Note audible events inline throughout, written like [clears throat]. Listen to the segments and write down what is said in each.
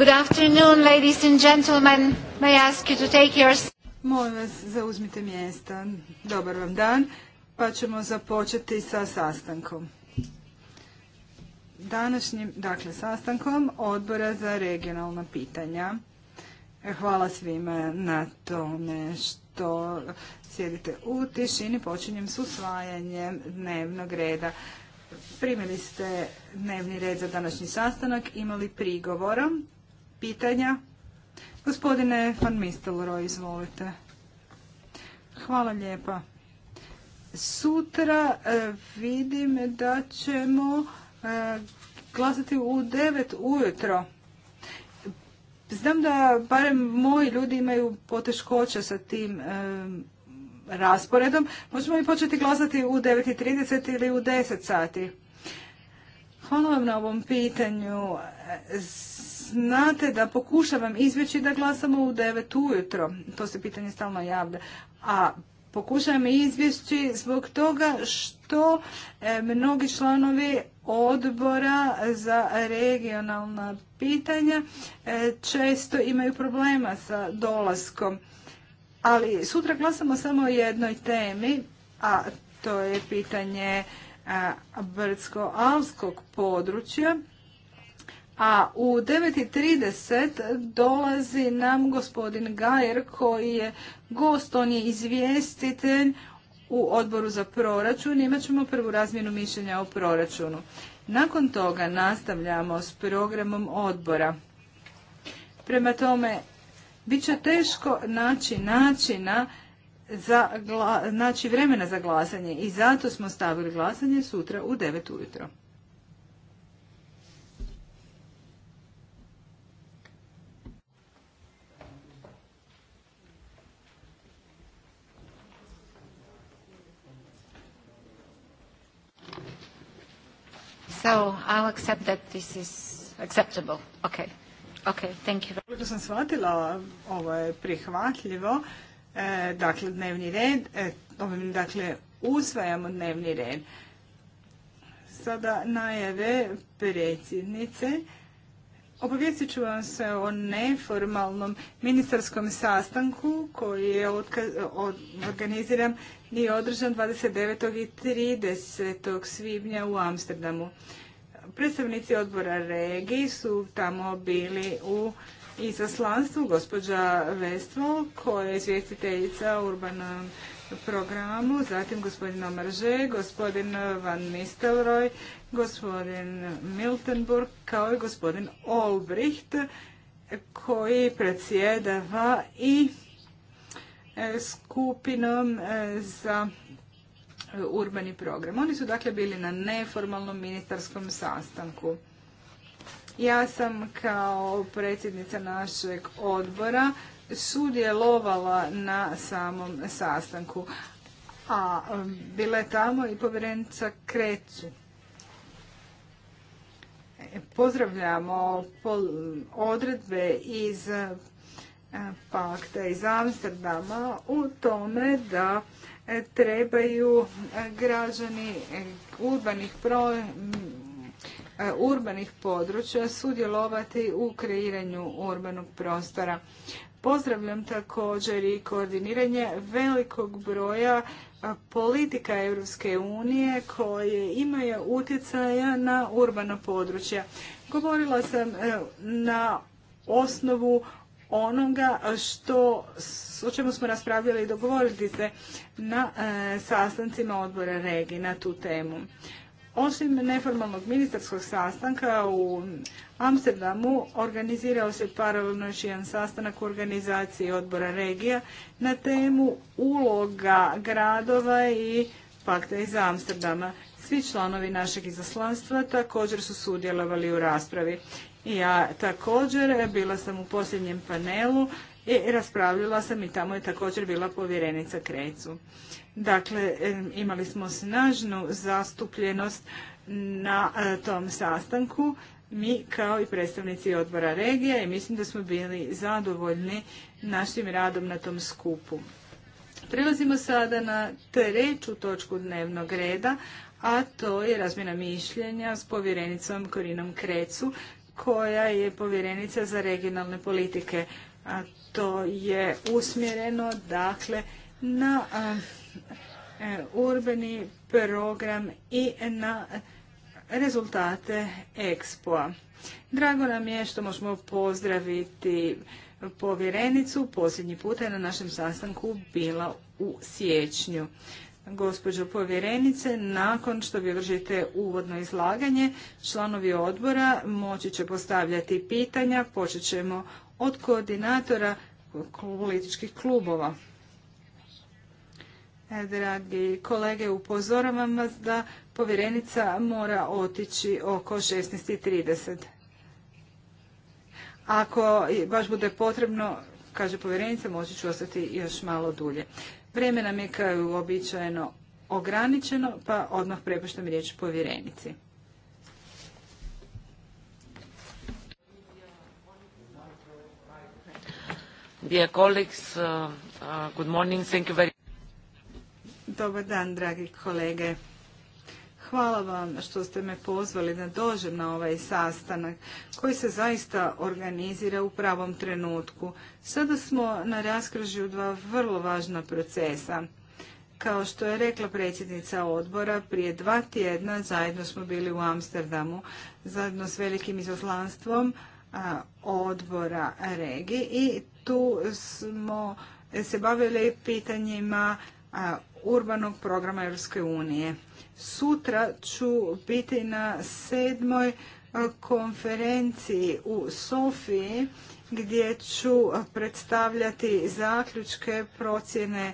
Good afternoon, ladies and gentlemen. Molim vas, zauzmite mjesta. Dobar vam dan, pa ćemo započeti sa sastankom. Današnjim, dakle, sastankom odbora za regionalna pitanja. E, hvala svima na tome što sjedite u tišini. Počinjem s usvajanjem dnevnog reda. Primili ste dnevni red za današnji sastanak. Imali prigovora? pitanja. Gospodine Van Mistelroj, izvolite. Hvala lijepa. Sutra e, vidim da ćemo e, glasati u 9 ujutro. Znam da barem moji ljudi imaju poteškoće sa tim e, rasporedom. Možemo i početi glasati u 9.30 ili u 10 sati. Hvala vam na ovom pitanju znate da pokušavam izbjeći da glasamo u 9 ujutro. To se pitanje stalno javlja. A pokušavam izbjeći zbog toga što e, mnogi članovi odbora za regionalna pitanja e, često imaju problema sa dolaskom. Ali sutra glasamo samo o jednoj temi, a to je pitanje brdsko-alskog područja a u 9.30 dolazi nam gospodin Gajer koji je gost, on je izvjestitelj u odboru za proračun. Imat ćemo prvu razmjenu mišljenja o proračunu. Nakon toga nastavljamo s programom odbora. Prema tome, bit će teško naći načina za, naći vremena za glasanje i zato smo stavili glasanje sutra u 9 ujutro. So, I'll accept that this is acceptable. Okay. Okay, thank you. Kako sam shvatila, ovo je prihvatljivo. E, dakle, dnevni red, e, ovim, dakle, usvajamo dnevni red. Sada najave predsjednice. Obavijestit ću vam se o neformalnom ministarskom sastanku koji je organiziran je održan 29. i 30. svibnja u Amsterdamu. Predstavnici odbora regiji su tamo bili u izaslanstvu gospođa Vestvo koja je izvjestiteljica urbanom programu, zatim gospodin Omarže, gospodin Van Mistelroy, gospodin Miltenburg kao i gospodin Olbricht koji predsjedava i E, skupinom e, za e, urbani program. Oni su dakle bili na neformalnom ministarskom sastanku. Ja sam kao predsjednica našeg odbora sudjelovala na samom sastanku, a bila je tamo i povjerenica Krecu. Pozdravljamo odredbe iz pakta iz Amsterdama u tome da e, trebaju e, građani e, urbanih urbanih područja sudjelovati u kreiranju urbanog prostora. Pozdravljam također i koordiniranje velikog broja politika Europske unije koje imaju utjecaja na urbana područja. Govorila sam na osnovu onoga što, o čemu smo raspravljali i dogovorili se na e, sastancima odbora regija na tu temu. Osim neformalnog ministarskog sastanka u Amsterdamu organizirao se paralelno još jedan sastanak u organizaciji odbora regija na temu uloga gradova i pakta iz Amsterdama. Svi članovi našeg izaslanstva također su sudjelovali u raspravi. Ja također eh, bila sam u posljednjem panelu i raspravljala sam i tamo je također bila povjerenica Krecu. Dakle, imali smo snažnu zastupljenost na eh, tom sastanku, mi kao i predstavnici odbora regija i mislim da smo bili zadovoljni našim radom na tom skupu. Prelazimo sada na treću točku dnevnog reda, a to je razmjena mišljenja s povjerenicom Korinom Krecu koja je povjerenica za regionalne politike. A to je usmjereno dakle na urbeni urbani program i na rezultate ekspoa. Drago nam je što možemo pozdraviti povjerenicu. Posljednji puta je na našem sastanku bila u siječnju gospođo povjerenice. Nakon što vi održite uvodno izlaganje, članovi odbora moći će postavljati pitanja. Počet ćemo od koordinatora političkih klubova. E, dragi kolege, upozoravam vas da povjerenica mora otići oko 16.30. Ako baš bude potrebno, kaže povjerenica, moći ću ostati još malo dulje. Vrijeme nam je kao i uobičajeno ograničeno, pa odmah prepuštam riječ povjerenici. Dear colleagues, uh, uh good morning. Thank you very Dobar dan, dragi kolege. Hvala vam što ste me pozvali da dođem na ovaj sastanak koji se zaista organizira u pravom trenutku. Sada smo na raskrižju dva vrlo važna procesa. Kao što je rekla predsjednica odbora, prije dva tjedna zajedno smo bili u Amsterdamu, zajedno s velikim izoslanstvom odbora Regi i tu smo se bavili pitanjima urbanog programa Europske unije. Sutra ću biti na sedmoj e, konferenciji u Sofiji gdje ću predstavljati zaključke procjene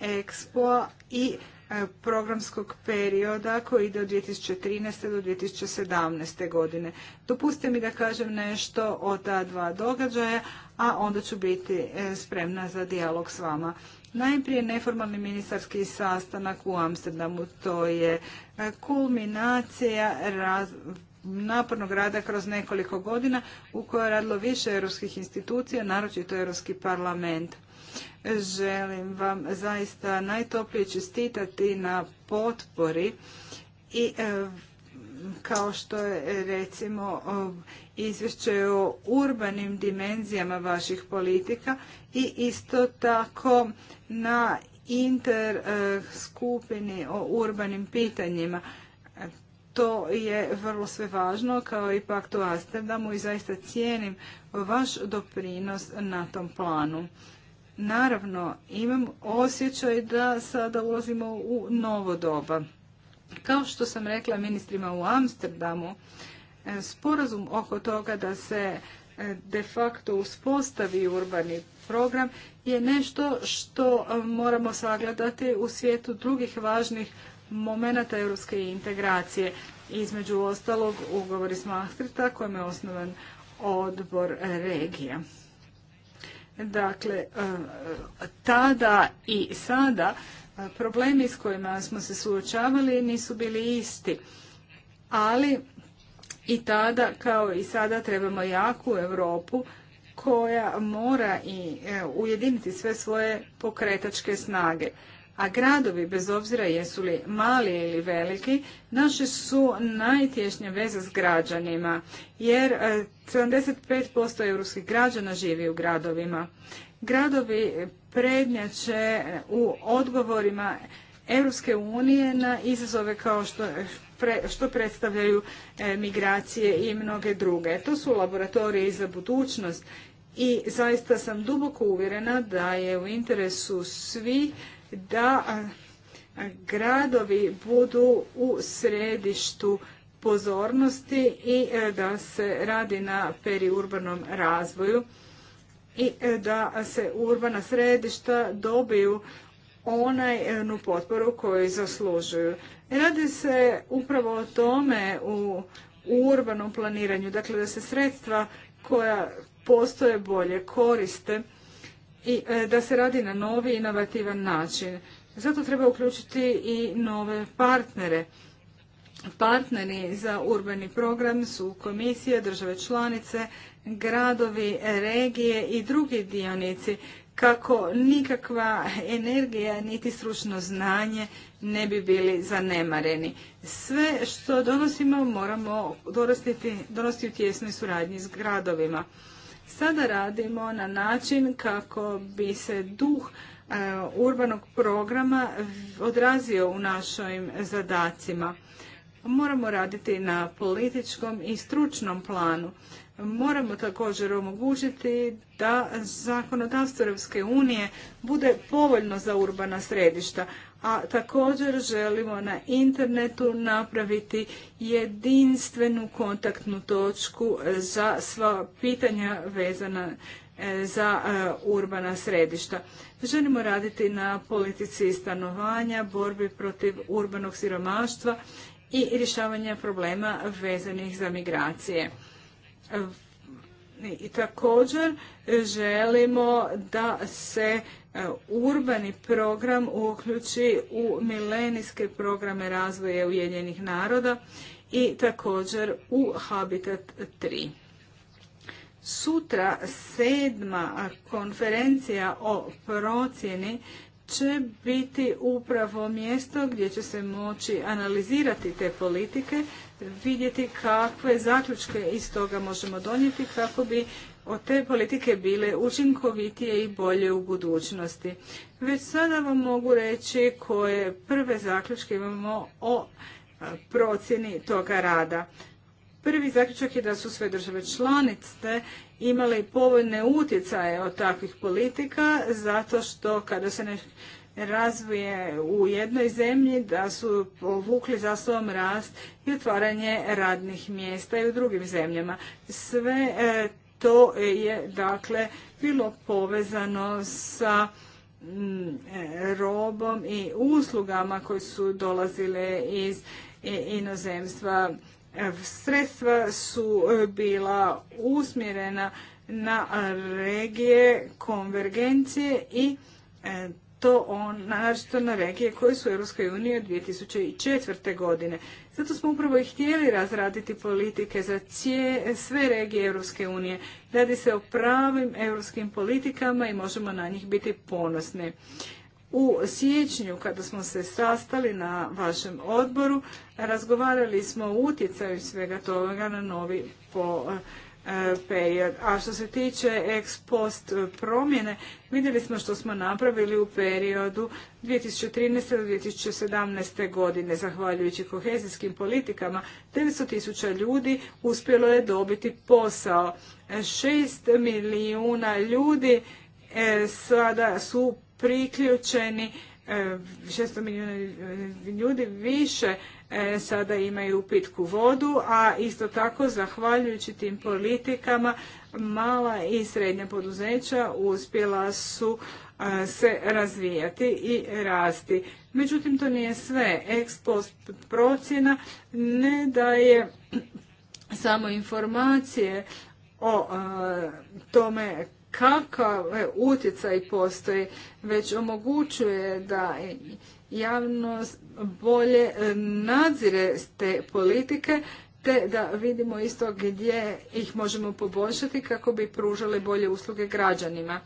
EXPO i e, programskog perioda koji ide od 2013. do 2017. godine. Dopustite mi da kažem nešto o ta dva događaja, a onda ću biti e, spremna za dijalog s vama. Najprije neformalni ministarski sastanak u Amsterdamu, to je e, kulminacija napornog rada kroz nekoliko godina u kojoj je radilo više europskih institucija, naročito Europski parlament. Želim vam zaista najtoplije čestitati na potpori i e, kao što je e, recimo izvješće o urbanim dimenzijama vaših politika i isto tako na inter e, skupini o urbanim pitanjima. To je vrlo sve važno kao i pakt u Amsterdamu i zaista cijenim vaš doprinos na tom planu. Naravno, imam osjećaj da sada ulazimo u novo doba. Kao što sam rekla ministrima u Amsterdamu, e, sporazum oko toga da se e, de facto uspostavi urbani program je nešto što e, moramo sagledati u svijetu drugih važnih momenata europske integracije. Između ostalog ugovori s Maastrichta kojim je osnovan odbor regija. Dakle, tada i sada problemi s kojima smo se suočavali nisu bili isti. Ali i tada kao i sada trebamo jaku Europu koja mora i e, ujediniti sve svoje pokretačke snage. A gradovi, bez obzira jesu li mali ili veliki, naše su najtješnje veze s građanima, jer 75% e, europskih građana živi u gradovima. Gradovi prednjače u odgovorima Europske unije na izazove kao što, što predstavljaju e, migracije i mnoge druge. To su laboratorije za budućnost i zaista sam duboko uvjerena da je u interesu svi da gradovi budu u središtu pozornosti i e, da se radi na periurbanom razvoju i e, da se urbana središta dobiju onajnu e, potporu koju zaslužuju. E, radi se upravo o tome u, u urbanom planiranju, dakle da se sredstva koja postoje bolje koriste i da se radi na novi inovativan način. Zato treba uključiti i nove partnere Partneri za urbani program su komisije, države članice, gradovi, regije i drugi dionici kako nikakva energija niti stručno znanje ne bi bili zanemareni. Sve što donosimo moramo donositi u tjesnoj suradnji s gradovima. Sada radimo na način kako bi se duh e, urbanog programa odrazio u našim zadacima. Moramo raditi na političkom i stručnom planu. Moramo također omogućiti da zakonodavstvo Europske unije bude povoljno za urbana središta, a također želimo na internetu napraviti jedinstvenu kontaktnu točku za sva pitanja vezana e, za e, urbana središta. Želimo raditi na politici stanovanja, borbi protiv urbanog siromaštva i rješavanja problema vezanih za migracije. I također želimo da se e, urbani program uključi u milenijske programe razvoja Ujedinjenih naroda i također u Habitat 3. Sutra sedma konferencija o procjeni će biti upravo mjesto gdje će se moći analizirati te politike, vidjeti kakve zaključke iz toga možemo donijeti kako bi od te politike bile učinkovitije i bolje u budućnosti. Već sada vam mogu reći koje prve zaključke imamo o procjeni toga rada. Prvi zaključak je da su sve države članice imali povoljne utjecaje od takvih politika, zato što kada se ne razvije u jednoj zemlji, da su povukli za sobom rast i otvaranje radnih mjesta i u drugim zemljama. Sve e, to je dakle bilo povezano sa mm, e, robom i uslugama koje su dolazile iz e, inozemstva Sredstva su e, bila usmjerena na regije konvergencije i e, to naročito na regije koje su u EU od 2004. godine. Zato smo upravo i htjeli razraditi politike za sve regije Europske unije. Radi se o pravim europskim politikama i možemo na njih biti ponosni. U siječnju kada smo se sastali na vašem odboru, razgovarali smo o utjecaju svega toga na novi po e, period. A što se tiče ex post promjene, vidjeli smo što smo napravili u periodu 2013. do 2017. godine. Zahvaljujući kohezijskim politikama, 900 tisuća ljudi uspjelo je dobiti posao. 6 milijuna ljudi e, sada su priključeni, 600 e, milijuna e, ljudi više e, sada imaju pitku vodu, a isto tako zahvaljujući tim politikama mala i srednja poduzeća uspjela su se razvijati i rasti. Međutim, to nije sve. post procjena ne daje samo informacije o tome kakav e, utjecaj postoji, već omogućuje da javnost bolje e, nadzire te politike, te da vidimo isto gdje ih možemo poboljšati kako bi pružale bolje usluge građanima.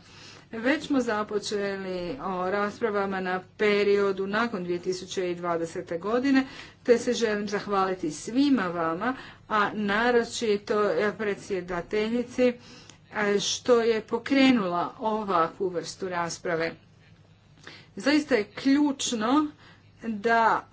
Već smo započeli o raspravama na periodu nakon 2020. godine, te se želim zahvaliti svima vama, a naročito predsjedateljici E, što je pokrenula ovakvu vrstu rasprave. Zaista je ključno da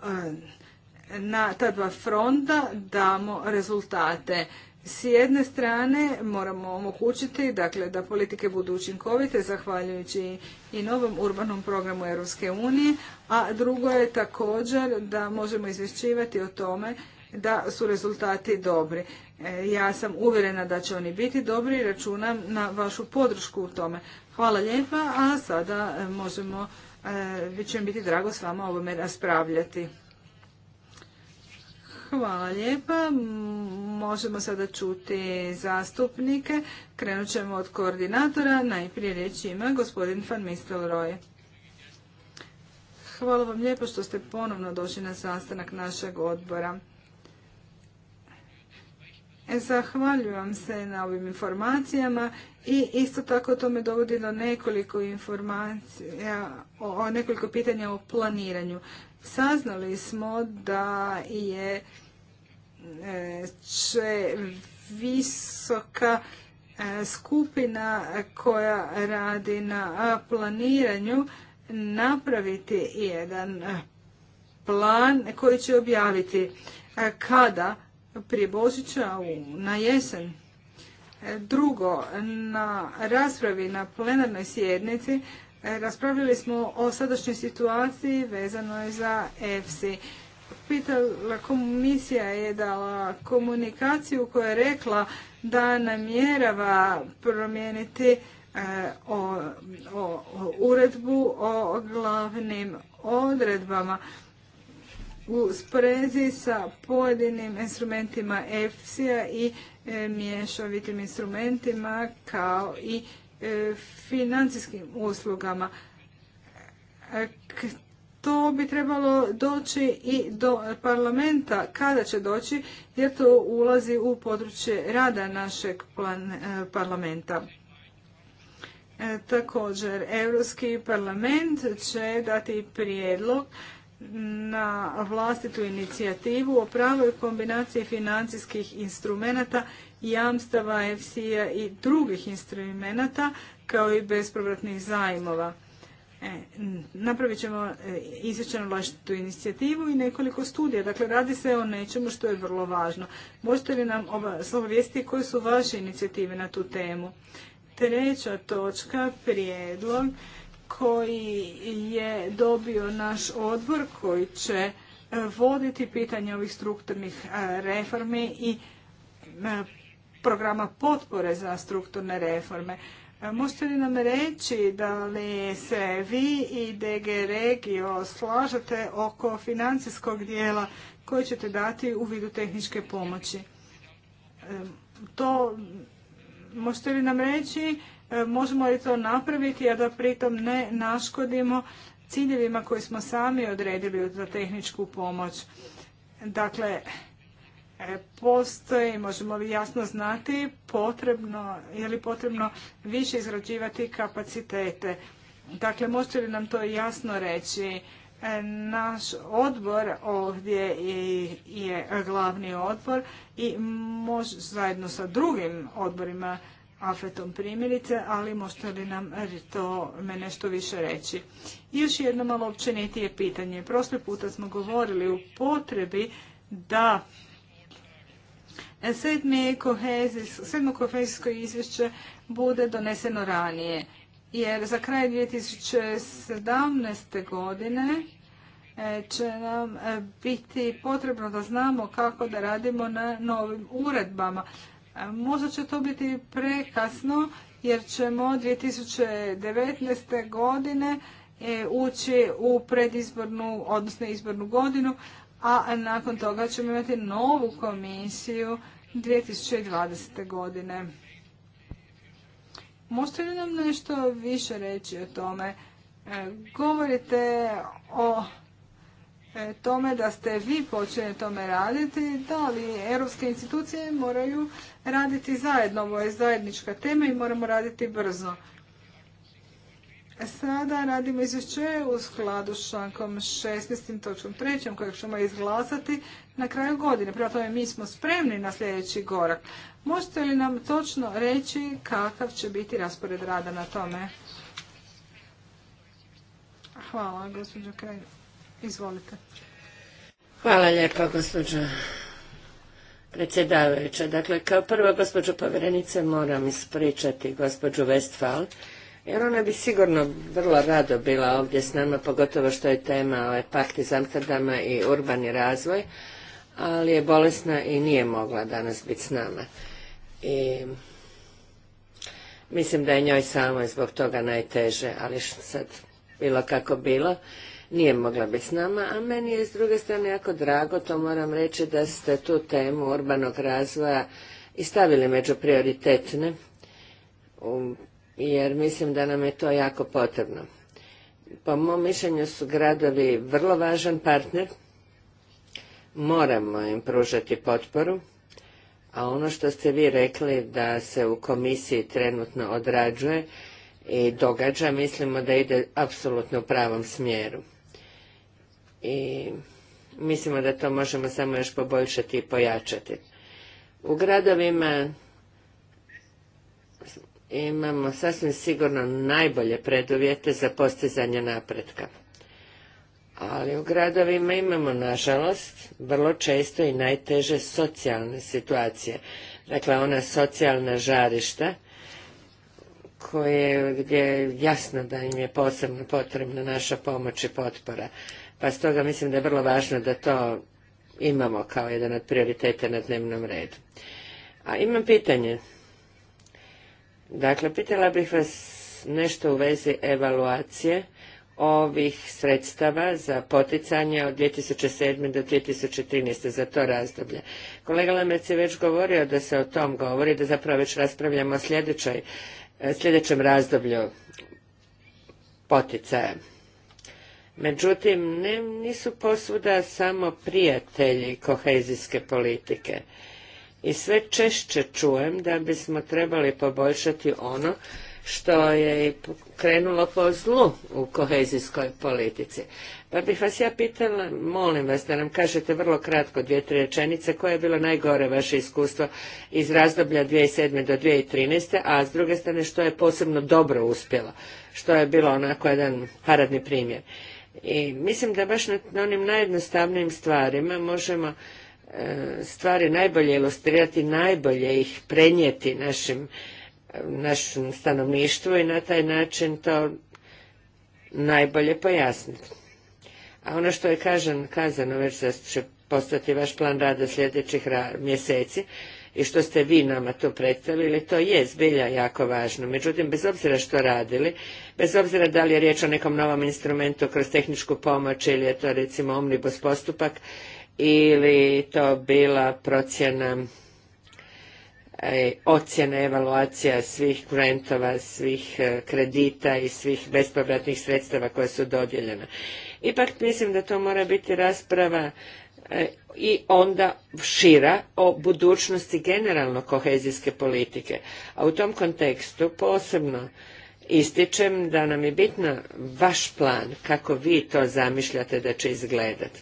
e, na ta dva fronta damo rezultate. S jedne strane moramo omogućiti dakle, da politike budu učinkovite zahvaljujući i novom urbanom programu Europske unije, a drugo je također da možemo izvješćivati o tome da su rezultati dobri. E, ja sam uvjerena da će oni biti dobri i računam na vašu podršku u tome. Hvala lijepa, a sada e, možemo, e, bit će mi biti drago s vama ovome raspravljati. Hvala lijepa. Možemo sada čuti zastupnike. Krenut ćemo od koordinatora. Najprije riječ ima gospodin Van Mistelroj. Hvala vam lijepo što ste ponovno došli na sastanak našeg odbora. E, zahvaljujem se na ovim informacijama i isto tako to me dovodi na nekoliko informacija, o nekoliko pitanja o planiranju. Saznali smo da je e, će visoka e, skupina koja radi na planiranju napraviti jedan plan koji će objaviti kada prije Božića na jesen. E, drugo, na raspravi na plenarnoj sjednici e, raspravili smo o sadašnjoj situaciji vezanoj za EFSI. Pitala komisija je dala komunikaciju koja je rekla da namjerava promijeniti e, o, o, o uredbu o glavnim odredbama u sprezi sa pojedinim instrumentima EFSI-a i e, mješovitim instrumentima kao i e, financijskim uslugama. E, to bi trebalo doći i do parlamenta kada će doći jer to ulazi u područje rada našeg parlamenta. Također, Europski parlament će dati prijedlog na vlastitu inicijativu o pravoj kombinaciji financijskih instrumenata, jamstava EFSI-a i drugih instrumenata kao i bespovratnih zajmova. E, napravit ćemo e, izvećenu vlastitu inicijativu i nekoliko studija. Dakle, radi se o nečemu što je vrlo važno. Možete li nam obavijestiti koje su vaše inicijative na tu temu? Treća točka, prijedlog koji je dobio naš odbor koji će e, voditi pitanje ovih strukturnih e, reformi i e, programa potpore za strukturne reforme. Možete li nam reći da li se vi i DG Regio slažete oko financijskog dijela koji ćete dati u vidu tehničke pomoći? To možete li nam reći Možemo li to napraviti, a da pritom ne naškodimo ciljevima koje smo sami odredili za tehničku pomoć? Dakle, postoji, možemo li jasno znati, potrebno, je li potrebno više izrađivati kapacitete. Dakle, možete li nam to jasno reći? Naš odbor ovdje je glavni odbor i mož, zajedno sa drugim odborima afetom primjerice, ali možete li nam to me nešto više reći? I još jedno malo općenitije pitanje. Prošli puta smo govorili o potrebi da sedmo kohezijsko izvješće bude doneseno ranije. Jer za kraj 2017. godine e, će nam e, biti potrebno da znamo kako da radimo na novim uredbama. Možda će to biti prekasno jer ćemo 2019. godine e, ući u predizbornu, odnosno izbornu godinu, a nakon toga ćemo imati novu komisiju 2020. godine. Možete li nam nešto više reći o tome? E, govorite o e, tome da ste vi počeli tome raditi, da li europske institucije moraju raditi zajedno. Ovo je zajednička tema i moramo raditi brzo. Sada radimo izvješće u skladu s člankom 16. točkom 3. kojeg ćemo izglasati na kraju godine. Prema tome mi smo spremni na sljedeći gorak. Možete li nam točno reći kakav će biti raspored rada na tome? Hvala, gospođo Kraj. Izvolite. Hvala lijepa, gospođo predsjedavajuća. Dakle, kao prvo, gospođo povjerenice, moram ispričati gospođu Westphal jer ona bi sigurno vrlo rado bila ovdje s nama, pogotovo što je tema ovaj pakt iz Amsterdama i urbani razvoj, ali je bolesna i nije mogla danas biti s nama. I mislim da je njoj samo zbog toga najteže, ali sad bilo kako bilo nije mogla biti s nama, a meni je s druge strane jako drago, to moram reći da ste tu temu urbanog razvoja i stavili među prioritetne, jer mislim da nam je to jako potrebno. Po mom mišljenju su gradovi vrlo važan partner, moramo im pružati potporu, a ono što ste vi rekli da se u komisiji trenutno odrađuje i događa, mislimo da ide apsolutno u pravom smjeru i mislimo da to možemo samo još poboljšati i pojačati. U gradovima imamo sasvim sigurno najbolje preduvjete za postizanje napretka. Ali u gradovima imamo, nažalost, vrlo često i najteže socijalne situacije. Dakle, ona socijalna žarišta koje, gdje je jasno da im je posebno potrebna naša pomoć i potpora pa stoga mislim da je vrlo važno da to imamo kao jedan od prioriteta na dnevnom redu. A imam pitanje. Dakle, pitala bih vas nešto u vezi evaluacije ovih sredstava za poticanje od 2007. do 2013. za to razdoblje. Kolega Lamec je već govorio da se o tom govori, da zapravo već raspravljamo o sljedećem razdoblju poticaja. Međutim, nisu posvuda samo prijatelji kohezijske politike. I sve češće čujem da bismo trebali poboljšati ono što je krenulo po zlu u kohezijskoj politici. Pa bih vas ja pitala, molim vas da nam kažete vrlo kratko dvije, tri rečenice, koje je bilo najgore vaše iskustvo iz razdoblja 2007. do 2013. a s druge strane što je posebno dobro uspjelo, što je bilo onako jedan paradni primjer. I mislim da baš na onim najjednostavnijim stvarima možemo e, stvari najbolje ilustrirati, najbolje ih prenijeti našim, našem stanovništvu i na taj način to najbolje pojasniti. A ono što je kažen, kazano već da će postati vaš plan rada sljedećih mjeseci i što ste vi nama to predstavili, to je zbilja jako važno. Međutim, bez obzira što radili, bez obzira da li je riječ o nekom novom instrumentu kroz tehničku pomoć ili je to recimo omnibus postupak ili to bila procjena e, ocjena evaluacija svih grantova, svih e, kredita i svih bespovratnih sredstava koja su dodijeljena. Ipak mislim da to mora biti rasprava e, i onda šira o budućnosti generalno kohezijske politike. A u tom kontekstu posebno ističem da nam je bitno vaš plan, kako vi to zamišljate da će izgledati.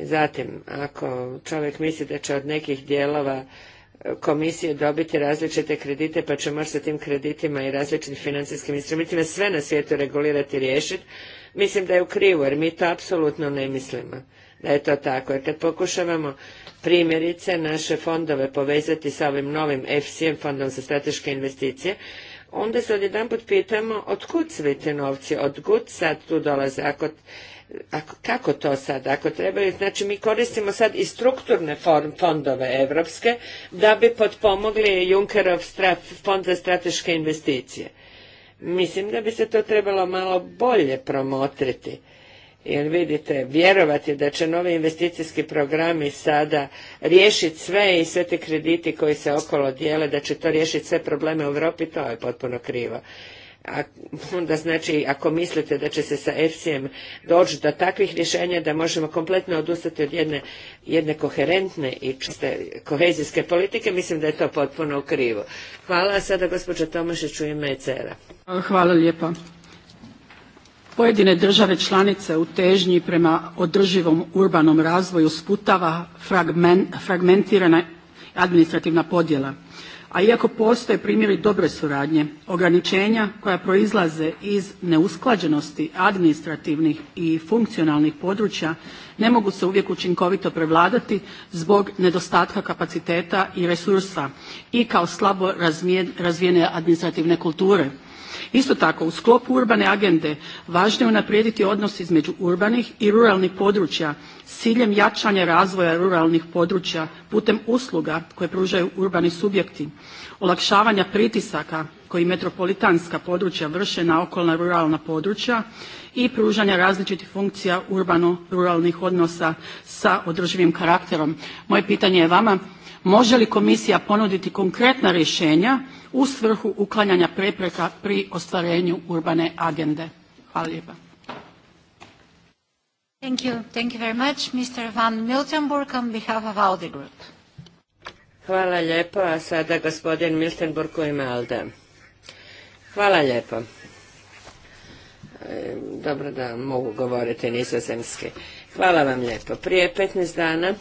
Zatim, ako čovjek misli da će od nekih dijelova e, komisije dobiti različite kredite, pa će moći sa tim kreditima i različitim financijskim instrumentima sve na svijetu regulirati i riješiti, mislim da je u krivu, jer mi to apsolutno ne mislimo da je to tako. Jer kad pokušavamo primjerice naše fondove povezati sa ovim novim FCM, Fondom za strateške investicije, onda se odjedanput pitamo kud svi te novci, kud sad tu dolaze, ako kako to sad, ako trebaju, znači mi koristimo sad i strukturne fondove evropske da bi potpomogli Junkerov fond za strateške investicije. Mislim da bi se to trebalo malo bolje promotriti jer vidite, vjerovati da će novi investicijski programi sada riješiti sve i sve te krediti koji se okolo dijele, da će to riješiti sve probleme u Europi, to je potpuno krivo. A onda znači, ako mislite da će se sa efsi doći do takvih rješenja da možemo kompletno odustati od jedne, jedne koherentne i čiste kohezijske politike, mislim da je to potpuno krivo. Hvala, sada gospođa Tomašić u ime Hvala lijepa. Pojedine države članice u težnji prema održivom urbanom razvoju sputava fragmentirana administrativna podjela, a iako postoje primjeri dobre suradnje, ograničenja koja proizlaze iz neusklađenosti administrativnih i funkcionalnih područja ne mogu se uvijek učinkovito prevladati zbog nedostatka kapaciteta i resursa i kao slabo razvijene administrativne kulture Isto tako, u sklopu urbane agende važno je unaprijediti odnos između urbanih i ruralnih područja s ciljem jačanja razvoja ruralnih područja putem usluga koje pružaju urbani subjekti, olakšavanja pritisaka koji metropolitanska područja vrše na okolna ruralna područja i pružanja različitih funkcija urbano-ruralnih odnosa sa održivim karakterom. Moje pitanje je vama Može li komisija ponuditi konkretna rješenja u svrhu uklanjanja prepreka pri ostvarenju urbane agende? Hvala lijepa. Hvala lijepo, a sada gospodin Miltenburg u ime Alde. Hvala lijepo. E, dobro da mogu govoriti nizozemski. Hvala vam lijepo. Prije 15 dana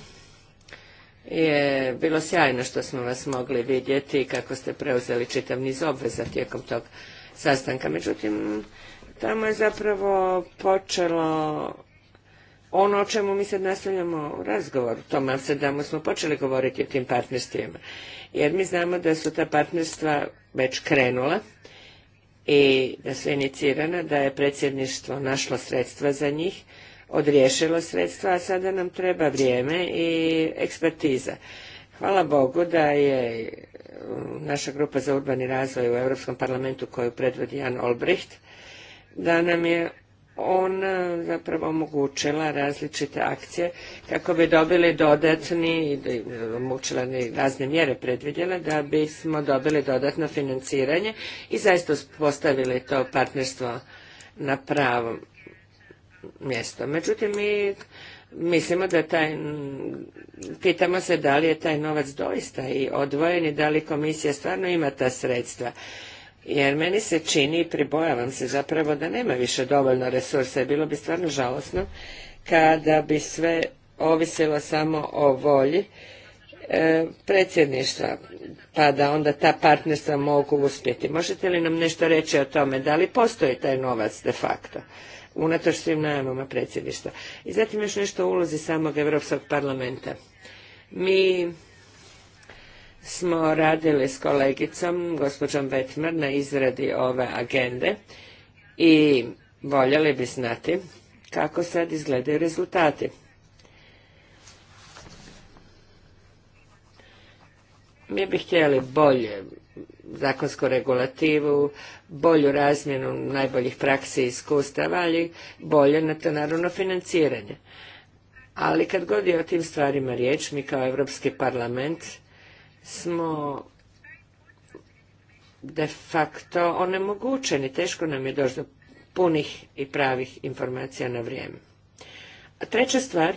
je bilo sjajno što smo vas mogli vidjeti i kako ste preuzeli čitav niz obveza tijekom tog sastanka. Međutim, tamo je zapravo počelo ono o čemu mi sad nastavljamo u razgovor, u se Amsterdamu smo počeli govoriti o tim partnerstvima, jer mi znamo da su ta partnerstva već krenula i da su inicirana, da je predsjedništvo našlo sredstva za njih odriješilo sredstva, a sada nam treba vrijeme i ekspertiza. Hvala Bogu da je naša grupa za urbani razvoj u Europskom parlamentu koju predvodi Jan Olbricht, da nam je on zapravo omogućila različite akcije kako bi dobili dodatni, omogućila razne mjere predvidjela da bismo dobili dodatno financiranje i zaista postavili to partnerstvo na pravom mjesto. Međutim, mi mislimo da taj, pitamo se da li je taj novac doista i odvojen i da li komisija stvarno ima ta sredstva. Jer meni se čini i pribojavam se zapravo da nema više dovoljno resursa i bilo bi stvarno žalosno kada bi sve ovisilo samo o volji e, predsjedništva, pa da onda ta partnerstva mogu uspjeti. Možete li nam nešto reći o tome, da li postoji taj novac de facto? unatoč svim najavama predsjedništva. I zatim još nešto o ulozi samog Europskog parlamenta. Mi smo radili s kolegicom, gospođom Vetmar na izradi ove agende i voljeli bi znati kako sad izgledaju rezultati. Mi bi htjeli bolje zakonsku regulativu, bolju razmjenu najboljih praksi i iskustava, ali bolje na to naravno financiranje. Ali kad god je o tim stvarima riječ, mi kao Europski parlament smo de facto onemogućeni, teško nam je doći do punih i pravih informacija na vrijeme. A treća stvar,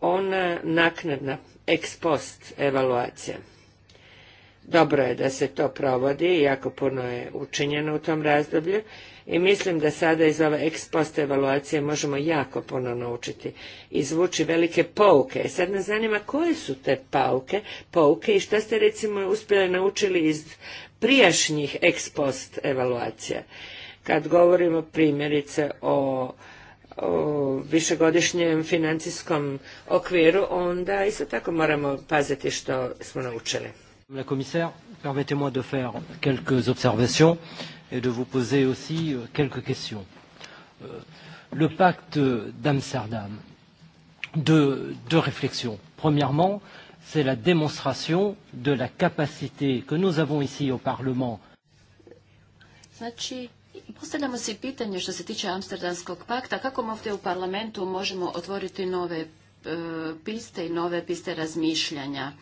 ona naknadna ex post evaluacija. Dobro je da se to provodi, jako puno je učinjeno u tom razdoblju i mislim da sada iz ove ex post evaluacije možemo jako puno naučiti, izvući velike pouke. E sad nas zanima koje su te pauke, pouke i šta ste recimo uspjeli naučili iz prijašnjih ex post evaluacija. Kad govorimo primjerice o o višegodišnjem financijskom okviru, onda isto tako moramo paziti što smo naučili. La commissaire, permettez-moi de faire quelques observations et de vous poser aussi euh, quelques questions. Euh, le pacte d'Amsterdam, deux, deux réflexions. Premièrement, c'est la démonstration de la capacité que nous avons ici au Parlement. Znači, postavljamo si pitanje što se tiče Amsterdamskog pakta, kako ovdje u parlamentu možemo otvoriti nove e, piste i nove piste razmišljanja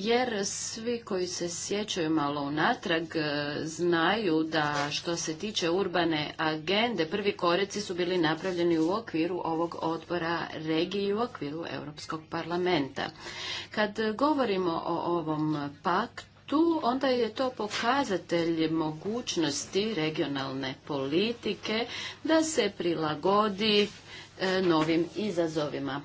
jer svi koji se sjećaju malo unatrag e, znaju da što se tiče urbane agende, prvi koreci su bili napravljeni u okviru ovog odbora regije u okviru Europskog parlamenta. Kad govorimo o ovom paktu, onda je to pokazatelj mogućnosti regionalne politike da se prilagodi e, novim izazovima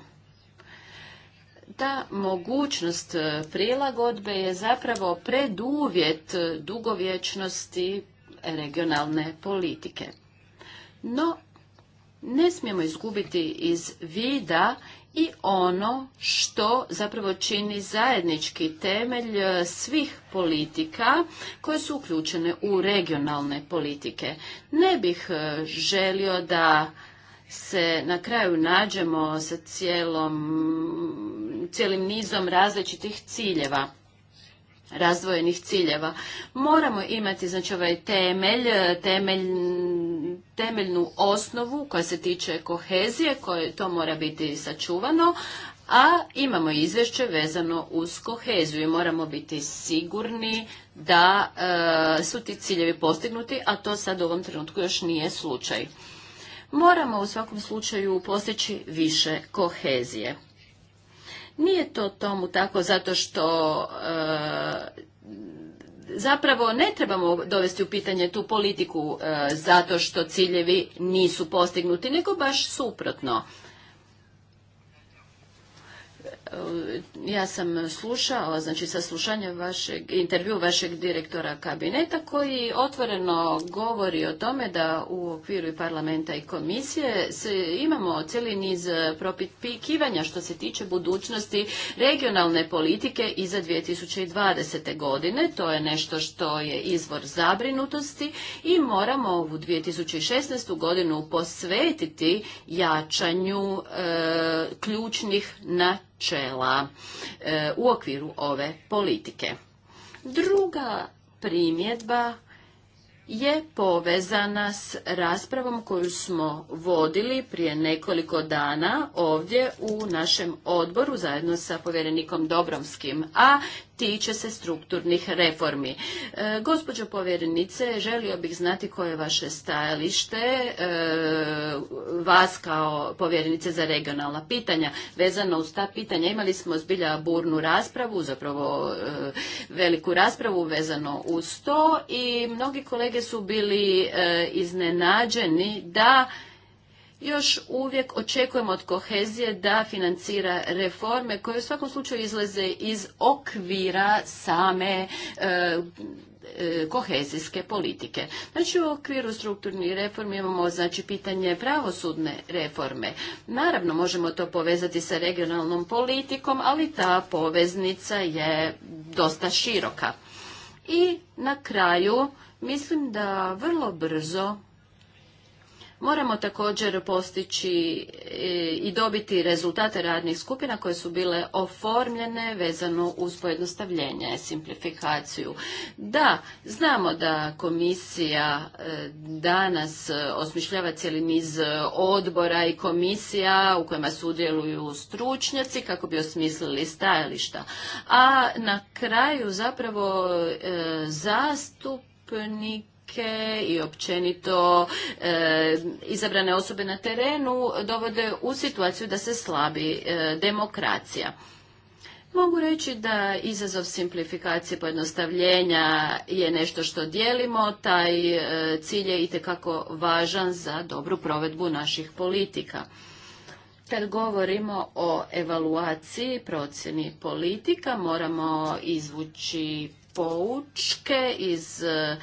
da mogućnost e, prilagodbe je zapravo preduvjet dugovječnosti regionalne politike. No, ne smijemo izgubiti iz vida i ono što zapravo čini zajednički temelj e, svih politika koje su uključene u regionalne politike. Ne bih e, želio da se na kraju nađemo sa cijelom, cijelim nizom različitih ciljeva razvojenih ciljeva. Moramo imati znači ovaj temelj, temelj temeljnu osnovu koja se tiče kohezije, koje to mora biti sačuvano, a imamo izvješće vezano uz koheziju i moramo biti sigurni da e, su ti ciljevi postignuti, a to sad u ovom trenutku još nije slučaj. Moramo u svakom slučaju postići više kohezije. Nije to tomu tako zato što e, zapravo ne trebamo dovesti u pitanje tu politiku e, zato što ciljevi nisu postignuti, nego baš suprotno ja sam slušao, znači saslušanje vašeg, intervju vašeg direktora kabineta koji otvoreno govori o tome da u okviru parlamenta i komisije imamo cijeli niz propitpikivanja što se tiče budućnosti regionalne politike i za 2020. godine. To je nešto što je izvor zabrinutosti i moramo ovu 2016. godinu posvetiti jačanju e, ključnih na E, u okviru ove politike. Druga primjedba je povezana s raspravom koju smo vodili prije nekoliko dana ovdje u našem odboru zajedno sa povjerenikom Dobromskim, a tiče se strukturnih reformi. E, gospođo povjerenice, želio bih znati koje je vaše stajalište e, vas kao povjerenice za regionalna pitanja. Vezano uz ta pitanja imali smo zbilja burnu raspravu, zapravo e, veliku raspravu vezano uz to i mnogi kolege su bili iznenađeni da još uvijek očekujemo od kohezije da financira reforme koje u svakom slučaju izlaze iz okvira same e, e, kohezijske politike. Znači u okviru strukturnih reformi imamo znači pitanje pravosudne reforme. Naravno možemo to povezati sa regionalnom politikom, ali ta poveznica je dosta široka. I na kraju mislim da vrlo brzo Moramo također postići e, i dobiti rezultate radnih skupina koje su bile oformljene vezano uz pojednostavljenje, simplifikaciju. Da, znamo da komisija e, danas e, osmišljava cijeli niz odbora i komisija u kojima sudjeluju stručnjaci kako bi osmislili stajališta. A na kraju zapravo zastupnik i općenito e, izabrane osobe na terenu dovode u situaciju da se slabi e, demokracija. Mogu reći da izazov simplifikacije pojednostavljenja je nešto što dijelimo, taj e, cilj je itekako važan za dobru provedbu naših politika. Kad govorimo o evaluaciji, procjeni politika, moramo izvući poučke iz e,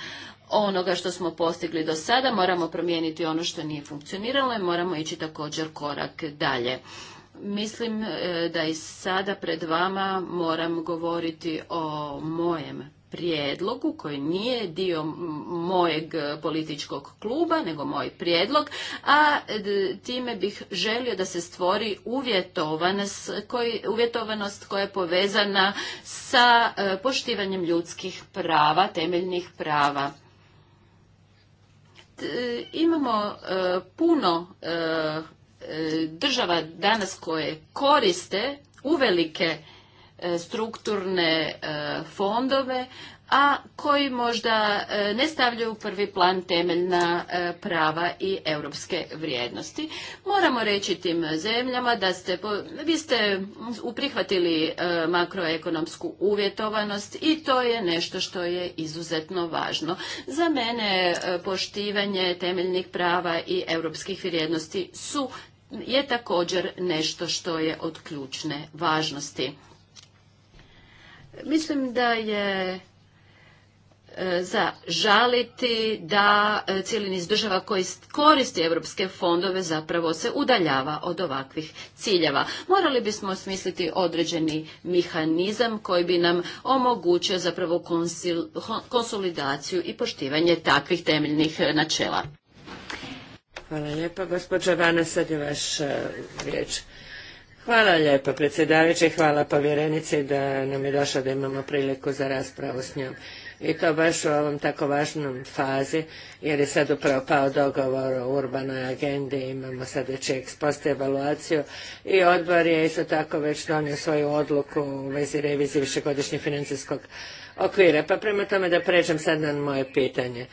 onoga što smo postigli do sada, moramo promijeniti ono što nije funkcioniralo i moramo ići također korak dalje. Mislim e, da i sada pred vama moram govoriti o mojem prijedlogu koji nije dio mojeg političkog kluba, nego moj prijedlog, a time bih želio da se stvori uvjetovanost, uvjetovanost koja je povezana sa e, poštivanjem ljudskih prava, temeljnih prava E, imamo e, puno e, država danas koje koriste uvelike strukturne fondove a koji možda e, ne stavljaju u prvi plan temeljna e, prava i europske vrijednosti. Moramo reći tim zemljama da ste, vi ste uprihvatili e, makroekonomsku uvjetovanost i to je nešto što je izuzetno važno. Za mene poštivanje temeljnih prava i europskih vrijednosti su je također nešto što je od ključne važnosti. Mislim da je E, žaliti da e, cijeli niz država koji koristi europske fondove zapravo se udaljava od ovakvih ciljeva. Morali bismo smisliti određeni mehanizam koji bi nam omogućio zapravo konsolidaciju i poštivanje takvih temeljnih e, načela. Hvala lijepa, gospođa Vana, sad je vaš riječ. Hvala lijepa, predsjedavajući, hvala povjerenici da nam je došla da imamo priliku za raspravu s njom i to baš u ovom tako važnom fazi, jer je sad upravo pao dogovor o urbanoj agendi, imamo sad već ekspost evaluaciju i odbor je isto tako već donio svoju odluku u vezi revizije višegodišnjeg financijskog okvira. Pa prema tome da pređem sad na moje pitanje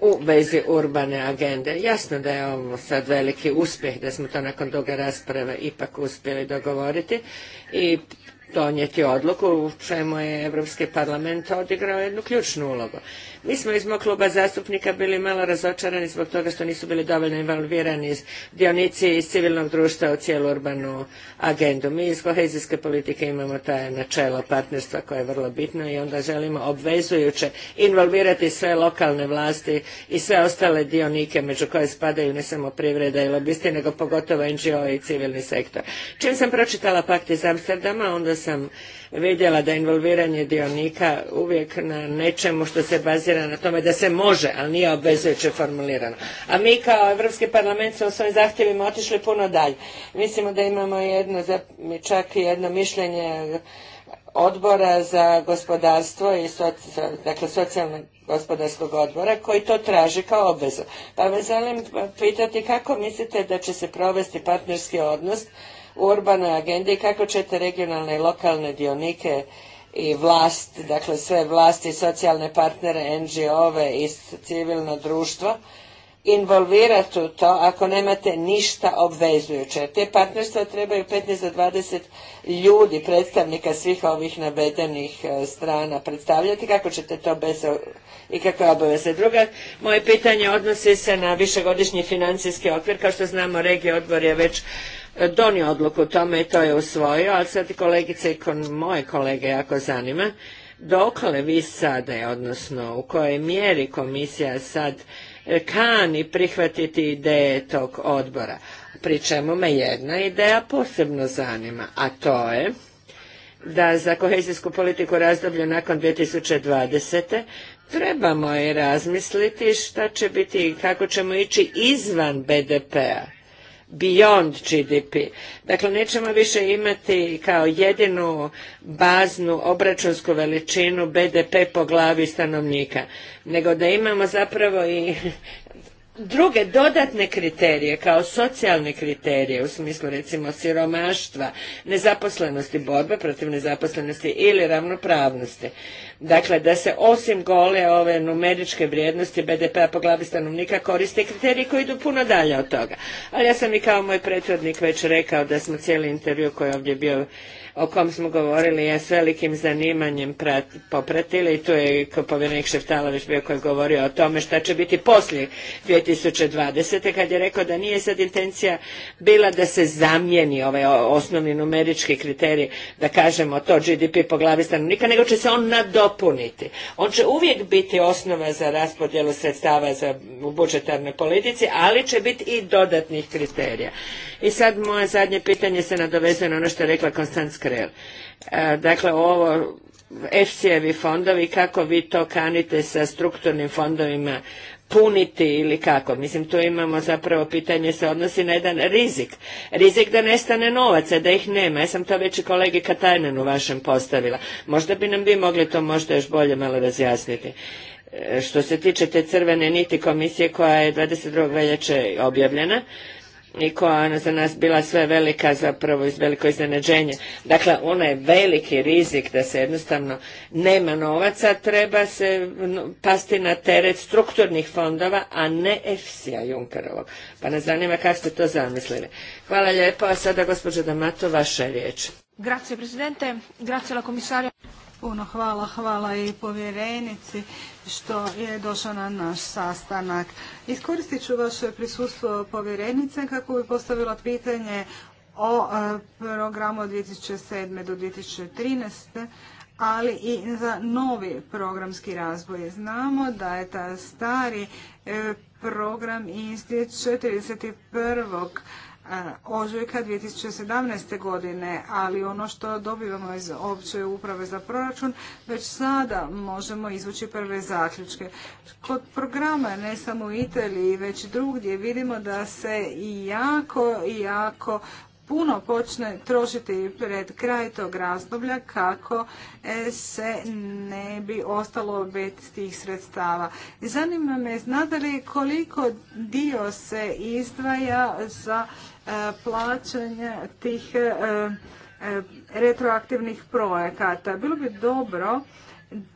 u vezi urbane agende. Jasno da je ovo sad veliki uspjeh, da smo to nakon duge rasprave ipak uspjeli dogovoriti i donijeti odluku u čemu je Europski parlament odigrao jednu ključnu ulogu. Mi smo iz mog kluba zastupnika bili malo razočarani zbog toga što nisu bili dovoljno involvirani dionici iz civilnog društva u cijelu urbanu agendu. Mi iz kohezijske politike imamo taj načelo partnerstva koje je vrlo bitno i onda želimo obvezujuće involvirati sve lokalne vlasti i sve ostale dionike među koje spadaju ne samo privreda i lobisti nego pogotovo NGO i civilni sektor. Čim sam pročitala pakt iz Amsterdama onda sam vidjela da involviranje dionika uvijek na nečemu što se bazi na tome da se može, ali nije obvezujuće formulirano. A mi kao Europski parlament smo u svojim zahtjevima otišli puno dalje. Mislimo da imamo jedno, čak i jedno mišljenje odbora za gospodarstvo i soci, dakle socijalno gospodarskog odbora koji to traži kao obvezu. Pa vas želim pitati kako mislite da će se provesti partnerski odnos u urbanoj agendi i kako ćete regionalne i lokalne dionike i vlast, dakle sve vlasti, socijalne partnere, NGO-ve i civilno društvo, involvirati u to ako nemate ništa obvezujuće. Te partnerstva trebaju 15 do 20 ljudi, predstavnika svih ovih navedenih e, strana predstavljati. Kako ćete to bez i kako obaveze? Druga, moje pitanje odnosi se na višegodišnji financijski okvir. Kao što znamo, regija odbor je već E, donio odluku o tome i to je usvojio, ali sad kolegice i moje kolege jako zanima, dokle vi sada, odnosno u kojoj mjeri komisija sad e, kani prihvatiti ideje tog odbora, pri čemu me jedna ideja posebno zanima, a to je da za kohezijsku politiku razdoblju nakon 2020. trebamo i razmisliti šta će biti i kako ćemo ići izvan BDP-a beyond GDP. Dakle, nećemo više imati kao jedinu baznu obračunsku veličinu BDP po glavi stanovnika, nego da imamo zapravo i druge dodatne kriterije kao socijalne kriterije u smislu recimo siromaštva, nezaposlenosti, borbe protiv nezaposlenosti ili ravnopravnosti. Dakle, da se osim gole ove numeričke vrijednosti BDP-a po glavi stanovnika koriste kriteriji koji idu puno dalje od toga. Ali ja sam i kao moj prethodnik već rekao da smo cijeli intervju koji je ovdje bio o kom smo govorili ja s velikim zanimanjem popratili i tu je povjerenik Šeftalović bio koji je govorio o tome šta će biti poslije 2020. kad je rekao da nije sad intencija bila da se zamijeni ovaj osnovni numerički kriterij da kažemo to GDP po glavi stanovnika nego će se on nadopuniti. On će uvijek biti osnova za raspodjelu sredstava za u budžetarnoj politici ali će biti i dodatnih kriterija. I sad moje zadnje pitanje se nadovezuje na ono što je rekla Konstanc Krel. E, dakle, ovo fc fondovi, kako vi to kanite sa strukturnim fondovima puniti ili kako. Mislim, tu imamo zapravo pitanje se odnosi na jedan rizik. Rizik da nestane novaca, da ih nema. Ja sam to već i kolegi u vašem postavila. Možda bi nam vi mogli to možda još bolje malo razjasniti. E, što se tiče te crvene niti komisije koja je 22. veljače objavljena, i koja je za nas bila sve velika zapravo iz veliko iznenađenje. Dakle, ona je veliki rizik da se jednostavno nema novaca, treba se pasti na teret strukturnih fondova, a ne EFSI-a Junkerovog. Pa nas zanima kako ste to zamislili. Hvala lijepo, a sada gospođa Damato, vaša riječ. Grazie, presidente. Grazie, komisarja. Puno hvala, hvala i povjerenici što je došla na naš sastanak. Iskoristit ću vaše prisustvo povjerenice kako bi postavila pitanje o e, programu od 2007. do 2013 ali i za novi programski razvoj. Znamo da je ta stari e, program iz jedan ožujka 2017. godine, ali ono što dobivamo iz opće uprave za proračun, već sada možemo izvući prve zaključke. Kod programa, ne samo u Italiji, već drugdje, vidimo da se i jako, i jako puno počne trošiti pred kraj tog razdoblja kako e, se ne bi ostalo bez tih sredstava. Zanima me, znate li koliko dio se izdvaja za E, plaćanja tih e, e, retroaktivnih projekata. Bilo bi dobro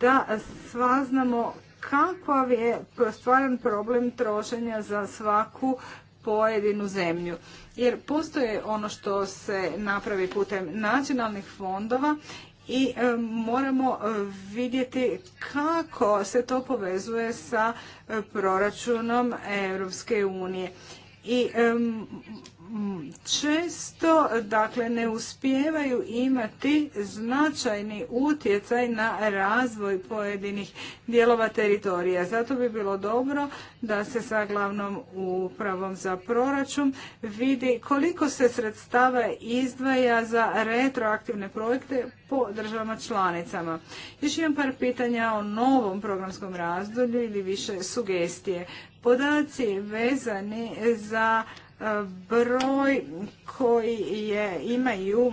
da svaznamo kakav je stvaran problem trošenja za svaku pojedinu zemlju. Jer postoje ono što se napravi putem nacionalnih fondova i moramo vidjeti kako se to povezuje sa proračunom Europske unije. I često dakle ne uspijevaju imati značajni utjecaj na razvoj pojedinih dijelova teritorija. Zato bi bilo dobro da se sa glavnom upravom za proračun vidi koliko se sredstava izdvaja za retroaktivne projekte po državama članicama. Još imam par pitanja o novom programskom razdolju ili više sugestije. Podaci vezani za broj koji je, imaju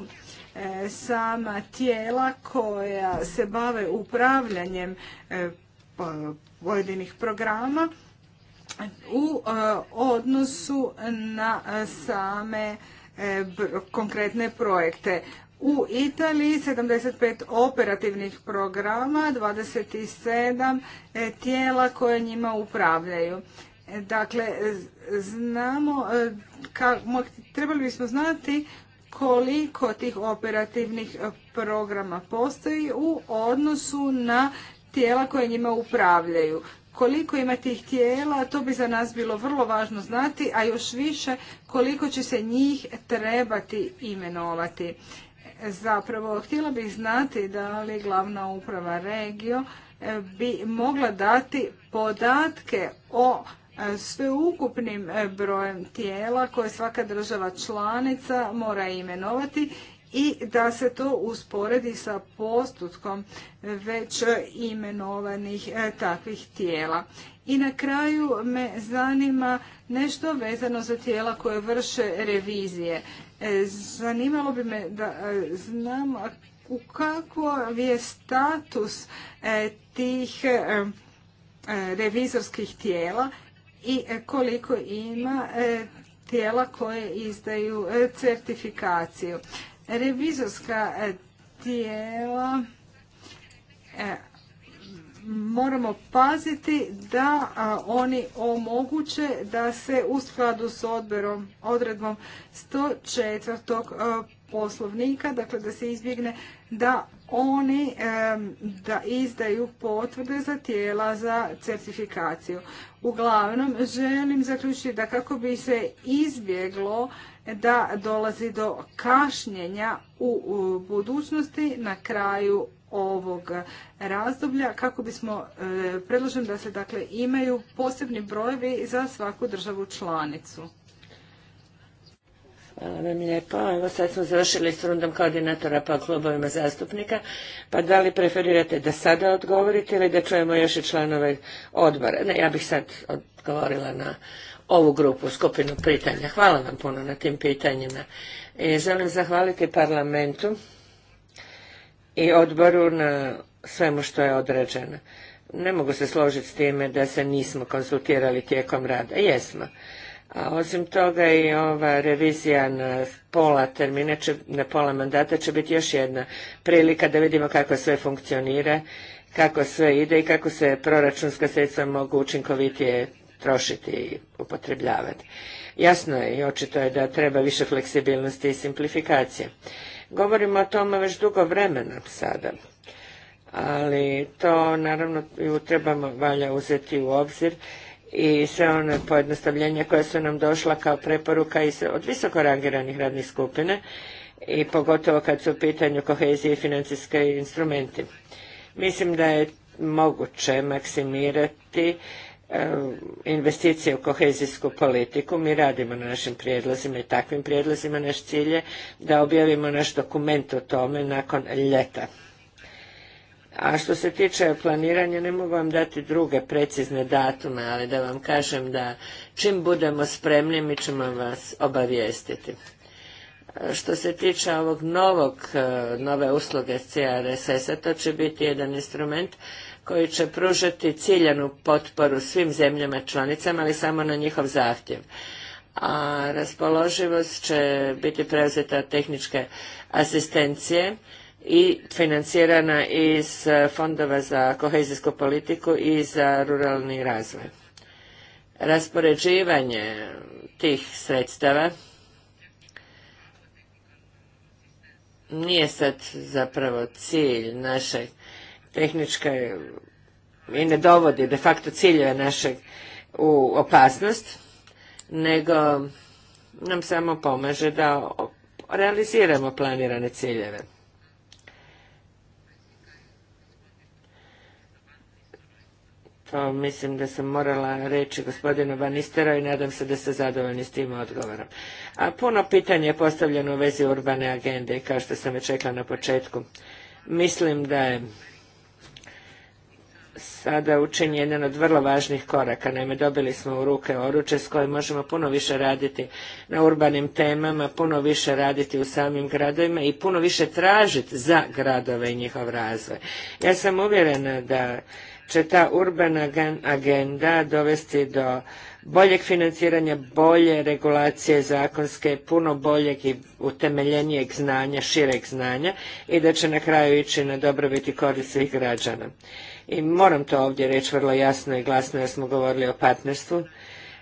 e, sama tijela koja se bave upravljanjem e, pojedinih programa u e, odnosu na same konkretne projekte. U Italiji 75 operativnih programa, 27 tijela koje njima upravljaju. Dakle, znamo, e, trebali bismo znati koliko tih operativnih e, programa postoji u odnosu na tijela koje njima upravljaju. Koliko ima tih tijela, to bi za nas bilo vrlo važno znati, a još više koliko će se njih trebati imenovati. Zapravo, htjela bih znati da li glavna uprava regio e, bi mogla dati podatke o sveukupnim e, brojem tijela koje svaka država članica mora imenovati i da se to usporedi sa postotkom već imenovanih e, takvih tijela. I na kraju me zanima nešto vezano za tijela koje vrše revizije. E, zanimalo bi me da znam u kakvom je status tih revizorskih tijela i e, koliko ima e, tijela koje izdaju e, certifikaciju. Revizorska tijela moramo paziti da oni omoguće da se u skladu s odberom, odredbom 104. poslovnika, dakle da se izbjegne da oni da izdaju potvrde za tijela za certifikaciju. Uglavnom, želim zaključiti da kako bi se izbjeglo da dolazi do kašnjenja u budućnosti na kraju ovog razdoblja kako bismo e, predložili da se dakle imaju posebni brojevi za svaku državu članicu. Hvala vam lijepo. Evo sad smo završili s rundom koordinatora po klubovima zastupnika. Pa da li preferirate da sada odgovorite ili da čujemo još i članove odbora? Ne, ja bih sad odgovorila na ovu grupu, skupinu pitanja. Hvala vam puno na tim pitanjima. I e, želim zahvaliti parlamentu i odboru na svemu što je određeno. Ne mogu se složiti s time da se nismo konsultirali tijekom rada. Jesmo. A osim toga i ova revizija na pola termina, na pola mandata će biti još jedna prilika da vidimo kako sve funkcionira, kako sve ide i kako se proračunska sredstva mogu učinkovitije trošiti i upotrebljavati. Jasno je i očito je da treba više fleksibilnosti i simplifikacije. Govorimo o tome već dugo vremena sada, ali to naravno trebamo valja uzeti u obzir i sve one pojednostavljenja koja su nam došla kao preporuka od visoko rangiranih radnih skupina i pogotovo kad su u pitanju kohezije i financijske instrumenti. Mislim da je moguće maksimirati e, investicije u kohezijsku politiku. Mi radimo na našim prijedlozima i takvim prijedlozima. Naš cilj je da objavimo naš dokument o tome nakon ljeta. A što se tiče planiranja, ne mogu vam dati druge precizne datume, ali da vam kažem da čim budemo spremni, mi ćemo vas obavijestiti. E, što se tiče ovog novog, e, nove usluge CRSS-a, to će biti jedan instrument koji će pružati ciljanu potporu svim zemljama članicama, ali samo na njihov zahtjev. A raspoloživost će biti preuzeta tehničke asistencije i financirana iz e, fondova za kohezijsku politiku i za ruralni razvoj. Raspoređivanje tih sredstava nije sad zapravo cilj naše tehničke i ne dovodi de facto ciljeve našeg u opasnost, nego nam samo pomaže da realiziramo planirane ciljeve. mislim da sam morala reći gospodinu Banistero i nadam se da ste zadovoljni s tim odgovorom. A puno pitanja je postavljeno u vezi urbane agende, kao što sam već rekla na početku. Mislim da je sada učinjen jedan od vrlo važnih koraka. Naime, dobili smo u ruke oruče s kojim možemo puno više raditi na urbanim temama, puno više raditi u samim gradovima i puno više tražiti za gradove i njihov razvoj. Ja sam uvjerena da će ta urbana agenda dovesti do boljeg financiranja, bolje regulacije zakonske, puno boljeg i utemeljenijeg znanja, šireg znanja i da će na kraju ići na dobrobiti korist svih građana. I moram to ovdje reći vrlo jasno i glasno jer smo govorili o partnerstvu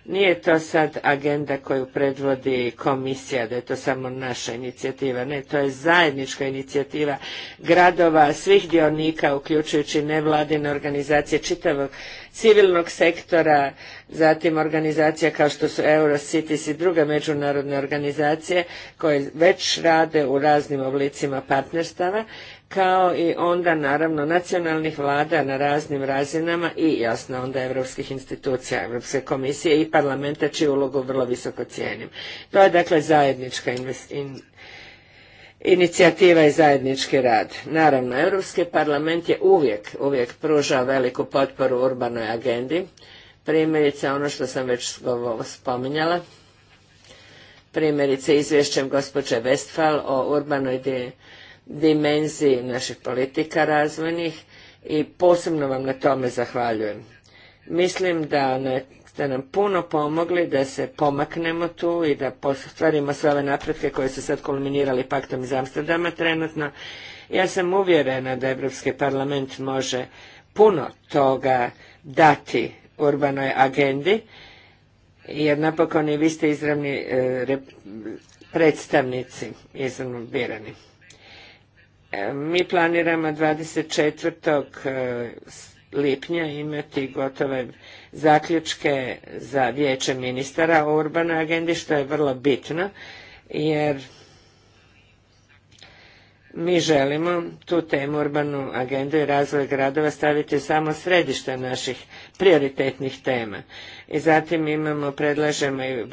nije to sad agenda koju predvodi komisija, da je to samo naša inicijativa, ne, to je zajednička inicijativa gradova, svih dionika, uključujući nevladine organizacije, čitavog civilnog sektora, zatim organizacija kao što su Eurocities i druge međunarodne organizacije koje već rade u raznim oblicima partnerstava kao i onda naravno nacionalnih vlada na raznim razinama i jasno onda europskih institucija, Europske komisije i parlamenta čiju ulogu vrlo visoko cijenim. To je dakle zajednička inicijativa i zajednički rad. Naravno, Europski parlament je uvijek, uvijek pružao veliku potporu urbanoj agendi. Primjerice ono što sam već spominjala, primjerice izvješćem gospođe Westphal o urbanoj di dimenziji naših politika razvojnih i posebno vam na tome zahvaljujem. Mislim da ste nam puno pomogli da se pomaknemo tu i da postvarimo sve ove napretke koje su sad kulminirali paktom iz Amsterdama trenutno. Ja sam uvjerena da Europski parlament može puno toga dati urbanoj agendi, jer napokon i vi ste izravni e, predstavnici, izravno birani. E, mi planiramo 24. E, lipnja imati gotove zaključke za vijeće ministara o urbanoj agendi, što je vrlo bitno, jer mi želimo tu temu urbanu agendu i razvoj gradova staviti samo središte naših prioritetnih tema. I zatim imamo, predlažemo i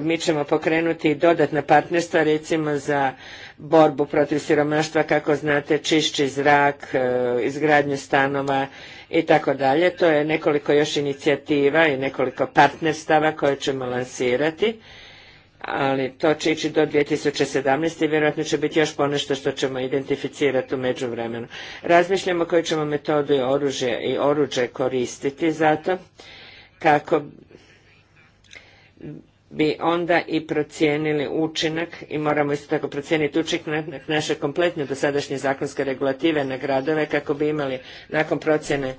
mi ćemo pokrenuti i dodatna partnerstva recimo za borbu protiv siromaštva, kako znate, čišći zrak, e, izgradnju stanova i tako dalje. To je nekoliko još inicijativa i nekoliko partnerstava koje ćemo lansirati, ali to će ići do 2017. vjerojatno će biti još ponešto što ćemo identificirati u međuvremenu. Razmišljamo koju ćemo metodu i oružje i oruđe koristiti zato kako bi onda i procijenili učinak i moramo isto tako procijeniti učinak naše kompletne dosadašnje zakonske regulative na gradove kako bi imali nakon procjene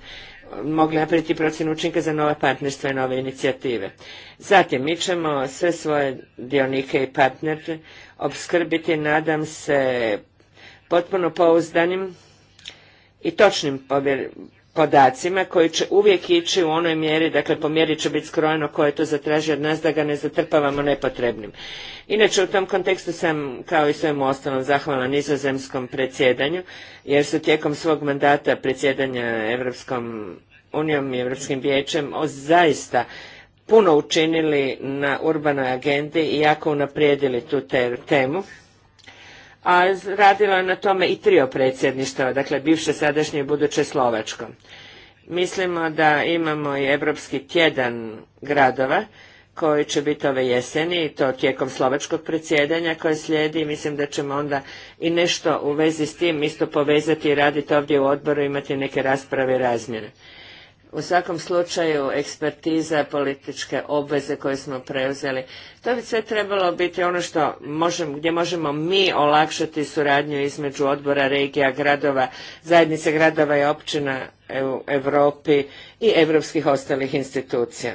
mogli napraviti procjenu učinka za nova partnerstva i nove inicijative. Zatim, mi ćemo sve svoje dionike i partnere obskrbiti, nadam se, potpuno pouzdanim i točnim podacima koji će uvijek ići u onoj mjeri, dakle po mjeri će biti skrojeno koje to zatraži od nas da ga ne zatrpavamo nepotrebnim. Inače u tom kontekstu sam kao i svemu ostalom zahvala nizozemskom predsjedanju jer su tijekom svog mandata predsjedanja Europskom unijom i Europskim vijećem zaista puno učinili na urbanoj agendi i jako unaprijedili tu temu a radilo je na tome i trio predsjedništava, dakle bivše, sadašnje i buduće Slovačko. Mislimo da imamo i Evropski tjedan gradova koji će biti ove jeseni i to tijekom slovačkog predsjedanja koje slijedi. Mislim da ćemo onda i nešto u vezi s tim isto povezati i raditi ovdje u odboru, imati neke rasprave i razmjene. U svakom slučaju ekspertiza, političke obveze koje smo preuzeli. To bi sve trebalo biti ono što gdje možemo mi olakšati suradnju između odbora regija, gradova, zajednice gradova i općina u Europi i europskih ostalih institucija.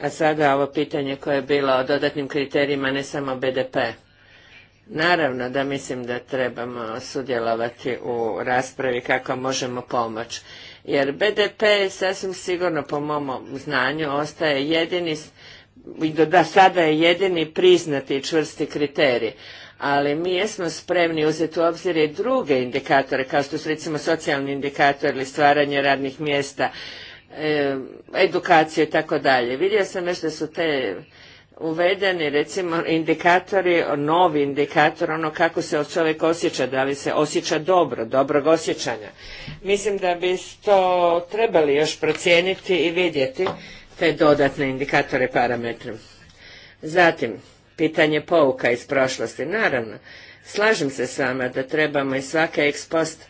A sada ovo pitanje koje je bilo o dodatnim kriterijima, ne samo BDP. Naravno da mislim da trebamo sudjelovati u raspravi kako možemo pomoći. Jer BDP sasvim sigurno po mom znanju ostaje jedini, i do sada je jedini priznati i čvrsti kriterij. Ali mi jesmo spremni uzeti u obzir i druge indikatore, kao što su recimo socijalni indikator ili stvaranje radnih mjesta, e, edukaciju i tako dalje. Vidio sam već da su te uvedeni recimo indikatori, novi indikator, ono kako se čovjek osjeća, da li se osjeća dobro, dobrog osjećanja. Mislim da bi to trebali još procijeniti i vidjeti te dodatne indikatore parametre. Zatim, pitanje pouka iz prošlosti. Naravno, slažem se s vama da trebamo i svake ex post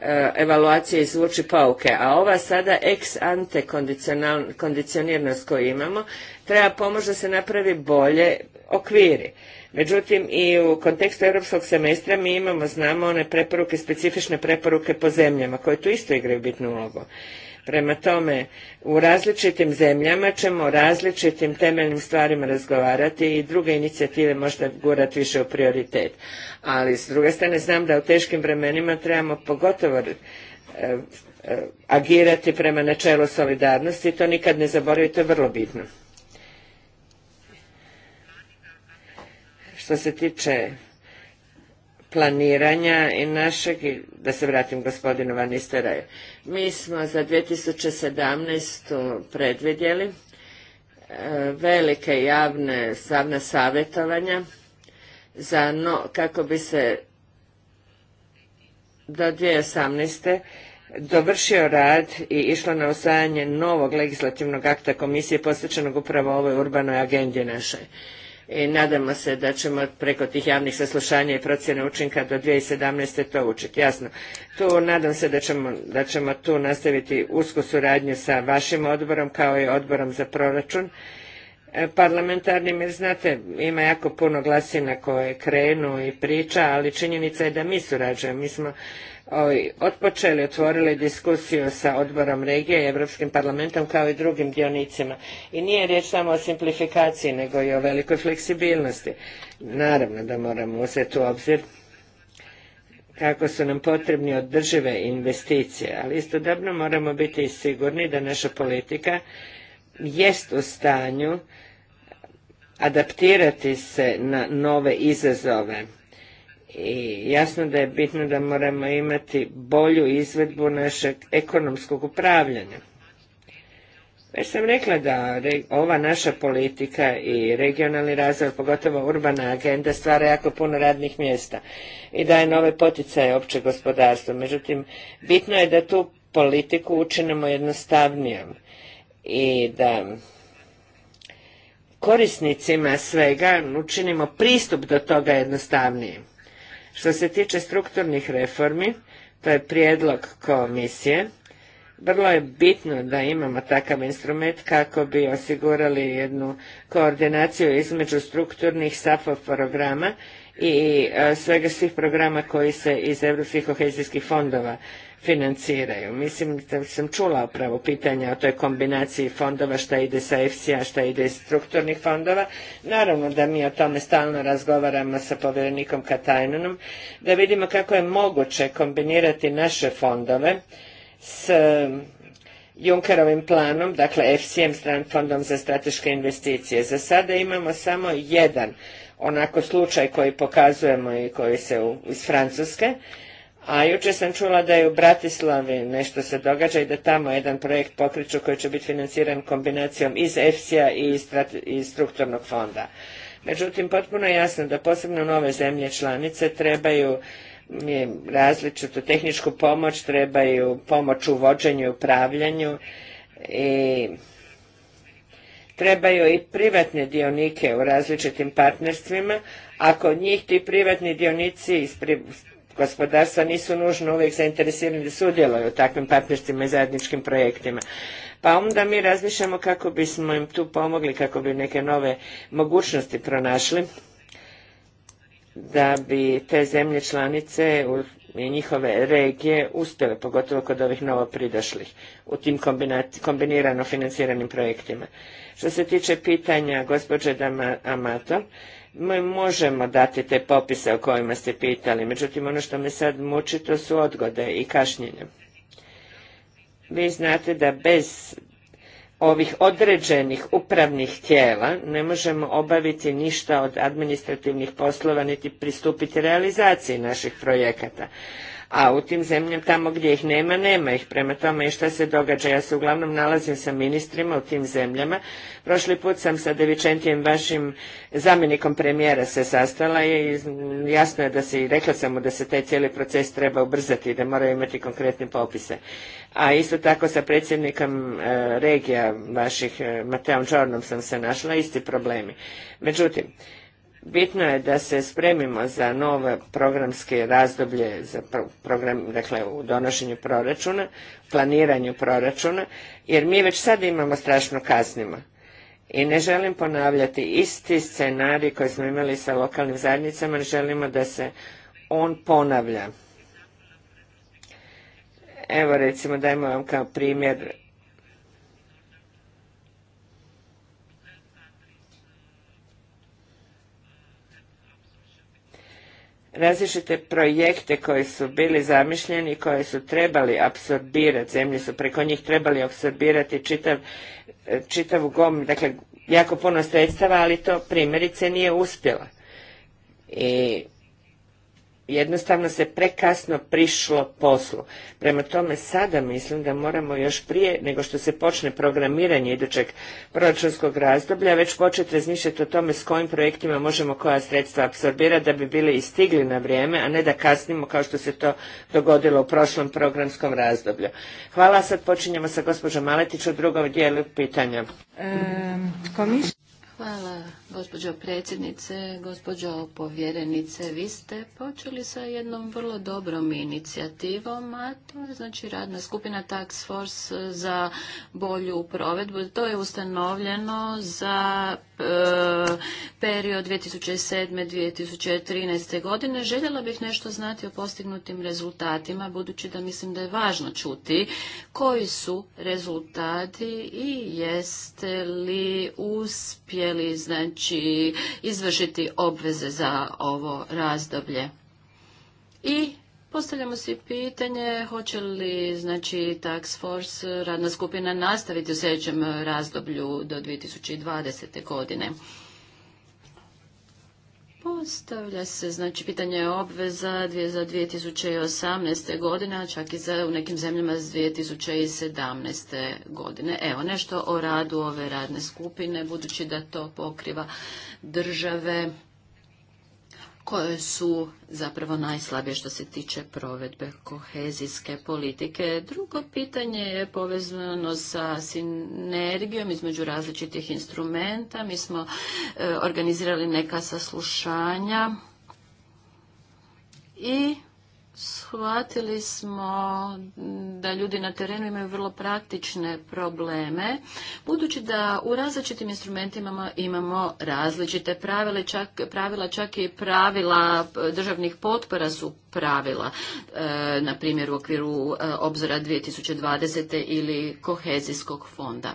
e, evaluacije izvući pouke, a ova sada ex ante kondicionirnost koju imamo treba pomoći da se napravi bolje okviri. Međutim, i u kontekstu europskog semestra mi imamo, znamo, one preporuke, specifične preporuke po zemljama, koje tu isto igraju bitnu ulogu. Prema tome, u različitim zemljama ćemo različitim temeljnim stvarima razgovarati i druge inicijative možda gurati više u prioritet. Ali s druge strane znam da u teškim vremenima trebamo pogotovo e, e, agirati prema načelu solidarnosti to nikad ne zaboravite to je vrlo bitno. Što se tiče planiranja i našeg, da se vratim gospodinu Van mi smo za 2017. predvidjeli e, velike javne savjetovanja za no, kako bi se do 2018. dovršio rad i išlo na usvajanje novog legislativnog akta komisije posvećenog upravo ovoj urbanoj agendi našoj i nadamo se da ćemo preko tih javnih saslušanja i procjene učinka do 2017. to učiti. Jasno, tu nadam se da ćemo, tu nastaviti usku suradnju sa vašim odborom kao i odborom za proračun e, parlamentarnim, jer znate, ima jako puno glasina koje krenu i priča, ali činjenica je da mi surađujemo. Mi smo otpočeli, otvorili diskusiju sa odborom regije i Europskim parlamentom kao i drugim dionicima. I nije riječ samo o simplifikaciji, nego i o velikoj fleksibilnosti. Naravno da moramo uzeti u obzir kako su nam potrebni održive investicije, ali istodobno moramo biti sigurni da naša politika jest u stanju adaptirati se na nove izazove i jasno da je bitno da moramo imati bolju izvedbu našeg ekonomskog upravljanja. Već sam rekla da ova naša politika i regionalni razvoj, pogotovo urbana agenda, stvara jako puno radnih mjesta i daje nove poticaje opće gospodarstvo. Međutim, bitno je da tu politiku učinimo jednostavnijom i da korisnicima svega učinimo pristup do toga jednostavnijim. Što se tiče strukturnih reformi, to je prijedlog komisije. Vrlo je bitno da imamo takav instrument kako bi osigurali jednu koordinaciju između strukturnih SAFO programa i e, svega svih programa koji se iz europskih kohezijskih fondova financiraju. Mislim da sam čula upravo pitanja o toj kombinaciji fondova šta ide sa EFSI-a, šta ide iz strukturnih fondova. Naravno da mi o tome stalno razgovaramo sa povjerenikom Katajnanom da vidimo kako je moguće kombinirati naše fondove s um, Junkerovim planom, dakle FCM stran fondom za strateške investicije. Za sada imamo samo jedan onako slučaj koji pokazujemo i koji se iz Francuske, a jučer sam čula da je u Bratislavi nešto se događa i da tamo jedan projekt pokriču koji će biti financiran kombinacijom iz EFSI-a i iz strukturnog fonda. Međutim, potpuno je jasno da posebno nove zemlje članice trebaju različitu tehničku pomoć, trebaju pomoć u vođenju i upravljanju i trebaju i privatne dionike u različitim partnerstvima, Ako njih ti privatni dionici iz gospodarstva nisu nužno uvijek zainteresirani da sudjeluju u takvim partnerstvima i zajedničkim projektima. Pa onda mi razmišljamo kako bismo im tu pomogli, kako bi neke nove mogućnosti pronašli da bi te zemlje članice i njihove regije uspjele, pogotovo kod ovih novo pridošlih, u tim kombinirano financiranim projektima. Što se tiče pitanja gospođe Amato, mi možemo dati te popise o kojima ste pitali, međutim ono što me sad muči to su odgode i kašnjenje. Vi znate da bez ovih određenih upravnih tijela ne možemo obaviti ništa od administrativnih poslova niti pristupiti realizaciji naših projekata a u tim zemljama tamo gdje ih nema, nema ih. Prema tome šta se događa? Ja se uglavnom nalazim sa ministrima u tim zemljama. Prošli put sam sa Devičentijem, vašim zamjenikom premijera se sastala i jasno je da se i rekla sam mu da se taj cijeli proces treba ubrzati i da moraju imati konkretne popise. A isto tako sa predsjednikom e, regija vaših, e, Mateom Čornom sam se našla, isti problemi. Međutim, Bitno je da se spremimo za nove programske razdoblje, za program, dakle u donošenju proračuna, planiranju proračuna, jer mi već sad imamo strašno kasnimo. I ne želim ponavljati isti scenarij koji smo imali sa lokalnim zajednicama, želimo da se on ponavlja. Evo recimo dajmo vam kao primjer različite projekte koji su bili zamišljeni, koje su trebali apsorbirati, zemlje su preko njih trebali apsorbirati čitav, čitavu gom, dakle jako puno sredstava, ali to primjerice nije uspjelo. I jednostavno se prekasno prišlo poslu. Prema tome sada mislim da moramo još prije nego što se počne programiranje idućeg proračunskog razdoblja već početi razmišljati o tome s kojim projektima možemo koja sredstva apsorbirati da bi bili i stigli na vrijeme, a ne da kasnimo kao što se to dogodilo u prošlom programskom razdoblju. Hvala, sad počinjemo sa gospođom Maletić u drugom dijelu pitanja. Hvala Gospođo predsjednice, gospođo povjerenice, vi ste počeli sa jednom vrlo dobrom inicijativom, a to je znači radna skupina Tax Force za bolju provedbu. To je ustanovljeno za e, period 2007-2013. godine. Željela bih nešto znati o postignutim rezultatima, budući da mislim da je važno čuti koji su rezultati i jeste li uspjeli znači moći izvršiti obveze za ovo razdoblje. I Postavljamo si pitanje hoće li znači Tax Force radna skupina nastaviti u sljedećem razdoblju do 2020. godine. Postavlja se znači pitanje obveza dvije za 2018. godine, a čak i za u nekim zemljama za 2017. godine. Evo nešto o radu ove radne skupine, budući da to pokriva države koje su zapravo najslabije što se tiče provedbe kohezijske politike. Drugo pitanje je povezano sa sinergijom između različitih instrumenta. Mi smo e, organizirali neka saslušanja i Shvatili smo da ljudi na terenu imaju vrlo praktične probleme, budući da u različitim instrumentima imamo različite pravile, čak, pravila, čak i pravila državnih potpora su pravila, e, na primjer u okviru e, obzora 2020. ili kohezijskog fonda.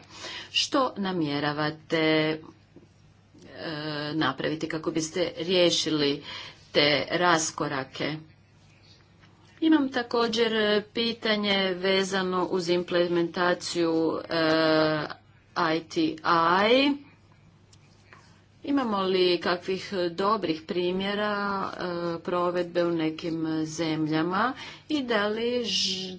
Što namjeravate e, napraviti kako biste riješili te raskorake? Imam također e, pitanje vezano uz implementaciju ITI. E, Imamo li kakvih dobrih primjera e, provedbe u nekim zemljama i da li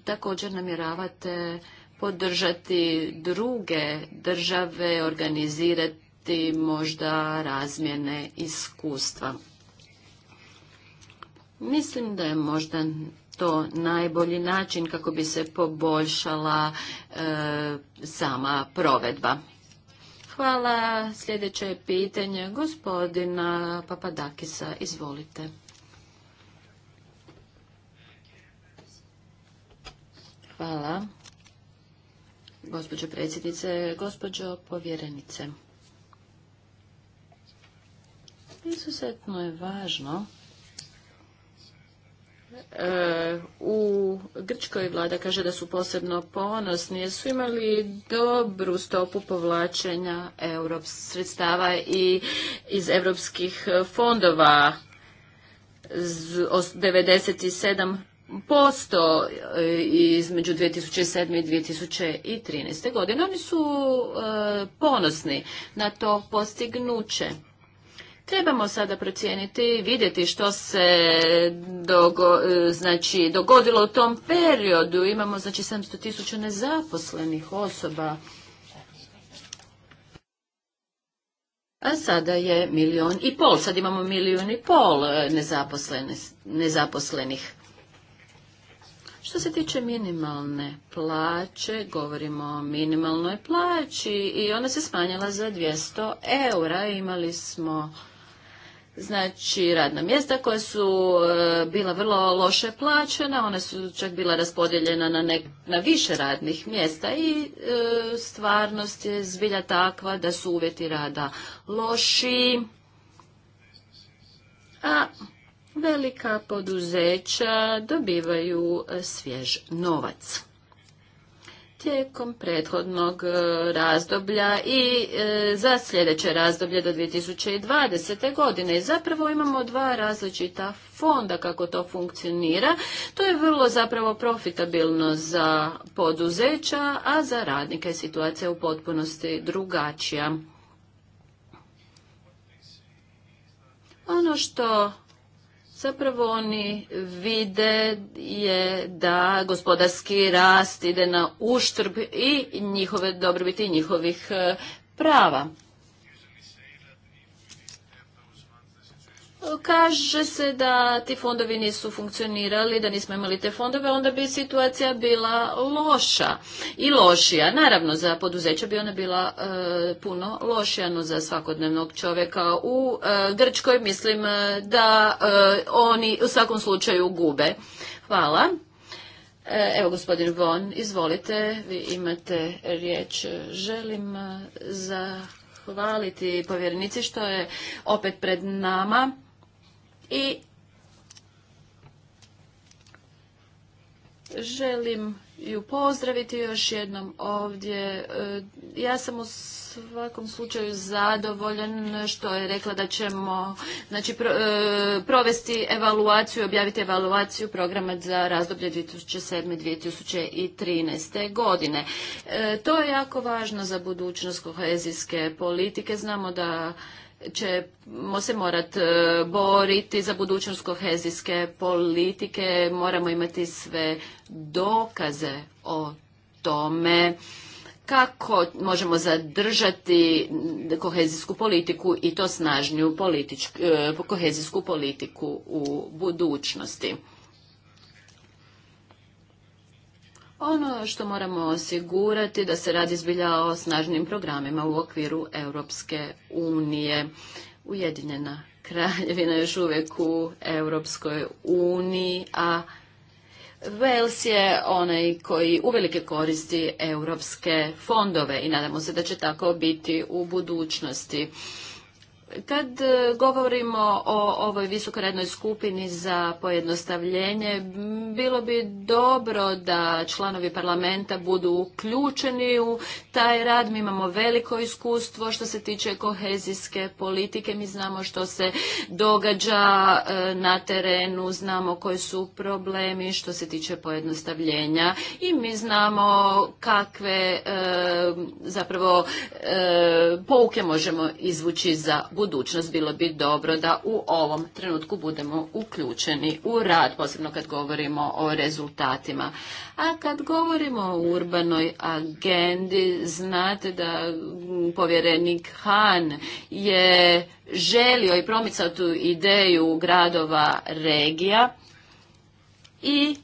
također namjeravate podržati druge države, organizirati možda razmjene iskustva? Mislim da je možda to najbolji način kako bi se poboljšala e, sama provedba. Hvala. Sljedeće je pitanje gospodina Papadakisa. Izvolite. Hvala. Gospođo predsjednice, gospođo povjerenice. Izuzetno je važno E, u Grčkoj vlada kaže da su posebno ponosni jer su imali dobru stopu povlačenja sredstava i iz evropskih fondova z, posto 97% e, između 2007. i 2013. godine. Oni su e, ponosni na to postignuće. Trebamo sada procijeniti i vidjeti što se e, znači, dogodilo u tom periodu. Imamo znači 700 tisuća nezaposlenih osoba. A sada je milijun i pol, sad imamo milijun i pol e, nezaposlenih. Što se tiče minimalne plaće, govorimo o minimalnoj plaći i ona se smanjila za 200 eura. Imali smo znači radna mjesta koja su e, bila vrlo loše plaćena, ona su čak bila raspodijeljena na, na više radnih mjesta i e, stvarnost je zbilja takva da su uvjeti rada loši, a velika poduzeća dobivaju e, svjež novac tijekom prethodnog e, razdoblja i e, za sljedeće razdoblje do 2020. godine. zapravo imamo dva različita fonda kako to funkcionira. To je vrlo zapravo profitabilno za poduzeća, a za radnike je situacija u potpunosti drugačija. Ono što Zapravo oni vide je da gospodarski rast ide na uštrb i njihove dobrobiti i njihovih e, prava. Kaže se da ti fondovi nisu funkcionirali, da nismo imali te fondove, onda bi situacija bila loša i lošija. Naravno, za poduzeća bi ona bila e, puno lošija, no za svakodnevnog čovjeka u e, Grčkoj mislim e, da oni u svakom slučaju gube. Hvala. Evo, gospodin Von, izvolite, vi imate riječ. Želim za hvaliti povjerenici što je opet pred nama i želim ju pozdraviti još jednom ovdje. E, ja sam u svakom slučaju zadovoljan što je rekla da ćemo znači, e, provesti evaluaciju, objaviti evaluaciju programa za razdoblje 2007-2013. godine. E, to je jako važno za budućnost kohezijske politike. Znamo da ćemo se morati e, boriti za budućnost kohezijske politike, moramo imati sve dokaze o tome kako možemo zadržati kohezijsku politiku i to snažniju e, kohezijsku politiku u budućnosti. Ono što moramo osigurati da se radi zbilja o snažnim programima u okviru Europske unije. Ujedinjena kraljevina još uvijek u Europskoj uniji, a Wales je onaj koji uvelike koristi europske fondove i nadamo se da će tako biti u budućnosti. Kad e, govorimo o ovoj visokorednoj skupini za pojednostavljenje, bilo bi dobro da članovi parlamenta budu uključeni u taj rad. Mi imamo veliko iskustvo što se tiče kohezijske politike. Mi znamo što se događa e, na terenu, znamo koji su problemi što se tiče pojednostavljenja i mi znamo kakve e, zapravo pouke možemo izvući za budućnost. Bilo bi dobro da u ovom trenutku budemo uključeni u rad, posebno kad govorimo o rezultatima. A kad govorimo o urbanoj agendi, znate da povjerenik Han je želio i promicao tu ideju gradova regija i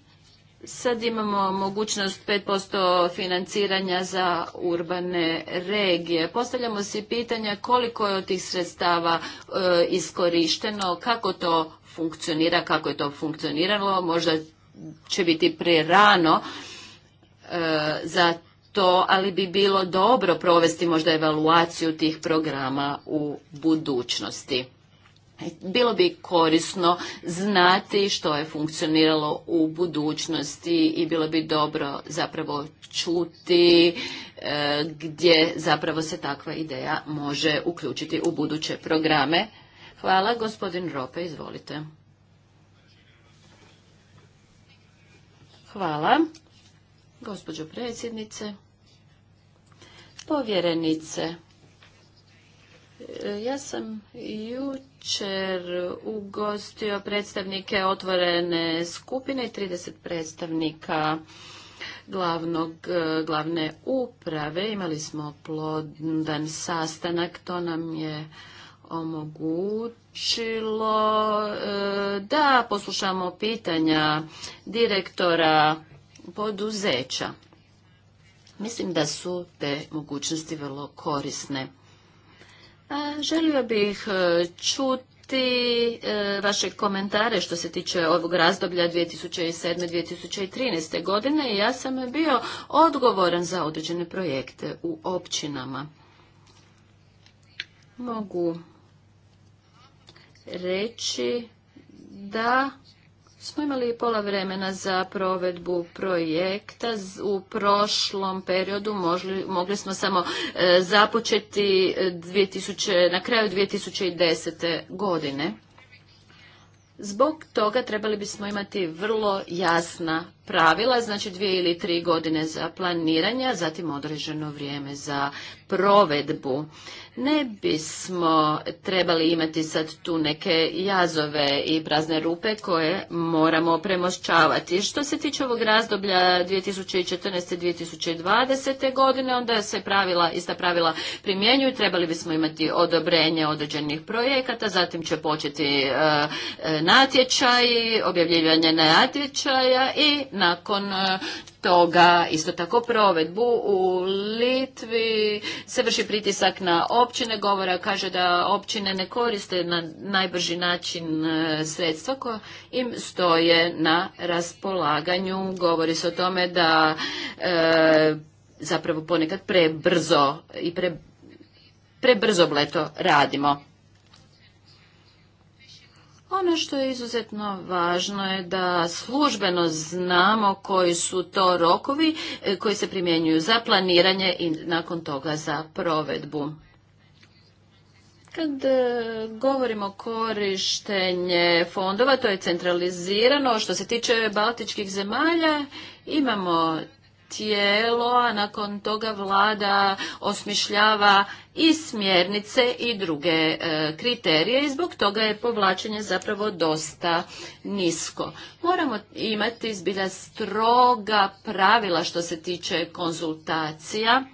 Sad imamo mogućnost 5% financiranja za urbane regije. Postavljamo si pitanja koliko je od tih sredstava e, iskorišteno, kako to funkcionira, kako je to funkcioniralo, možda će biti prerano rano e, za to, ali bi bilo dobro provesti možda evaluaciju tih programa u budućnosti bilo bi korisno znati što je funkcioniralo u budućnosti i bilo bi dobro zapravo čuti e, gdje zapravo se takva ideja može uključiti u buduće programe. Hvala, gospodin Rope, izvolite. Hvala, gospođo predsjednice, povjerenice. Ja sam jučer ugostio predstavnike otvorene skupine 30 predstavnika glavnog, glavne uprave. Imali smo plodan sastanak, to nam je omogućilo e, da poslušamo pitanja direktora poduzeća. Mislim da su te mogućnosti vrlo korisne. Želio bih e, čuti e, vaše komentare što se tiče ovog razdoblja 2007-2013. godine. Ja sam bio odgovoran za određene projekte u općinama. Mogu reći da smo imali pola vremena za provedbu projekta. U prošlom periodu mogli smo samo e, započeti e, na kraju 2010. godine. Zbog toga trebali bismo imati vrlo jasna pravila, znači dvije ili tri godine za planiranja, zatim određeno vrijeme za provedbu. Ne bismo trebali imati sad tu neke jazove i prazne rupe koje moramo premošćavati. Što se tiče ovog razdoblja 2014-2020. godine, onda se pravila, ista pravila primjenjuju. Trebali bismo imati odobrenje određenih projekata, zatim će početi e, e, natječaji natječaj, objavljivanje natječaja i nakon e, toga isto tako provedbu u Litvi se vrši pritisak na općine, govora kaže da općine ne koriste na najbrži način e, sredstva koja im stoje na raspolaganju. Govori se o tome da e, zapravo ponekad prebrzo i pre, prebrzo bleto radimo. Ono što je izuzetno važno je da službeno znamo koji su to rokovi e, koji se primjenjuju za planiranje i nakon toga za provedbu. Kad e, govorimo o korištenje fondova, to je centralizirano. Što se tiče baltičkih zemalja, imamo tijelo, a nakon toga vlada osmišljava i smjernice i druge e, kriterije i zbog toga je povlačenje zapravo dosta nisko. Moramo imati zbilja stroga pravila što se tiče konzultacija.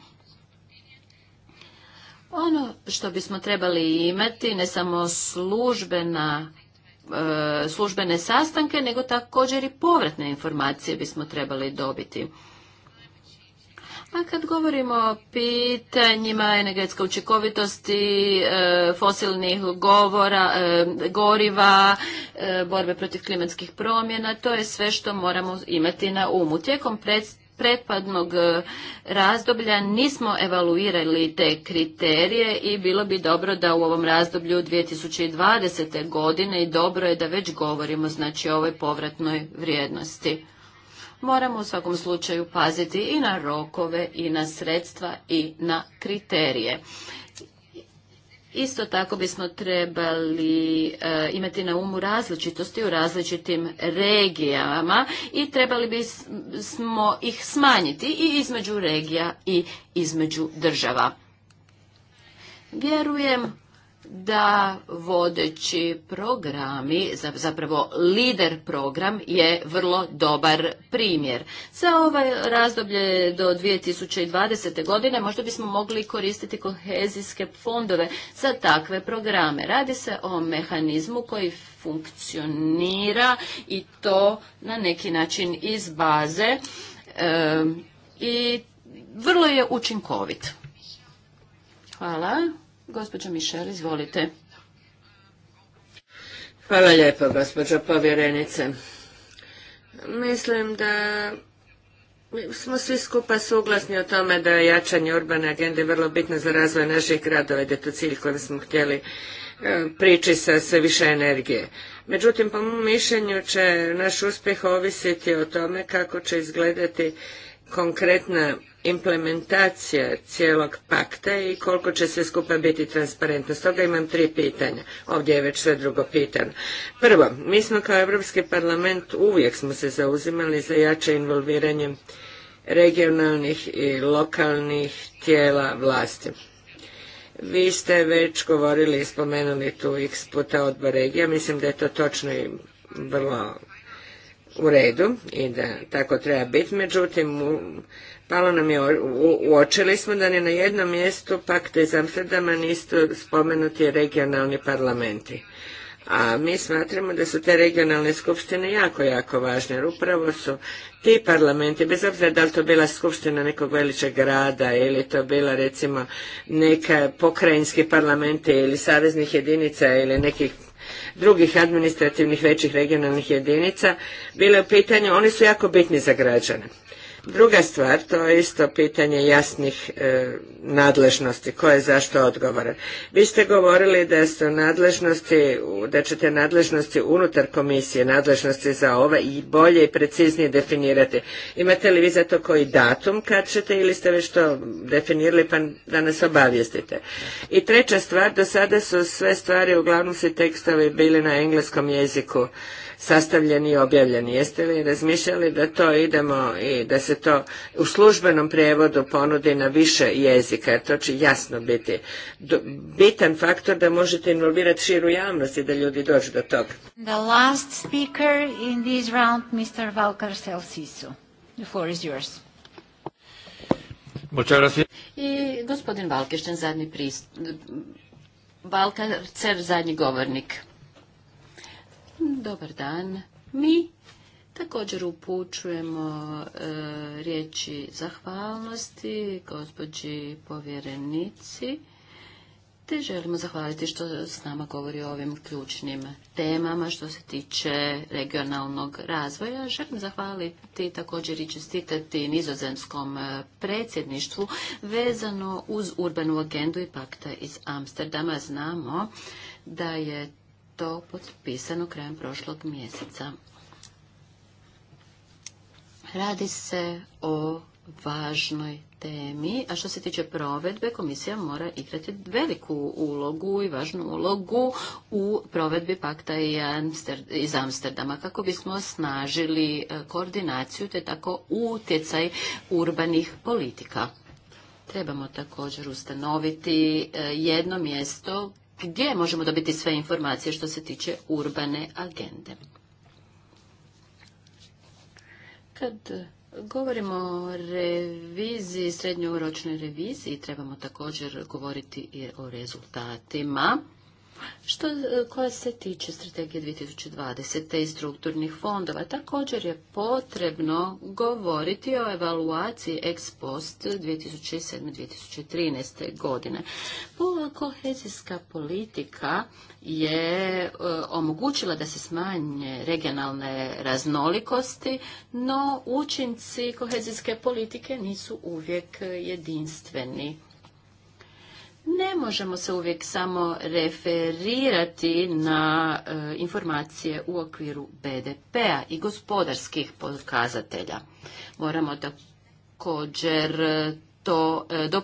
Ono što bismo trebali imati, ne samo službena e, službene sastanke, nego također i povratne informacije bismo trebali dobiti. A kad govorimo o pitanjima energetske učinkovitosti, e, fosilnih govora, e, goriva, e, borbe protiv klimatskih promjena, to je sve što moramo imati na umu. Tijekom prepadnog razdoblja nismo evaluirali te kriterije i bilo bi dobro da u ovom razdoblju 2020. godine i dobro je da već govorimo znači o ovoj povratnoj vrijednosti moramo u svakom slučaju paziti i na rokove i na sredstva i na kriterije. Isto tako bismo trebali e, imati na umu različitosti u različitim regijama i trebali bismo ih smanjiti i između regija i između država. Vjerujem da vodeći programi, zapravo lider program je vrlo dobar primjer. Za ovaj razdoblje do 2020. godine možda bismo mogli koristiti kohezijske fondove za takve programe. Radi se o mehanizmu koji funkcionira i to na neki način iz baze i vrlo je učinkovit. Hvala. Gospođo Mišel, izvolite. Hvala lijepo, gospođo povjerenice. Mislim da smo svi skupa suglasni o tome da je jačanje urbane agende vrlo bitno za razvoj naših gradova i da je to cilj kojem smo htjeli e, priči sa sve više energije. Međutim, po mom mišljenju će naš uspjeh ovisiti o tome kako će izgledati konkretna implementacija cijelog pakta i koliko će sve skupa biti transparentno. Stoga imam tri pitanja. Ovdje je već sve drugo pitanje. Prvo, mi smo kao Europski parlament uvijek smo se zauzimali za jače involviranje regionalnih i lokalnih tijela vlasti. Vi ste već govorili i spomenuli tu x puta odbor regija. Mislim da je to točno i vrlo u redu i da tako treba biti. Međutim, u Palo nam je, uočili smo da ni na jednom mjestu pak iz Amsterdama nisu spomenuti regionalni parlamenti. A mi smatramo da su te regionalne skupštine jako, jako važne, jer upravo su ti parlamenti, bez obzira da li to bila skupština nekog veličeg grada ili to bila recimo neka pokrajinski parlamenti ili saveznih jedinica ili nekih drugih administrativnih većih regionalnih jedinica, bile u pitanju, oni su jako bitni za građane. Druga stvar, to je isto pitanje jasnih e, nadležnosti, ko je zašto odgovoran. Vi ste govorili da su nadležnosti, da ćete nadležnosti unutar komisije, nadležnosti za ove i bolje i preciznije definirati. Imate li vi za to koji datum kad ćete ili ste već to definirali pa da nas obavijestite? I treća stvar, do sada su sve stvari, uglavnom su tekstovi bili na engleskom jeziku sastavljeni i objavljeni. Jeste li razmišljali da to idemo i da se se to u službenom prevodu ponudi na više jezika, to će jasno biti bitan faktor da možete involvirati širu javnost i da ljudi dođu do toga. The last speaker in this round, Mr. Valkar Selsisu. The floor is yours. I gospodin Valkešćan, zadnji prist... Valkar, zadnji govornik. Dobar dan. Mi Također upućujemo e, riječi zahvalnosti gospođi povjerenici te želimo zahvaliti što s nama govori o ovim ključnim temama što se tiče regionalnog razvoja. Želim zahvaliti također i čestitati nizozemskom e, predsjedništvu vezano uz urbanu agendu i pakta iz Amsterdama. Znamo da je to potpisano krajem prošlog mjeseca. Radi se o važnoj temi, a što se tiče provedbe, komisija mora igrati veliku ulogu i važnu ulogu u provedbi pakta iz Amsterdama kako bismo snažili e, koordinaciju te tako utjecaj urbanih politika. Trebamo također ustanoviti e, jedno mjesto gdje možemo dobiti sve informacije što se tiče urbane agende. Kad govorimo o reviziji, srednjoročnoj reviziji, trebamo također govoriti i o rezultatima što, e, koja se tiče strategije 2020. i strukturnih fondova. Također je potrebno govoriti o evaluaciji ex post 2007-2013. godine. Kohezijska politika je e, omogućila da se smanje regionalne raznolikosti, no učinci kohezijske politike nisu uvijek jedinstveni ne možemo se uvijek samo referirati na e, informacije u okviru BDP-a i gospodarskih pokazatelja. Moramo također to e, do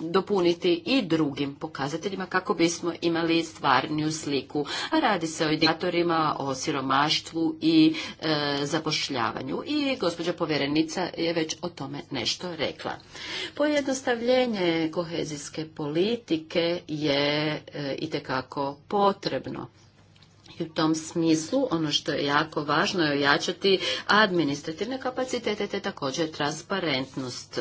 dopuniti i drugim pokazateljima kako bismo imali stvarniju sliku. A radi se o indikatorima, o siromaštvu i e, zapošljavanju. I gospođa povjerenica je već o tome nešto rekla. Pojednostavljenje kohezijske politike je e, itekako potrebno. I u tom smislu ono što je jako važno je ojačati administrativne kapacitete te također transparentnost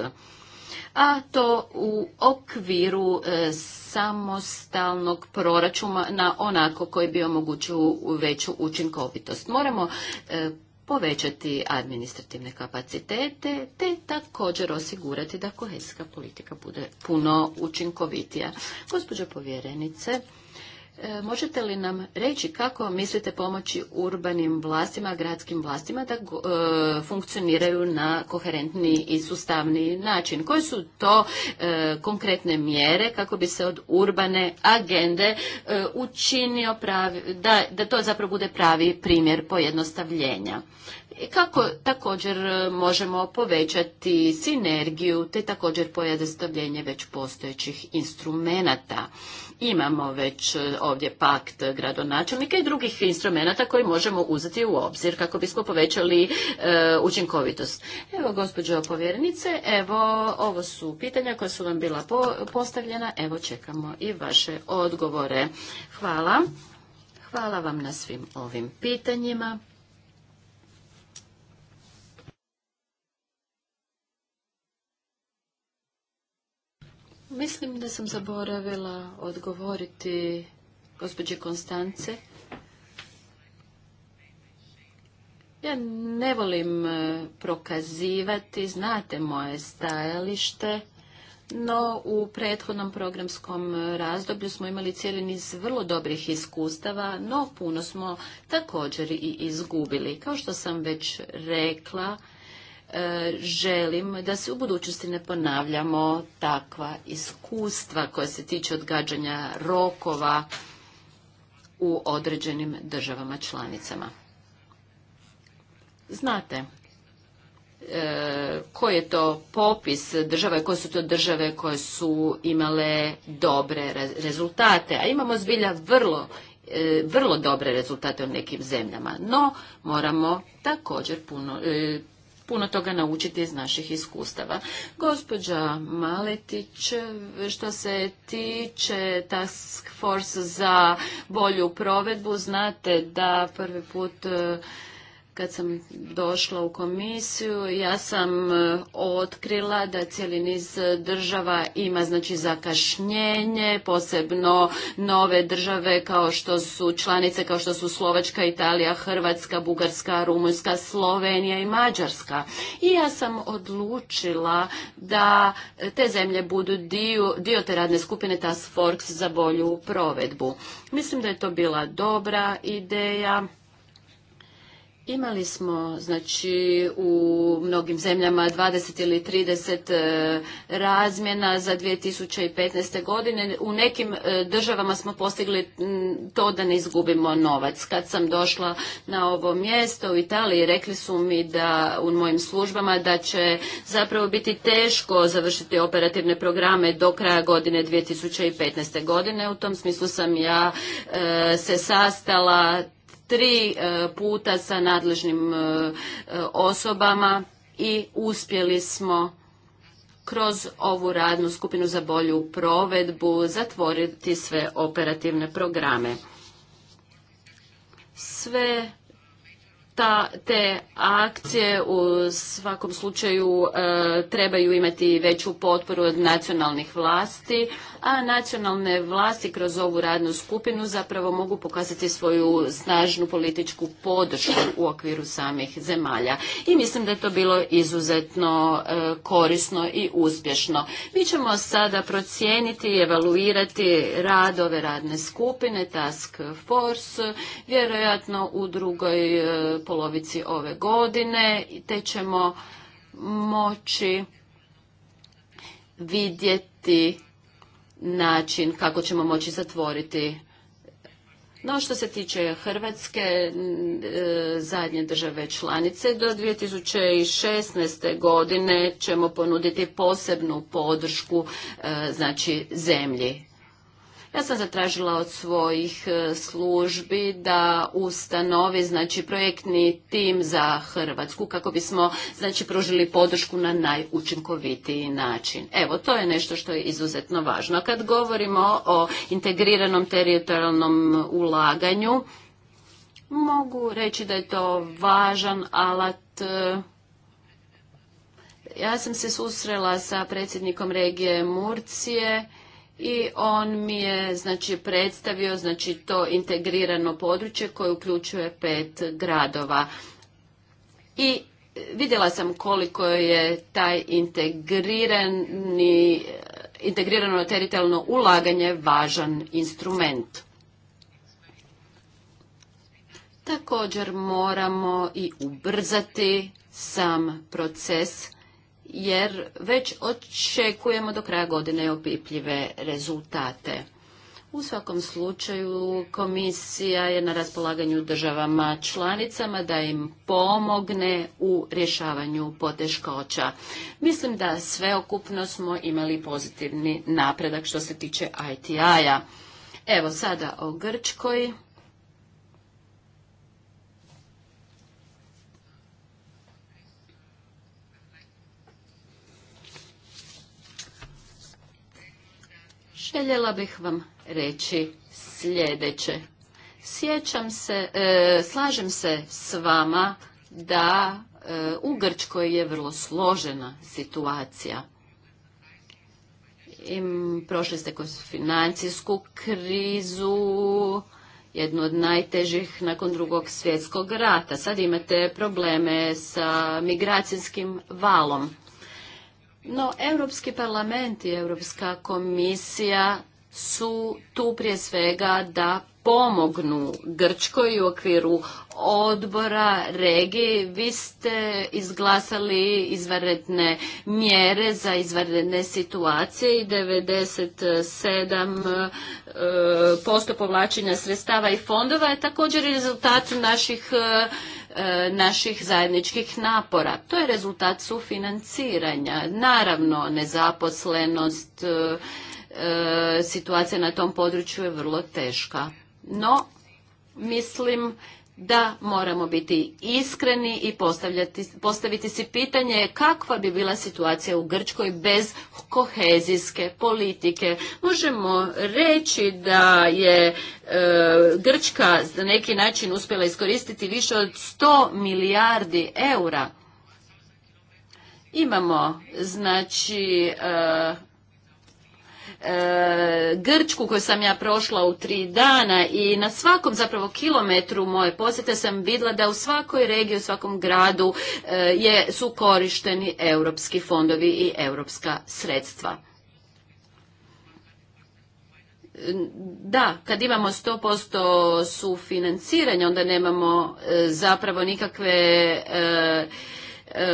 a to u okviru e, samostalnog proračuna na onako koji bi omogućio veću učinkovitost. Moramo e, povećati administrativne kapacitete te također osigurati da kohezijska politika bude puno učinkovitija. Gospođo povjerenice, E, možete li nam reći kako mislite pomoći urbanim vlastima, gradskim vlastima da e, funkcioniraju na koherentni i sustavni način? Koje su to e, konkretne mjere kako bi se od urbane agende učinio pravi, da to zapravo bude pravi primjer pojednostavljenja? i kako također e, možemo povećati sinergiju te također pojednostavljenje već postojećih instrumenata. Imamo već e, ovdje pakt gradonačelnika i drugih instrumenata koji možemo uzeti u obzir kako bismo povećali e, učinkovitost. Evo gospođo povjerenice, evo ovo su pitanja koja su vam bila postavljena, evo čekamo i vaše odgovore. Hvala. Hvala vam na svim ovim pitanjima. Mislim da sam zaboravila odgovoriti gospođe Konstance. Ja ne volim e, prokazivati, znate moje stajalište, no u prethodnom programskom e, razdoblju smo imali cijeli niz vrlo dobrih iskustava, no puno smo također i izgubili. Kao što sam već rekla, E, želim da se u budućnosti ne ponavljamo takva iskustva koja se tiče odgađanja rokova u određenim državama članicama. Znate e, koji je to popis države, koje su to države koje su imale dobre rezultate, a imamo zbilja vrlo e, vrlo dobre rezultate u nekim zemljama. No, moramo također puno, puno toga naučiti iz naših iskustava. Gospođa Maletić, što se tiče task force za bolju provedbu, znate da prvi put kad sam došla u komisiju, ja sam e, otkrila da cijeli niz država ima znači zakašnjenje, posebno nove države kao što su članice kao što su Slovačka, Italija, Hrvatska, Bugarska, Rumunjska, Slovenija i Mađarska. I ja sam odlučila da te zemlje budu dio, dio te radne skupine Task Force za bolju provedbu. Mislim da je to bila dobra ideja Imali smo znači u mnogim zemljama 20 ili 30 e, razmjena za 2015. godine. U nekim e, državama smo postigli to da ne izgubimo novac. Kad sam došla na ovo mjesto u Italiji rekli su mi da u mojim službama da će zapravo biti teško završiti operativne programe do kraja godine 2015. godine. U tom smislu sam ja e, se sastala tri e, puta sa nadležnim e, e, osobama i uspjeli smo kroz ovu radnu skupinu za bolju provedbu zatvoriti sve operativne programe. Sve ta, te akcije u svakom slučaju trebaju imati veću potporu od nacionalnih vlasti, a nacionalne vlasti kroz ovu radnu skupinu zapravo mogu pokazati svoju snažnu političku podršku u okviru samih zemalja. I mislim da je to bilo izuzetno e, korisno i uspješno. Mi ćemo sada procijeniti i evaluirati rad ove radne skupine, Task Force, vjerojatno u drugoj e, polovici ove godine, te ćemo moći vidjeti način kako ćemo moći zatvoriti no što se tiče Hrvatske, e, zadnje države članice, do 2016. godine ćemo ponuditi posebnu podršku e, znači zemlji. Ja sam zatražila od svojih e, službi da ustanovi znači projektni tim za Hrvatsku kako bismo znači pružili podršku na najučinkovitiji način. Evo to je nešto što je izuzetno važno. Kad govorimo o integriranom teritorijalnom ulaganju mogu reći da je to važan alat e, ja sam se susrela sa predsjednikom regije Murcije i on mi je znači predstavio znači to integrirano područje koje uključuje pet gradova. I vidjela sam koliko je taj integrirani integrirano teritorijalno ulaganje važan instrument. Također moramo i ubrzati sam proces jer već očekujemo do kraja godine opipljive rezultate. U svakom slučaju komisija je na raspolaganju državama članicama da im pomogne u rješavanju poteškoća. Mislim da sveokupno smo imali pozitivni napredak što se tiče ITI-a. Evo sada o Grčkoj. željela bih vam reći sljedeće. Sjećam se, e, slažem se s vama da e, u Grčkoj je vrlo složena situacija. I, prošli ste kroz financijsku krizu, jednu od najtežih nakon drugog svjetskog rata. Sad imate probleme sa migracijskim valom. No, Europski parlament i Europska komisija su tu prije svega da pomognu Grčkoj u okviru odbora regije. Vi ste izglasali izvanredne mjere za izvanredne situacije i 97% e, posto povlačenja sredstava i fondova je također rezultat naših e, E, naših zajedničkih napora. To je rezultat sufinanciranja. Naravno, nezaposlenost, e, e, situacija na tom području je vrlo teška. No, mislim da moramo biti iskreni i postaviti si pitanje kakva bi bila situacija u Grčkoj bez kohezijske politike. Možemo reći da je e, Grčka na neki način uspjela iskoristiti više od 100 milijardi eura. Imamo znači e, E, Grčku koju sam ja prošla u tri dana i na svakom zapravo kilometru moje posjete sam vidjela da u svakoj regiji, u svakom gradu e, je, su korišteni europski fondovi i europska sredstva. Da, kad imamo 100% sufinanciranja, onda nemamo e, zapravo nikakve E,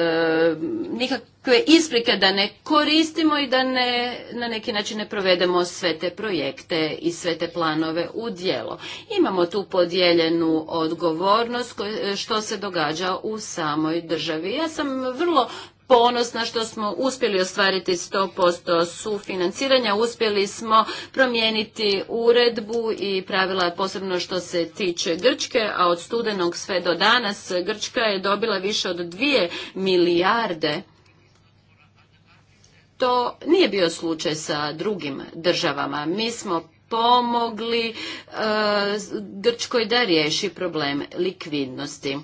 nikakve isprike da ne koristimo i da ne, na neki način ne provedemo sve te projekte i sve te planove u djelo. Imamo tu podijeljenu odgovornost e, što se događa u samoj državi. Ja sam vrlo ponosna što smo uspjeli ostvariti 100% sufinanciranja. Uspjeli smo promijeniti uredbu i pravila posebno što se tiče Grčke, a od studenog sve do danas Grčka je dobila više od 2 milijarde to nije bio slučaj sa drugim državama. Mi smo pomogli e, Grčkoj da riješi problem likvidnosti.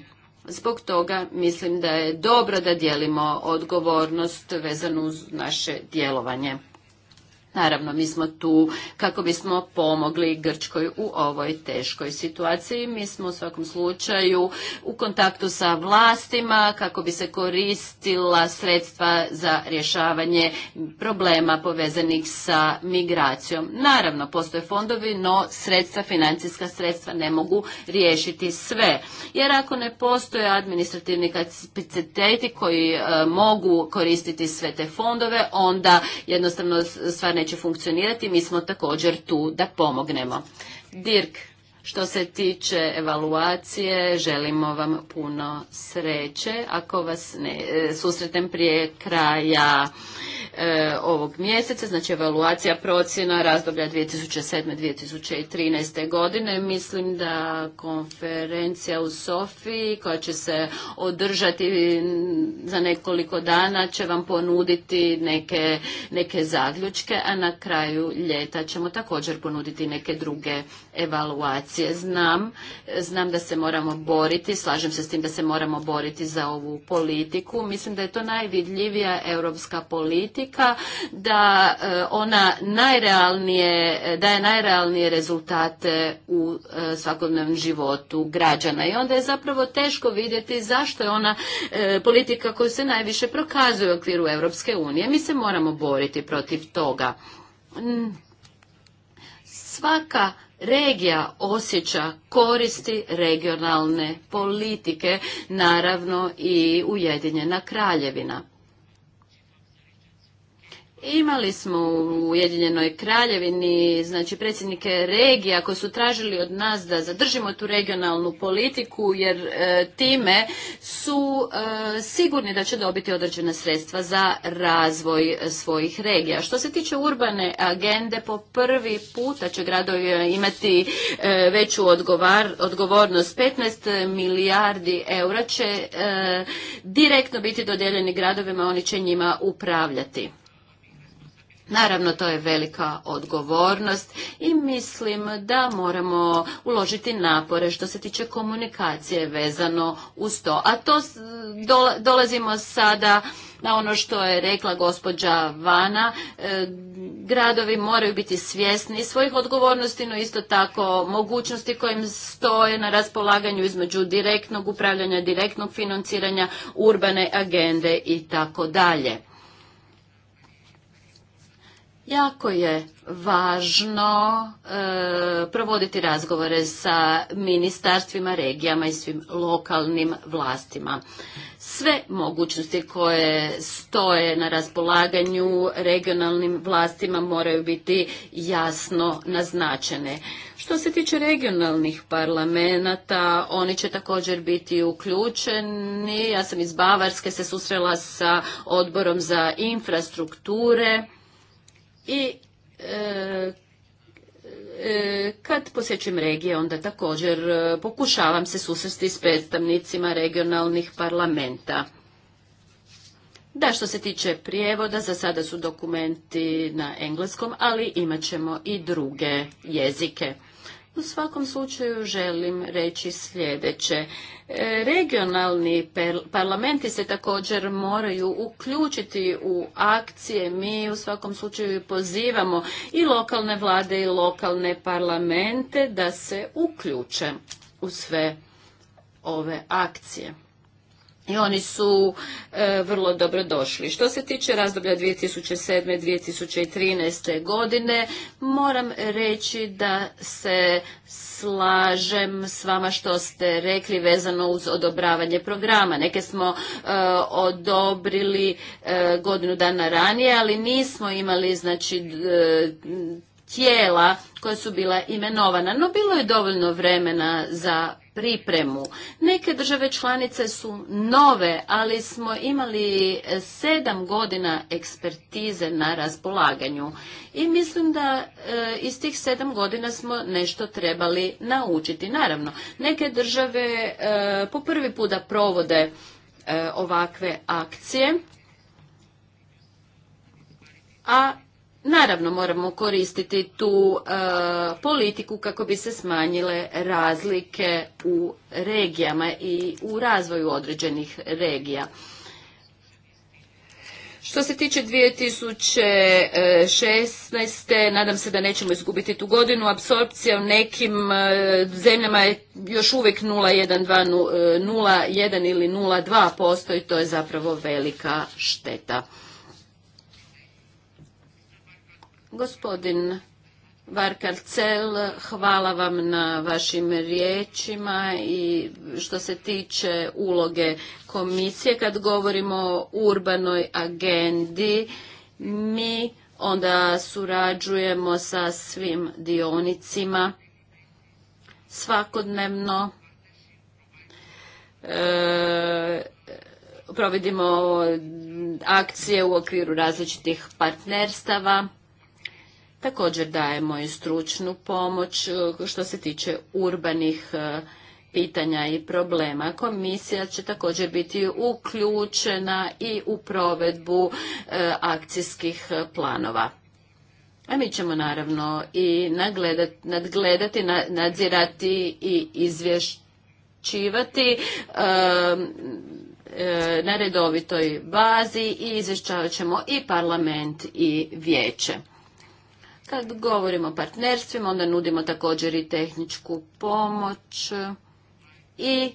Zbog toga mislim da je dobro da dijelimo odgovornost vezanu uz naše djelovanje. Naravno, mi smo tu kako bismo pomogli Grčkoj u ovoj teškoj situaciji. Mi smo u svakom slučaju u kontaktu sa vlastima kako bi se koristila sredstva za rješavanje problema povezanih sa migracijom. Naravno, postoje fondovi, no sredstva, financijska sredstva ne mogu riješiti sve. Jer ako ne postoje administrativni kapaciteti koji e, mogu koristiti sve te fondove, onda jednostavno stvarne neće funkcionirati, mi smo također tu da pomognemo. Dirk, što se tiče evaluacije, želimo vam puno sreće. Ako vas ne, e, susretem prije kraja e, ovog mjeseca, znači evaluacija procjena razdoblja 2007-2013. godine, mislim da konferencija u Sofiji koja će se održati za nekoliko dana će vam ponuditi neke, neke zaključke, a na kraju ljeta ćemo također ponuditi neke druge evaluacije situacije znam. Znam da se moramo boriti, slažem se s tim da se moramo boriti za ovu politiku. Mislim da je to najvidljivija europska politika, da e, ona najrealnije, daje najrealnije rezultate u e, svakodnevnom životu građana. I onda je zapravo teško vidjeti zašto je ona e, politika koju se najviše prokazuje u okviru Europske unije. Mi se moramo boriti protiv toga svaka regija osjeća koristi regionalne politike, naravno i Ujedinjena kraljevina. Imali smo u Ujedinjenoj kraljevini, znači predsjednike regija koji su tražili od nas da zadržimo tu regionalnu politiku jer e, time su e, sigurni da će dobiti određena sredstva za razvoj svojih regija. Što se tiče urbane agende, po prvi puta će gradovi e, imati veću odgovar, odgovornost. 15 milijardi eura će direktno biti dodijeljeni gradovima, oni će njima upravljati. Naravno, to je velika odgovornost i mislim da moramo uložiti napore što se tiče komunikacije vezano uz to. A to dolazimo sada na ono što je rekla gospođa Vana. E, gradovi moraju biti svjesni svojih odgovornosti, no isto tako mogućnosti kojim stoje na raspolaganju između direktnog upravljanja, direktnog financiranja, urbane agende i tako dalje. Jako je važno e, provoditi razgovore sa ministarstvima, regijama i svim lokalnim vlastima. Sve mogućnosti koje stoje na raspolaganju regionalnim vlastima moraju biti jasno naznačene. Što se tiče regionalnih parlamenta, oni će također biti uključeni. Ja sam iz Bavarske se susrela sa odborom za infrastrukture i e, e, kad posjećujem regije, onda također e, pokušavam se susresti s predstavnicima regionalnih parlamenta. Da, što se tiče prijevoda, za sada su dokumenti na engleskom, ali imat ćemo i druge jezike. U svakom slučaju želim reći sljedeće. E, regionalni parlamenti se također moraju uključiti u akcije. Mi u svakom slučaju pozivamo i lokalne vlade i lokalne parlamente da se uključe u sve ove akcije i oni su e, vrlo dobro došli. Što se tiče razdoblja 2007. 2013. godine, moram reći da se slažem s vama što ste rekli vezano uz odobravanje programa. Neke smo e, odobrili e, godinu dana ranije, ali nismo imali znači tijela koja su bila imenovana, no bilo je dovoljno vremena za pripremu. Neke države članice su nove, ali smo imali sedam godina ekspertize na raspolaganju i mislim da e, iz tih sedam godina smo nešto trebali naučiti. Naravno, neke države e, po prvi puta provode e, ovakve akcije, a Naravno, moramo koristiti tu e, politiku kako bi se smanjile razlike u regijama i u razvoju određenih regija. Što se tiče 2016. nadam se da nećemo izgubiti tu godinu. Apsorpcija u nekim e, zemljama je još uvijek 0,1 ili 0,2% i to je zapravo velika šteta. Gospodin Varkarcel, hvala vam na vašim riječima i što se tiče uloge komisije, kad govorimo o urbanoj agendi, mi onda surađujemo sa svim dionicima svakodnevno. E, providimo akcije u okviru različitih partnerstava Također dajemo i stručnu pomoć e, što se tiče urbanih e, pitanja i problema. Komisija će također biti uključena i u provedbu e, akcijskih planova. A mi ćemo naravno i nadgledati, nadzirati i izvješćivati na redovitoj bazi i izvješćavat ćemo i parlament i vijeće. Kad govorimo o partnerstvima, onda nudimo također i tehničku pomoć i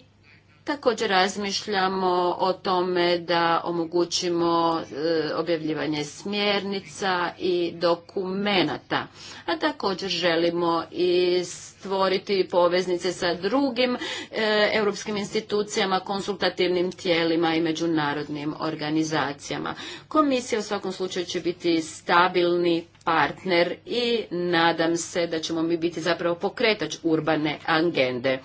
također razmišljamo o tome da omogućimo e, objavljivanje smjernica i dokumenata. A također želimo i stvoriti poveznice sa drugim e, europskim institucijama, konsultativnim tijelima i međunarodnim organizacijama. Komisija u svakom slučaju će biti stabilni partner i nadam se da ćemo mi biti zapravo pokretač urbane agende.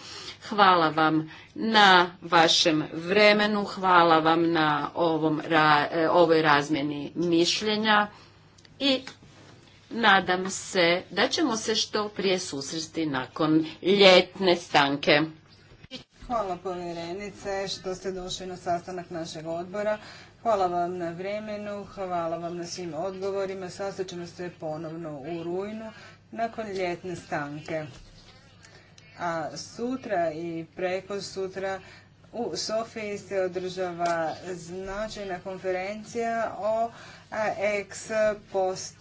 Hvala vam na vašem vremenu, hvala vam na ovom, e, ovoj razmjeni mišljenja i nadam se da ćemo se što prije susresti nakon ljetne stanke. Hvala povjerenice što ste došli na sastanak našeg odbora. Hvala vam na vremenu, hvala vam na svim odgovorima. Sastaćemo se ponovno u rujnu nakon ljetne stanke. A sutra i preko sutra u Sofiji se održava značajna konferencija o ex post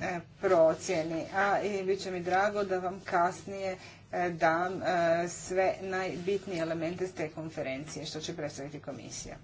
E, procjeni. A i bit će mi drago da vam kasnije e, dam e, sve najbitnije elemente s te konferencije što će predstaviti komisija.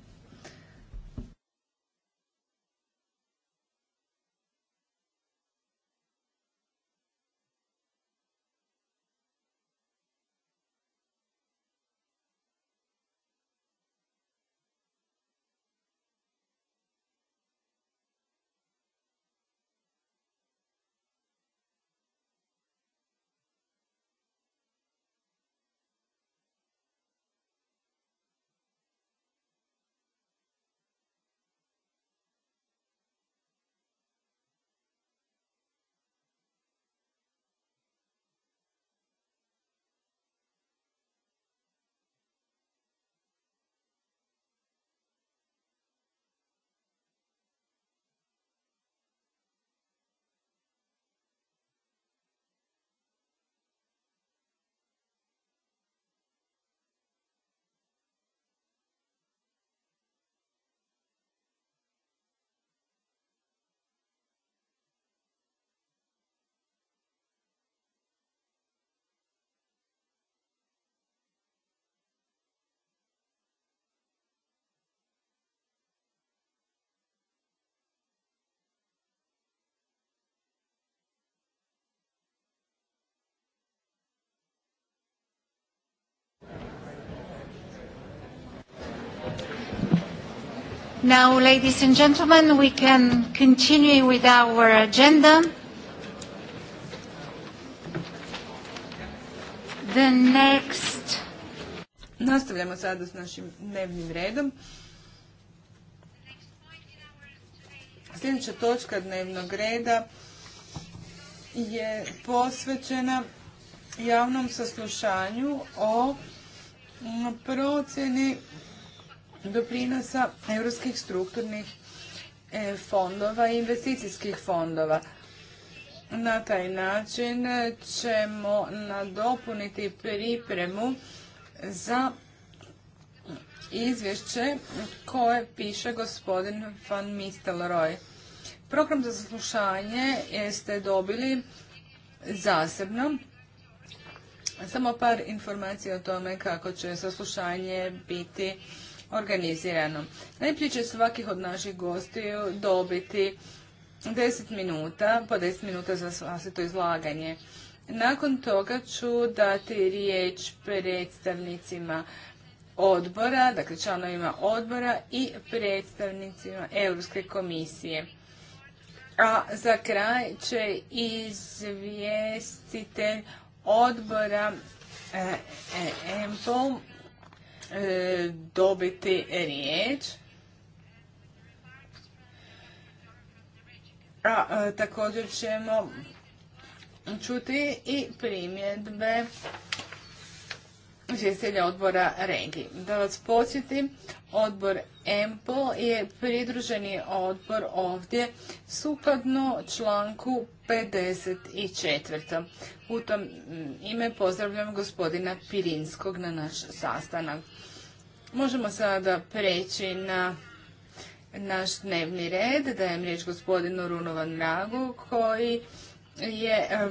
Now, ladies and gentlemen, we can continue with our agenda. The next... Nastavljamo sada s našim dnevnim redom. Sljedeća točka dnevnog reda je posvećena javnom saslušanju o procjeni doprinosa europskih strukturnih e, fondova i investicijskih fondova. Na taj način ćemo nadopuniti pripremu za izvješće koje piše gospodin Van Mistelroj. Program za zaslušanje ste dobili zasebno. Samo par informacija o tome kako će saslušanje biti organizirano. Najprije će svakih od naših gostiju dobiti 10 minuta, po 10 minuta za vlastito izlaganje. Nakon toga ću dati riječ predstavnicima odbora, dakle članovima odbora i predstavnicima Europske komisije. A za kraj će izvjestitelj odbora e, e, e E, dobiti riječ. A, a e, također ćemo čuti i primjedbe izvjestitelja odbora Regi. Da vas podsjetim, odbor EMPO je pridruženi odbor ovdje sukladno članku 54. U tom mm, ime pozdravljam gospodina Pirinskog na naš sastanak. Možemo sada preći na naš dnevni red. Dajem riječ gospodinu Runovan Ragu koji je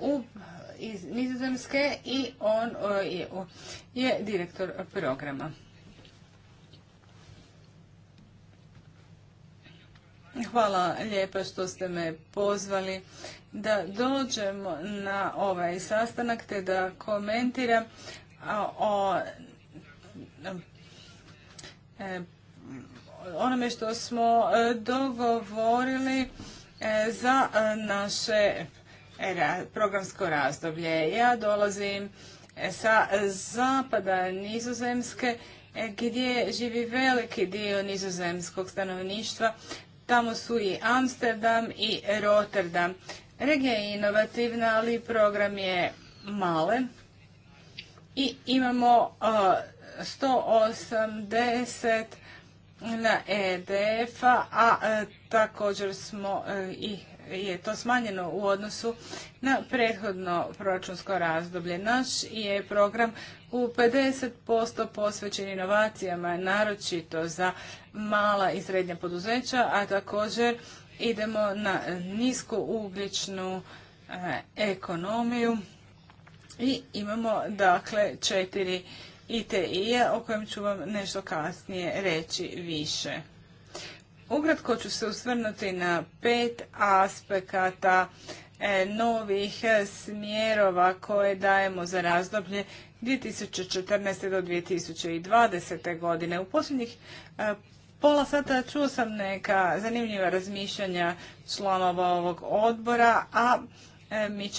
u iz Nizozemske i on e, je, je direktor programa. Hvala lijepa što ste me pozvali da dođem na ovaj sastanak te da komentiram o e, onome što smo e, dogovorili za naše programsko razdoblje. Ja dolazim e, sa zapada nizozemske e, gdje živi veliki dio nizozemskog stanovništva. Tamo su i Amsterdam i Rotterdam. Regija je inovativna, ali program je malen. I imamo 180 na EDF-a, a, e, također smo i je to smanjeno u odnosu na prethodno proračunsko razdoblje. Naš je program u 50% posvećen inovacijama, naročito za mala i srednja poduzeća, a također idemo na nisku ugljičnu eh, ekonomiju i imamo dakle četiri ITI-a o kojem ću vam nešto kasnije reći više. Ukratko ću se usvrnuti na pet aspekata e, novih e, smjerova koje dajemo za razdoblje 2014. do 2020. godine. U posljednjih e, pola sata čuo sam neka zanimljiva razmišljanja članova ovog odbora, a mi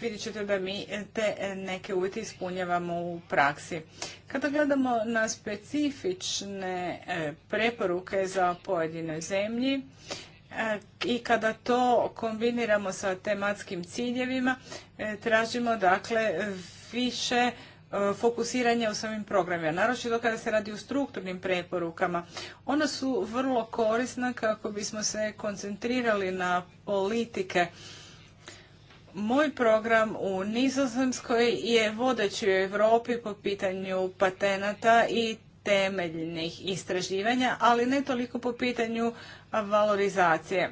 vidjet ćete da mi te neke uvjeti ispunjavamo u praksi. Kada gledamo na specifične e, preporuke za pojedinoj zemlji e, i kada to kombiniramo sa tematskim ciljevima, e, tražimo dakle više fokusiranja u samim programima, naročito kada se radi o strukturnim preporukama. Ona su vrlo korisna kako bismo se koncentrirali na politike moj program u Nizozemskoj je vodeći u Europi po pitanju patenata i temeljnih istraživanja, ali ne toliko po pitanju valorizacije.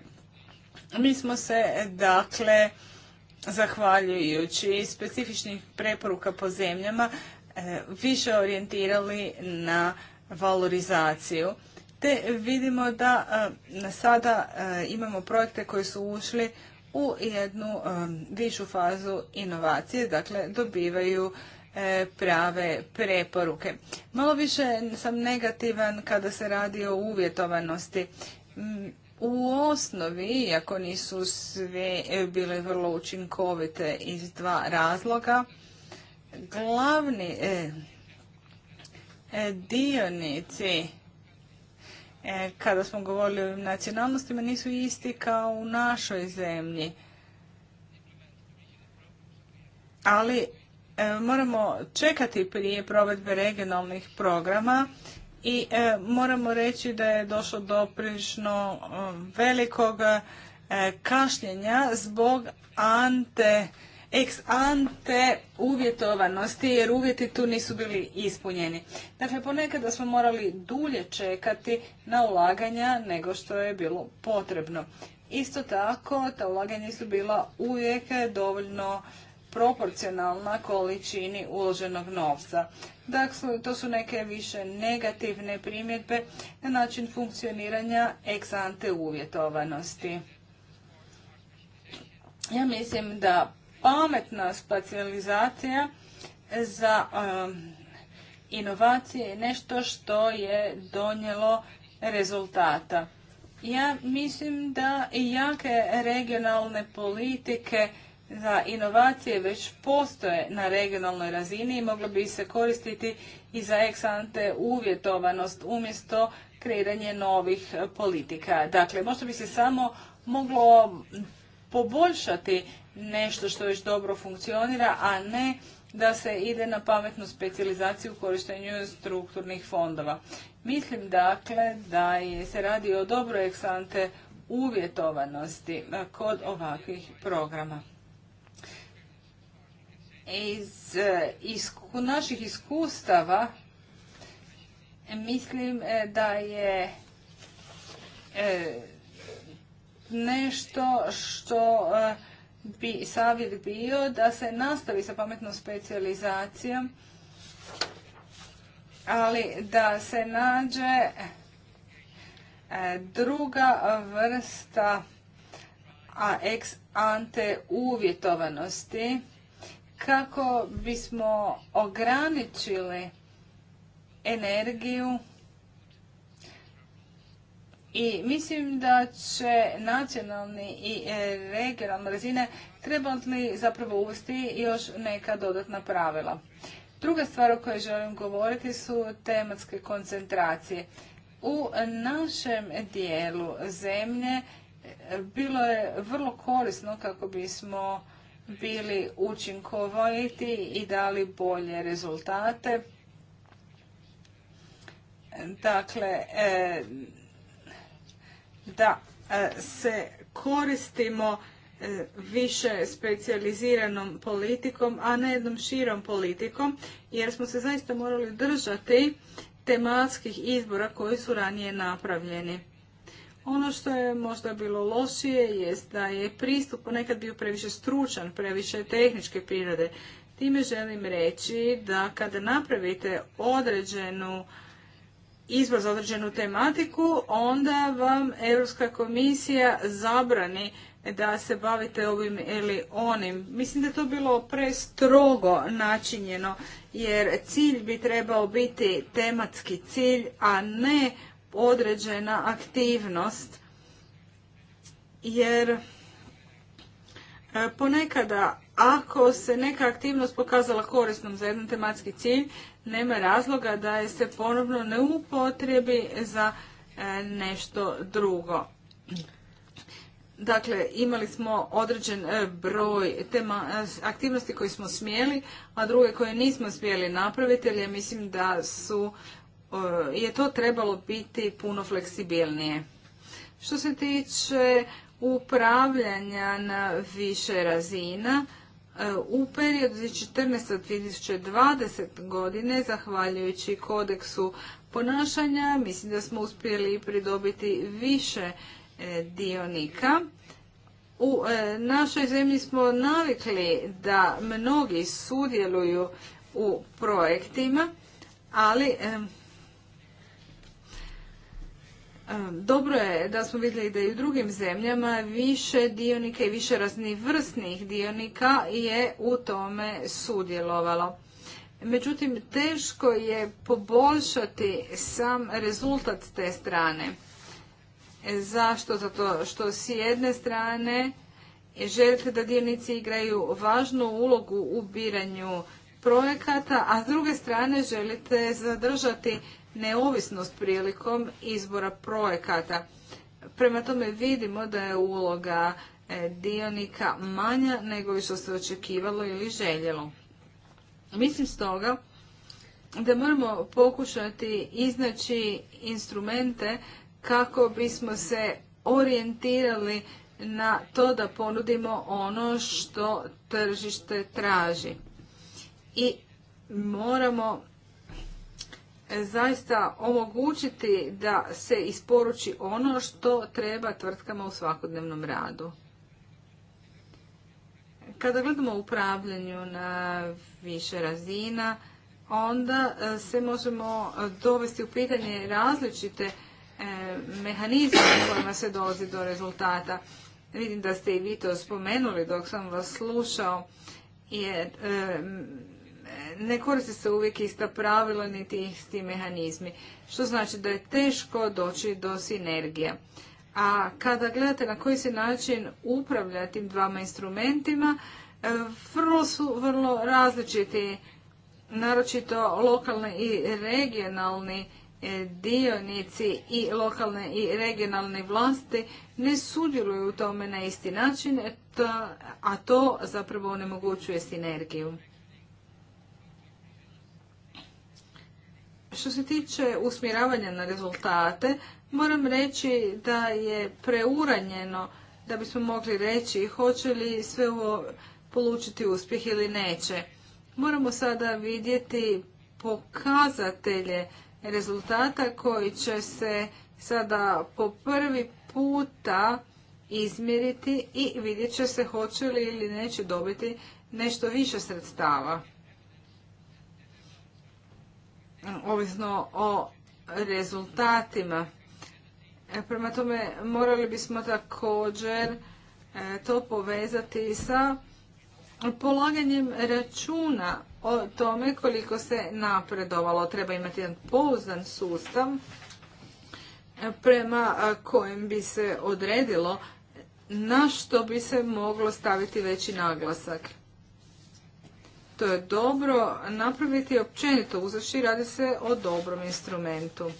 Mi smo se, dakle, zahvaljujući specifičnih preporuka po zemljama, e, više orijentirali na valorizaciju. Te vidimo da e, sada e, imamo projekte koji su ušli u jednu višu fazu inovacije, dakle dobivaju e, prave preporuke. Malo više sam negativan kada se radi o uvjetovanosti. U osnovi, iako nisu sve e, bile vrlo učinkovite iz dva razloga, glavni e, dionici E, kada smo govorili o nacionalnostima nisu isti kao u našoj zemlji. Ali e, moramo čekati prije provedbe regionalnih programa i e, moramo reći da je došlo do prilično velikog kašnjenja zbog ante ex ante uvjetovanosti jer uvjeti tu nisu bili ispunjeni. Dakle, ponekada smo morali dulje čekati na ulaganja nego što je bilo potrebno. Isto tako, ta ulaganja su bila uvijek dovoljno proporcionalna količini uloženog novca. Dakle, to su neke više negativne primjedbe na način funkcioniranja ex ante uvjetovanosti. Ja mislim da pametna specializacija za um, inovacije je nešto što je donijelo rezultata. Ja mislim da i jake regionalne politike za inovacije već postoje na regionalnoj razini i moglo bi se koristiti i za eksante uvjetovanost umjesto kreiranje novih politika. Dakle, možda bi se samo moglo poboljšati nešto što već dobro funkcionira, a ne da se ide na pametnu specijalizaciju u korištenju strukturnih fondova. Mislim dakle da je, se radi o dobro eksante uvjetovanosti kod ovakvih programa. Iz eh, naših iskustava mislim eh, da je eh, nešto što bi savjet bio da se nastavi sa pametnom specijalizacijom, ali da se nađe e, druga vrsta a ex ante uvjetovanosti kako bismo ograničili energiju i mislim da će nacionalni i e, regionalne razine trebali zapravo uvesti još neka dodatna pravila. Druga stvar o kojoj želim govoriti su tematske koncentracije. U našem dijelu zemlje e, bilo je vrlo korisno kako bismo bili učinkoviti i dali bolje rezultate. Dakle, e, da e, se koristimo e, više specijaliziranom politikom, a ne jednom širom politikom, jer smo se zaista morali držati tematskih izbora koji su ranije napravljeni. Ono što je možda bilo lošije jest da je pristup ponekad bio previše stručan, previše tehničke prirode. Time želim reći da kada napravite određenu izbor za određenu tematiku, onda vam Europska komisija zabrani da se bavite ovim ili onim. Mislim da je to bilo prestrogo načinjeno, jer cilj bi trebao biti tematski cilj, a ne određena aktivnost. Jer e, ponekada ako se neka aktivnost pokazala korisnom za jedan tematski cilj, nema razloga da je se ponovno ne upotrebi za e, nešto drugo. Dakle, imali smo određen e, broj tema, e, aktivnosti koje smo smjeli, a druge koje nismo smjeli napraviti, jer mislim da su, je to trebalo biti puno fleksibilnije. Što se tiče upravljanja na više razina, u periodu 2014-2020 godine, zahvaljujući kodeksu ponašanja, mislim da smo uspjeli pridobiti više e, dionika. U e, našoj zemlji smo navikli da mnogi sudjeluju u projektima, ali dobro je da smo vidjeli da i u drugim zemljama više dionika i više raznih vrsnih dionika je u tome sudjelovalo. Međutim, teško je poboljšati sam rezultat te strane. Zašto? Zato što s jedne strane želite da dionici igraju važnu ulogu u biranju projekata, a s druge strane želite zadržati neovisnost prilikom izbora projekata. Prema tome vidimo da je uloga e, dionika manja nego što se očekivalo ili željelo. Mislim stoga da moramo pokušati iznaći instrumente kako bismo se orijentirali na to da ponudimo ono što tržište traži. I moramo E, zaista omogućiti da se isporuči ono što treba tvrtkama u svakodnevnom radu. Kada gledamo upravljanju na više razina, onda e, se možemo e, dovesti u pitanje različite mehanizme kojima se dolazi do rezultata. Vidim da ste i vi to spomenuli dok sam vas slušao, jer ne koriste se uvijek ista pravila niti isti mehanizmi, što znači da je teško doći do sinergije A kada gledate na koji se način upravlja tim dvama instrumentima, e, vrlo su vrlo različiti, naročito lokalni i regionalni e, dionici i lokalne i regionalne vlasti ne sudjeluju u tome na isti način, e, a to zapravo onemogućuje sinergiju. Što se tiče usmjeravanja na rezultate, moram reći da je preuranjeno da bismo mogli reći hoće li sve ovo polučiti uspjeh ili neće. Moramo sada vidjeti pokazatelje rezultata koji će se sada po prvi puta izmjeriti i vidjet će se hoće li ili neće dobiti nešto više sredstava ovisno o rezultatima. E, prema tome, morali bismo također e, to povezati sa polaganjem računa o tome koliko se napredovalo. Treba imati jedan pouzdan sustav e, prema kojem bi se odredilo na što bi se moglo staviti veći naglasak. To je dobro napraviti općenito uzeši, radi se o dobrom instrumentu.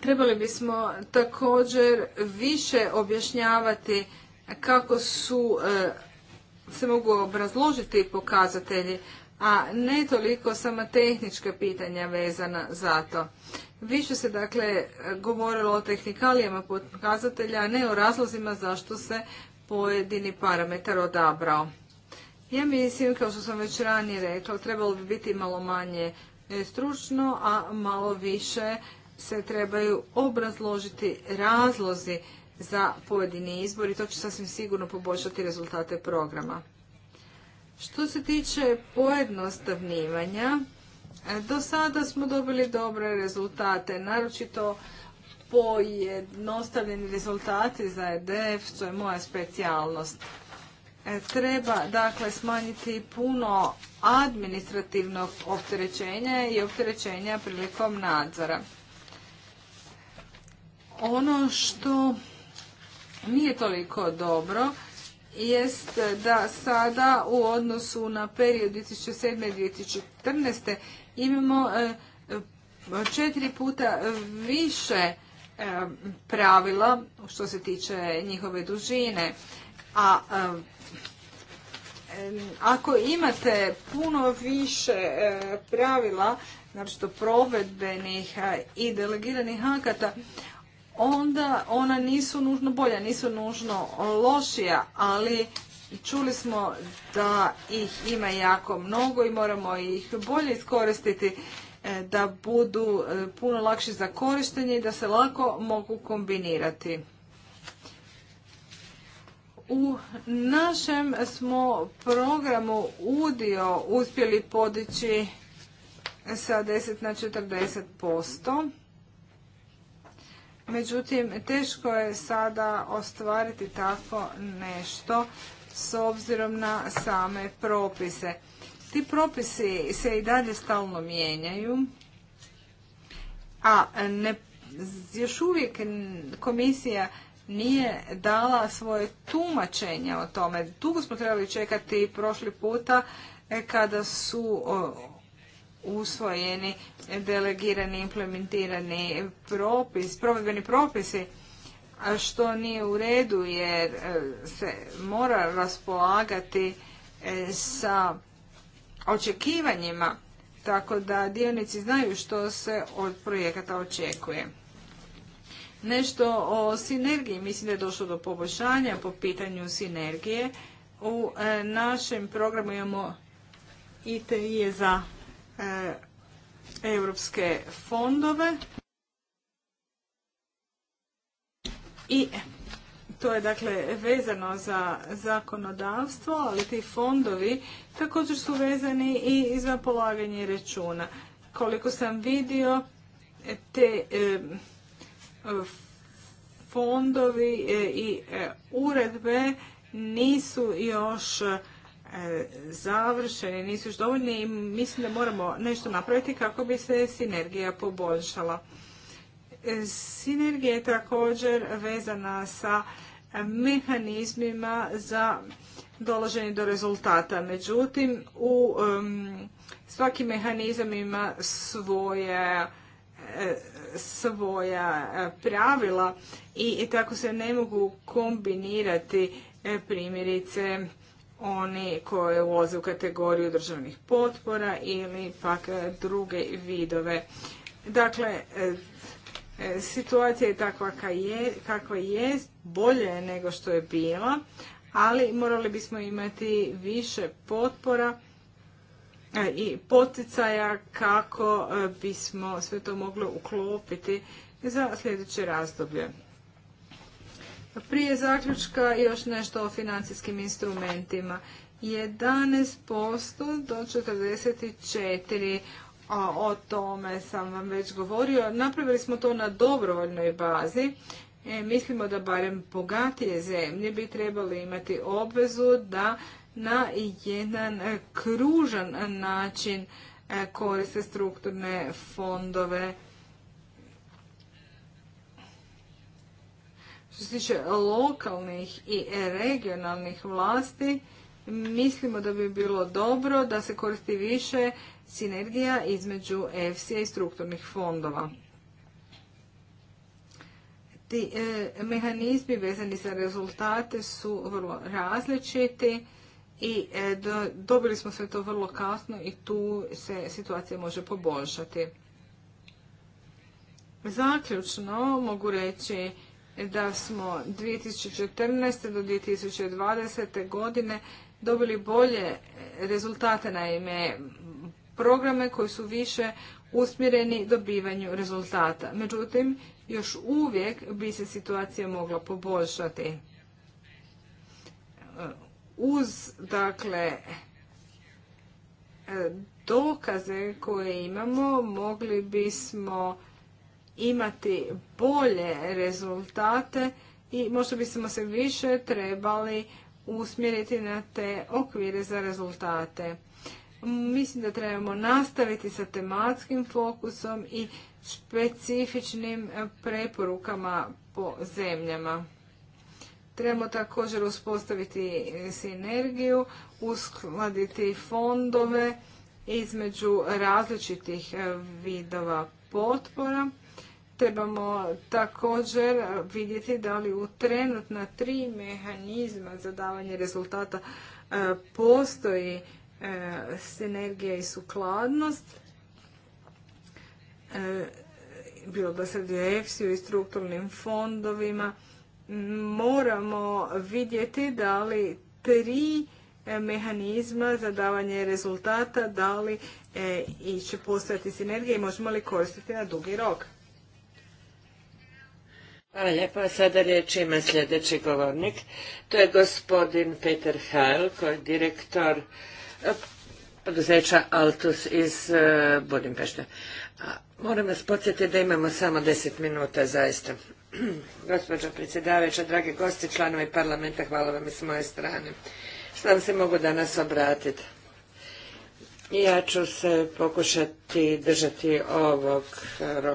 Trebali bismo također više objašnjavati kako su e, se mogu obrazložiti pokazatelji, a ne toliko sama tehnička pitanja vezana za to. Više se dakle govorilo o tehnikalijama pokazatelja, a ne o razlozima zašto se pojedini parametar odabrao. Ja mislim, kao što sam već ranije rekla, trebalo bi biti malo manje e, stručno, a malo više se trebaju obrazložiti razlozi za pojedini izbor i to će sasvim sigurno poboljšati rezultate programa. Što se tiče pojednostavnivanja, e, do sada smo dobili dobre rezultate, naročito pojednostavljeni rezultati za EDF, to je moja specijalnost. E, treba dakle smanjiti puno administrativnog opterećenja i opterećenja prilikom nadzora. Ono što nije toliko dobro jest da sada u odnosu na period 2007. i 2014. imamo e, četiri puta više pravila što se tiče njihove dužine. A ako imate puno više eh, pravila, znači to provedbenih eh, i delegiranih akata, onda ona nisu nužno bolja, nisu nužno lošija, ali čuli smo da ih ima jako mnogo i moramo ih bolje iskoristiti E, da budu e, puno lakši za korištenje i da se lako mogu kombinirati. U našem smo programu udio uspjeli podići sa 10 na 40%. Međutim, teško je sada ostvariti tako nešto s obzirom na same propise. Ti propisi se i dalje stalno mijenjaju, a ne, još uvijek komisija nije dala svoje tumačenje o tome. Dugo smo trebali čekati prošli puta e, kada su usvojeni delegirani, implementirani propis, provedbeni propisi, a što nije u redu jer e, se mora raspolagati e, sa očekivanjima, tako da dionici znaju što se od projekata očekuje. Nešto o sinergiji, mislim da je došlo do poboljšanja po pitanju sinergije. U e, našem programu imamo ITI za e, europske fondove i to je dakle vezano za zakonodavstvo, ali ti fondovi također su vezani i za polaganje računa. Koliko sam vidio, te fondovi e, i e, uredbe nisu još e, završeni, nisu još dovoljni i mislim da moramo nešto napraviti kako bi se sinergija poboljšala. Sinergija je također vezana sa mehanizmima za dolaženje do rezultata. Međutim, u svaki mehanizam ima svoje e, svoja e, pravila i tako se ne mogu kombinirati e, primjerice oni koje ulaze u kategoriju državnih potpora ili pak druge vidove. Dakle, situacija je takva kakva je, kakva jest bolje nego što je bila, ali morali bismo imati više potpora e, i poticaja kako e, bismo sve to mogli uklopiti za sljedeće razdoblje. Prije zaključka još nešto o financijskim instrumentima. 11% do 44% o tome sam vam već govorio. Napravili smo to na dobrovoljnoj bazi E, mislimo da barem bogatije zemlje bi trebali imati obvezu da na jedan kružan način e, koriste strukturne fondove. Što se tiče lokalnih i regionalnih vlasti, mislimo da bi bilo dobro da se koristi više sinergija između EFSI-a i strukturnih fondova. Ti e, mehanizmi vezani za rezultate su vrlo različiti i e, dobili smo sve to vrlo kasno i tu se situacija može poboljšati. Zaključno mogu reći da smo 2014. do 2020. godine dobili bolje rezultate, naime programe koji su više usmjereni dobivanju rezultata. Međutim, još uvijek bi se situacija mogla poboljšati. E, uz, dakle, e, dokaze koje imamo, mogli bismo imati bolje rezultate i možda bismo se više trebali usmjeriti na te okvire za rezultate. Mislim da trebamo nastaviti sa tematskim fokusom i specifičnim e, preporukama po zemljama. Trebamo također uspostaviti e, sinergiju, uskladiti fondove između različitih e, vidova potpora. Trebamo također vidjeti da li u trenutna tri mehanizma za davanje rezultata postoji sinergija i sukladnost E, bilo da se EFSI-u i strukturnim fondovima, moramo vidjeti da li tri e, mehanizma za davanje rezultata, da li e, i će postojati sinergija i možemo li koristiti na dugi rok. Hvala lijepo. Sada riječ ima sljedeći govornik. To je gospodin Peter Heil, koji je direktor poduzeća Altus iz Budimpešte. Moram vas podsjetiti da imamo samo deset minuta, zaista. [clears throat] Gospođo predsjedavajuća, dragi gosti, članovi parlamenta, hvala vam i s moje strane. Što vam se mogu danas obratiti? Ja ću se pokušati držati ovog eh,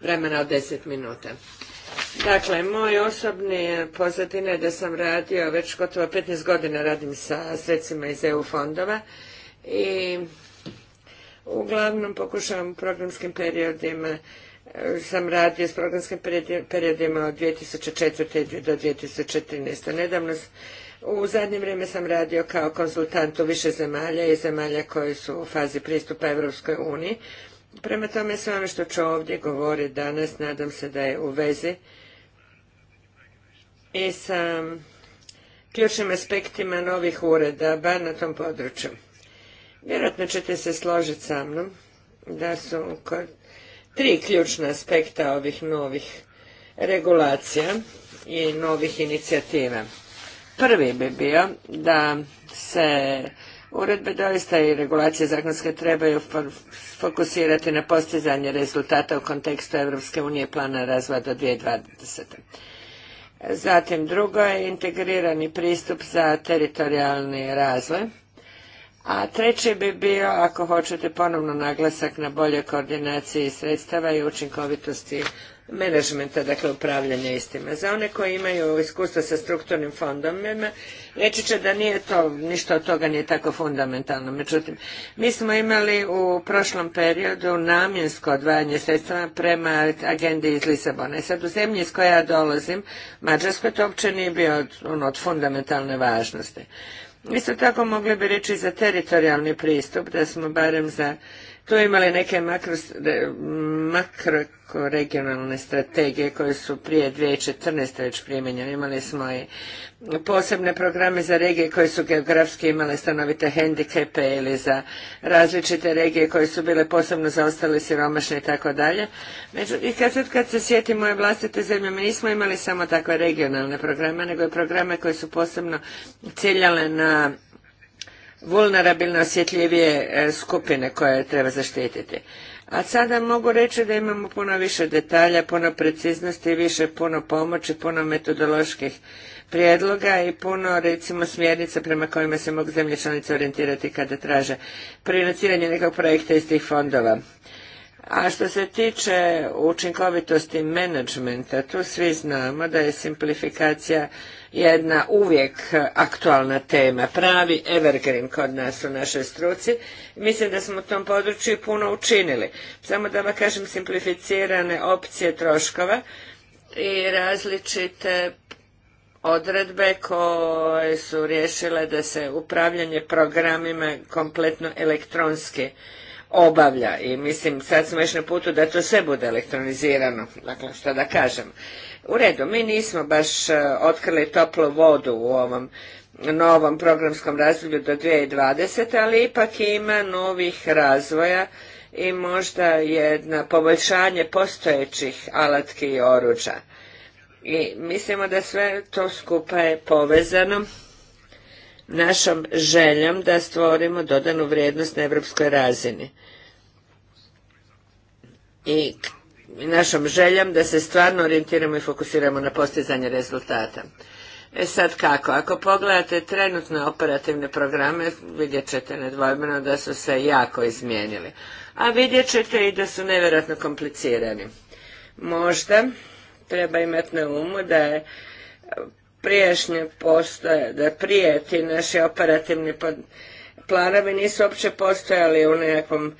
vremena od deset minuta. Dakle, moj osobni pozadina je da sam radio već gotovo 15 godina radim sa sredstvima iz EU fondova i Uglavnom pokušavam programskim periodima e, sam radio s programskim periodima od 2004. do 2014. Nedavno u zadnje vrijeme sam radio kao konzultant u više zemalja i zemalja koje su u fazi pristupa Europskoj uniji. Prema tome sve ono što ću ovdje govoriti danas nadam se da je u vezi i sa ključnim aspektima novih ureda, bar na tom području. Vjerojatno ćete se složiti sa mnom da su tri ključna aspekta ovih novih regulacija i novih inicijativa. Prvi bi bio da se uredbe doista i regulacije zakonske trebaju fokusirati na postizanje rezultata u kontekstu Europske unije plana razvoja do 2020. Zatim drugo je integrirani pristup za teritorijalni razvoj a treći bi bio, ako hoćete, ponovno naglasak na bolje koordinaciji sredstava i učinkovitosti menadžmenta, dakle upravljanja istima. Za one koji imaju iskustva sa strukturnim fondovima, reći će da nije to, ništa od toga nije tako fundamentalno. Međutim, mi smo imali u prošlom periodu namjensko odvajanje sredstava prema agendi iz Lisabona. I sad u zemlji iz koje ja dolazim, Mađarskoj, to uopće nije bio od ono, fundamentalne važnosti. Isto tako mogli bi reći za teritorijalni pristup, da smo barem za tu imali neke makroregionalne strategije koje su prije 2014. već primijenjene. Imali smo i posebne programe za regije koje su geografski imale stanovite hendikepe ili za različite regije koje su bile posebno zaostale siromašne i tako dalje. I kad, kad se sjetimo moje vlastite zemlje, mi nismo imali samo takve regionalne programe, nego i programe koje su posebno ciljale na vulnerabilne, osjetljivije e, skupine koje treba zaštititi. A sada mogu reći da imamo puno više detalja, puno preciznosti, više puno pomoći, puno metodoloških prijedloga i puno recimo smjernica prema kojima se mogu zemlje članice orijentirati kada traže prinociranje nekog projekta iz tih fondova. A što se tiče učinkovitosti menadžmenta, tu svi znamo da je simplifikacija jedna uvijek aktualna tema, pravi evergreen kod nas u našoj struci. Mislim da smo u tom području puno učinili. Samo da vam kažem simplificirane opcije troškova i različite odredbe koje su riješile da se upravljanje programima kompletno elektronski obavlja i mislim sad smo još na putu da to sve bude elektronizirano, dakle što da kažem. U redu, mi nismo baš e, otkrili toplu vodu u ovom novom programskom razdoblju do 2020. ali ipak ima novih razvoja i možda jedna poboljšanje postojećih alatki i oruđa. I mislimo da sve to skupa je povezano našom željom da stvorimo dodanu vrijednost na evropskoj razini. I našom željom da se stvarno orijentiramo i fokusiramo na postizanje rezultata. E sad kako? Ako pogledate trenutne operativne programe, vidjet ćete nedvojbeno da su se jako izmijenili. A vidjet ćete i da su nevjerojatno komplicirani. Možda treba imati na umu da je e, priješnje postoje, da prije ti naši operativni planovi nisu uopće postojali u nekakvom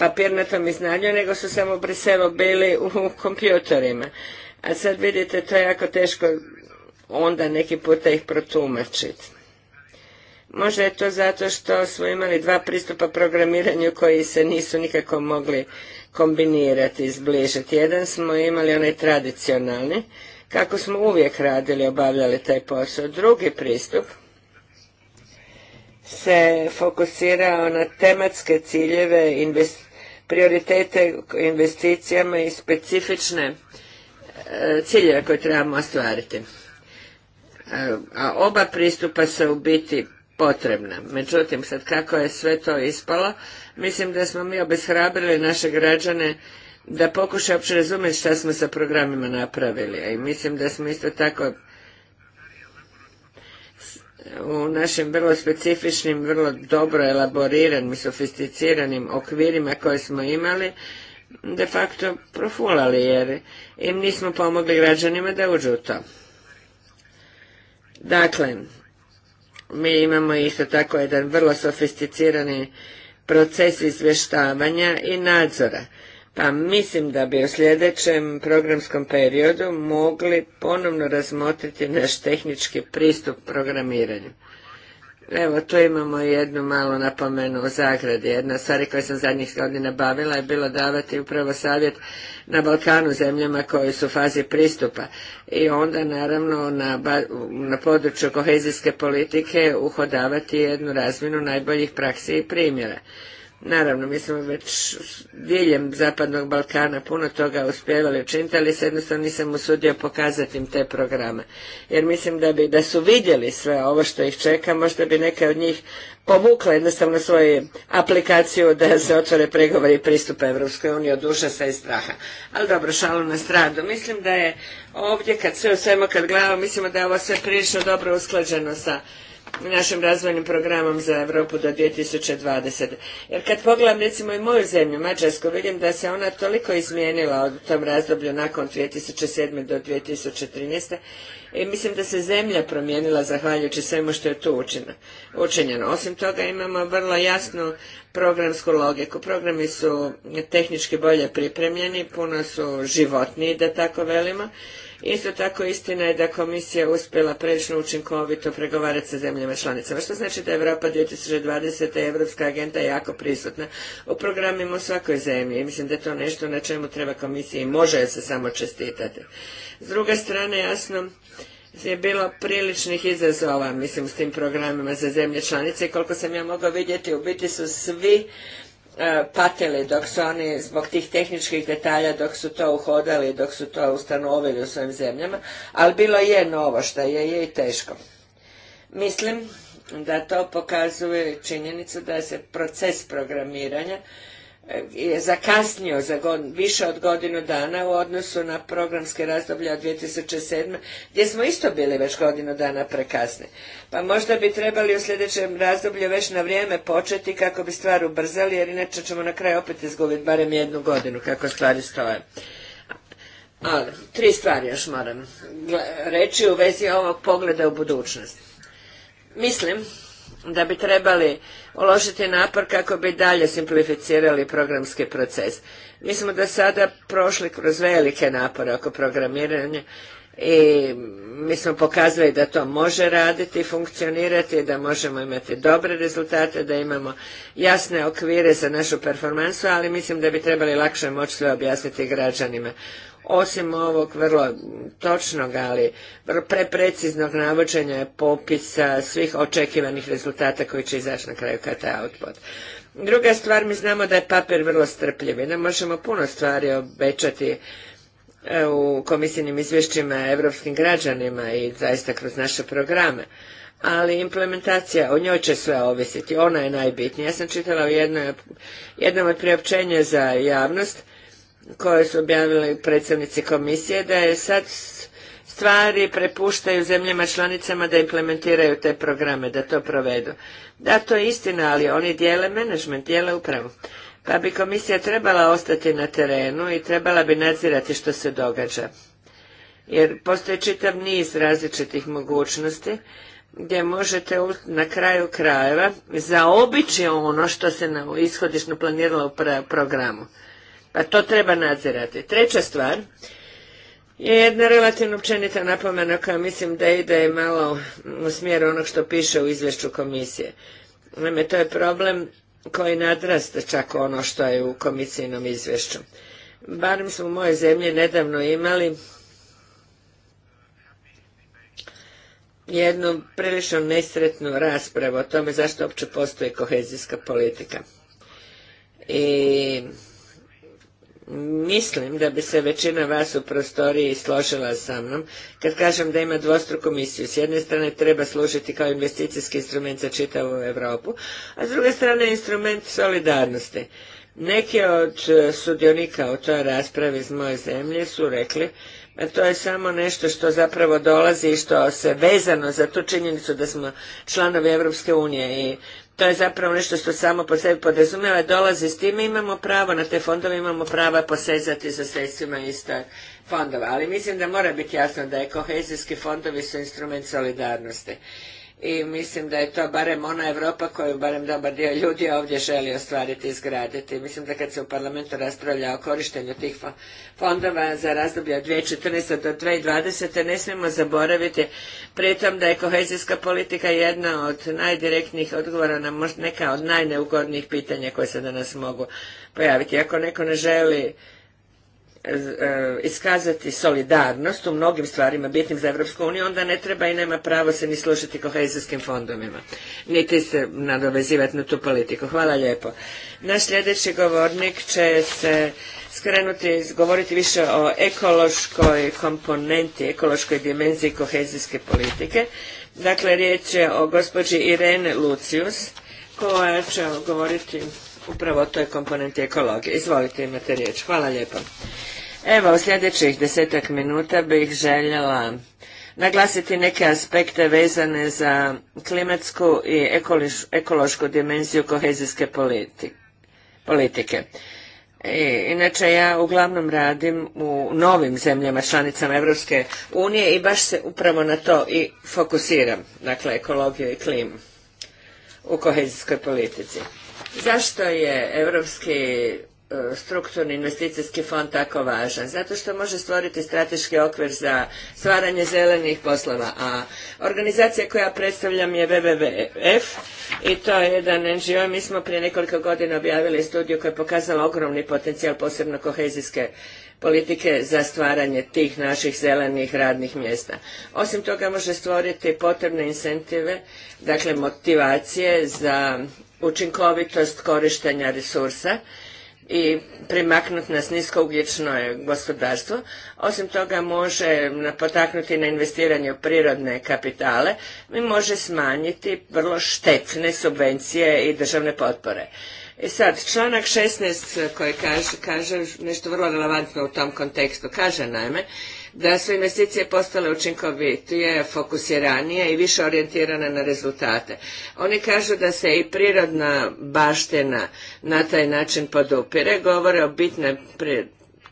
papirnatom iznanju, nego su samo u Briselu bili u kompjutorima. A sad vidite, to je jako teško onda neki puta ih protumačiti. Možda je to zato što smo imali dva pristupa programiranju koji se nisu nikako mogli kombinirati, izbližiti. Jedan smo imali onaj tradicionalni, kako smo uvijek radili, obavljali taj posao. Drugi pristup se fokusirao na tematske ciljeve, investicije prioritete investicijama i specifične e, ciljeve koje trebamo ostvariti. E, a oba pristupa se u biti potrebna. Međutim, sad kako je sve to ispalo, mislim da smo mi obeshrabrili naše građane da pokušaju uopće razumjeti šta smo sa programima napravili. I mislim da smo isto tako u našim vrlo specifičnim, vrlo dobro elaboriranim, sofisticiranim okvirima koje smo imali, de facto profulali jer im nismo pomogli građanima da uđu u to. Dakle, mi imamo isto tako jedan vrlo sofisticirani proces izvještavanja i nadzora pa mislim da bi u sljedećem programskom periodu mogli ponovno razmotriti naš tehnički pristup programiranju. Evo, tu imamo jednu malu napomenu u zagradi. Jedna stvari koja sam zadnjih godina bavila je bilo davati upravo savjet na Balkanu zemljama koje su u fazi pristupa. I onda naravno na, na području kohezijske politike uhodavati jednu razminu najboljih praksi i primjera. Naravno, mi smo već diljem Zapadnog Balkana puno toga uspjevali učiniti, ali se jednostavno nisam usudio pokazati im te programe. Jer mislim da bi, da su vidjeli sve ovo što ih čeka, možda bi neka od njih povukla jednostavno svoju aplikaciju da se otvore pregovori pristupa Evropskoj uniji od užasa i straha. Ali dobro, šalu na stranu. Mislim da je ovdje, kad sve u svemu kad gledamo, mislimo da je ovo sve prilično dobro usklađeno sa našim razvojnim programom za Europu do 2020. Jer kad pogledam recimo i moju zemlju, Mađarsku, vidim da se ona toliko izmijenila od tom razdoblju nakon 2007. do 2013. I mislim da se zemlja promijenila zahvaljujući svemu što je tu učinjeno. Osim toga imamo vrlo jasnu programsku logiku. Programi su tehnički bolje pripremljeni, puno su životniji, da tako velimo Isto tako istina je da komisija uspjela prilično učinkovito pregovarati sa zemljama članicama, što znači da je Europa 2020. i Evropska agenda jako prisutna u programima u svakoj zemlji i mislim da je to nešto na čemu treba komisiji može se samo čestitati. S druge strane, jasno, je bilo priličnih izazova, mislim, s tim programima za zemlje članice i koliko sam ja mogao vidjeti, u biti su svi E, patili dok su oni zbog tih tehničkih detalja dok su to uhodali, dok su to ustanovili u svojim zemljama, ali bilo je novo što je, je i teško. Mislim da to pokazuje činjenicu da se proces programiranja je zakasnio za više od godinu dana u odnosu na programske razdoblje od 2007. gdje smo isto bili već godinu dana prekasni. Pa možda bi trebali u sljedećem razdoblju već na vrijeme početi kako bi stvar ubrzali jer inače ćemo na kraju opet izgubiti barem jednu godinu kako stvari stoje. Ali, tri stvari još moram reći u vezi ovog pogleda u budućnost. Mislim da bi trebali uložiti napor kako bi dalje simplificirali programski proces. Mi smo do sada prošli kroz velike napore oko programiranja i mi smo pokazali da to može raditi, funkcionirati, da možemo imati dobre rezultate, da imamo jasne okvire za našu performansu, ali mislim da bi trebali lakše moći sve objasniti građanima osim ovog vrlo točnog, ali vrlo prepreciznog navođenja popisa svih očekivanih rezultata koji će izaći na kraju kada je output. Druga stvar, mi znamo da je papir vrlo strpljiv i da možemo puno stvari obećati e, u komisijnim izvješćima evropskim građanima i zaista kroz naše programe. Ali implementacija, o njoj će sve ovisiti, ona je najbitnija. Ja sam čitala u jednom od priopćenja za javnost koje su objavili predsjednici komisije, da je sad stvari prepuštaju zemljama članicama da implementiraju te programe, da to provedu. Da, to je istina, ali oni dijele menadžment, dijele upravu. Pa bi komisija trebala ostati na terenu i trebala bi nadzirati što se događa. Jer postoji čitav niz različitih mogućnosti gdje možete na kraju krajeva zaobići ono što se na ishodišno planiralo u programu. Pa to treba nadzirati. Treća stvar je jedna relativno općenita napomena koja mislim da ide malo u smjeru onog što piše u izvješću komisije. Naime, to je problem koji nadraste čak ono što je u komisijnom izvješću. Barim smo u moje zemlji nedavno imali jednu prilično nesretnu raspravu o tome zašto uopće postoji kohezijska politika. I Mislim da bi se većina vas u prostoriji složila sa mnom kad kažem da ima dvostruku misiju. S jedne strane treba služiti kao investicijski instrument za čitavu Europu, a s druge strane instrument solidarnosti. Neki od e, sudionika u toj raspravi iz moje zemlje su rekli a to je samo nešto što zapravo dolazi i što se vezano za tu činjenicu da smo članovi Europske unije i to je zapravo nešto što samo po sebi podrazumijeva, dolazi s tim imamo pravo na te fondove, imamo pravo posezati za sredstvima ista fondova. Ali mislim da mora biti jasno da je kohezijski fondovi su instrument solidarnosti i mislim da je to barem ona Europa koju barem dobar dio ljudi ovdje želi ostvariti i izgraditi. Mislim da kad se u parlamentu raspravlja o korištenju tih fondova za razdoblje od 2014. do 2020. ne smijemo zaboraviti pritom da je kohezijska politika jedna od najdirektnijih odgovora na neka od najneugodnijih pitanja koje se danas mogu pojaviti. Ako neko ne želi E, iskazati solidarnost u mnogim stvarima bitnim za Evropsku uniju, onda ne treba i nema pravo se ni slušati kohezijskim fondovima, niti se nadovezivati na tu politiku. Hvala lijepo. Naš sljedeći govornik će se skrenuti, govoriti više o ekološkoj komponenti, ekološkoj dimenziji kohezijske politike. Dakle, riječ je o gospođi Irene Lucius, koja će govoriti upravo o toj komponenti ekologije. Izvolite, imate riječ. Hvala lijepo. Evo, u sljedećih desetak minuta bih željela naglasiti neke aspekte vezane za klimatsku i ekološku dimenziju kohezijske politike. I, e, inače ja uglavnom radim u novim zemljama članicama Europske unije i baš se upravo na to i fokusiram, dakle ekologiju i klimu u kohezijskoj politici. Zašto je Europski e, strukturni investicijski fond tako važan? Zato što može stvoriti strateški okvir za stvaranje zelenih poslova, a organizacija koja predstavljam je WWF i to je jedan NGO. Mi smo prije nekoliko godina objavili studiju koja je pokazala ogromni potencijal posebno kohezijske politike za stvaranje tih naših zelenih radnih mjesta. Osim toga može stvoriti potrebne incentive, dakle motivacije za učinkovitost korištenja resursa i primaknuti nas nisko niskougljično gospodarstvo. Osim toga može potaknuti na investiranje u prirodne kapitale i može smanjiti vrlo štetne subvencije i državne potpore. I sad, članak 16 koji kaže, kaže nešto vrlo relevantno u tom kontekstu. Kaže najme da su investicije postale učinkovitije, fokusiranije i više orijentirane na rezultate. Oni kažu da se i prirodna baština na taj način podupire, govore o bitnoj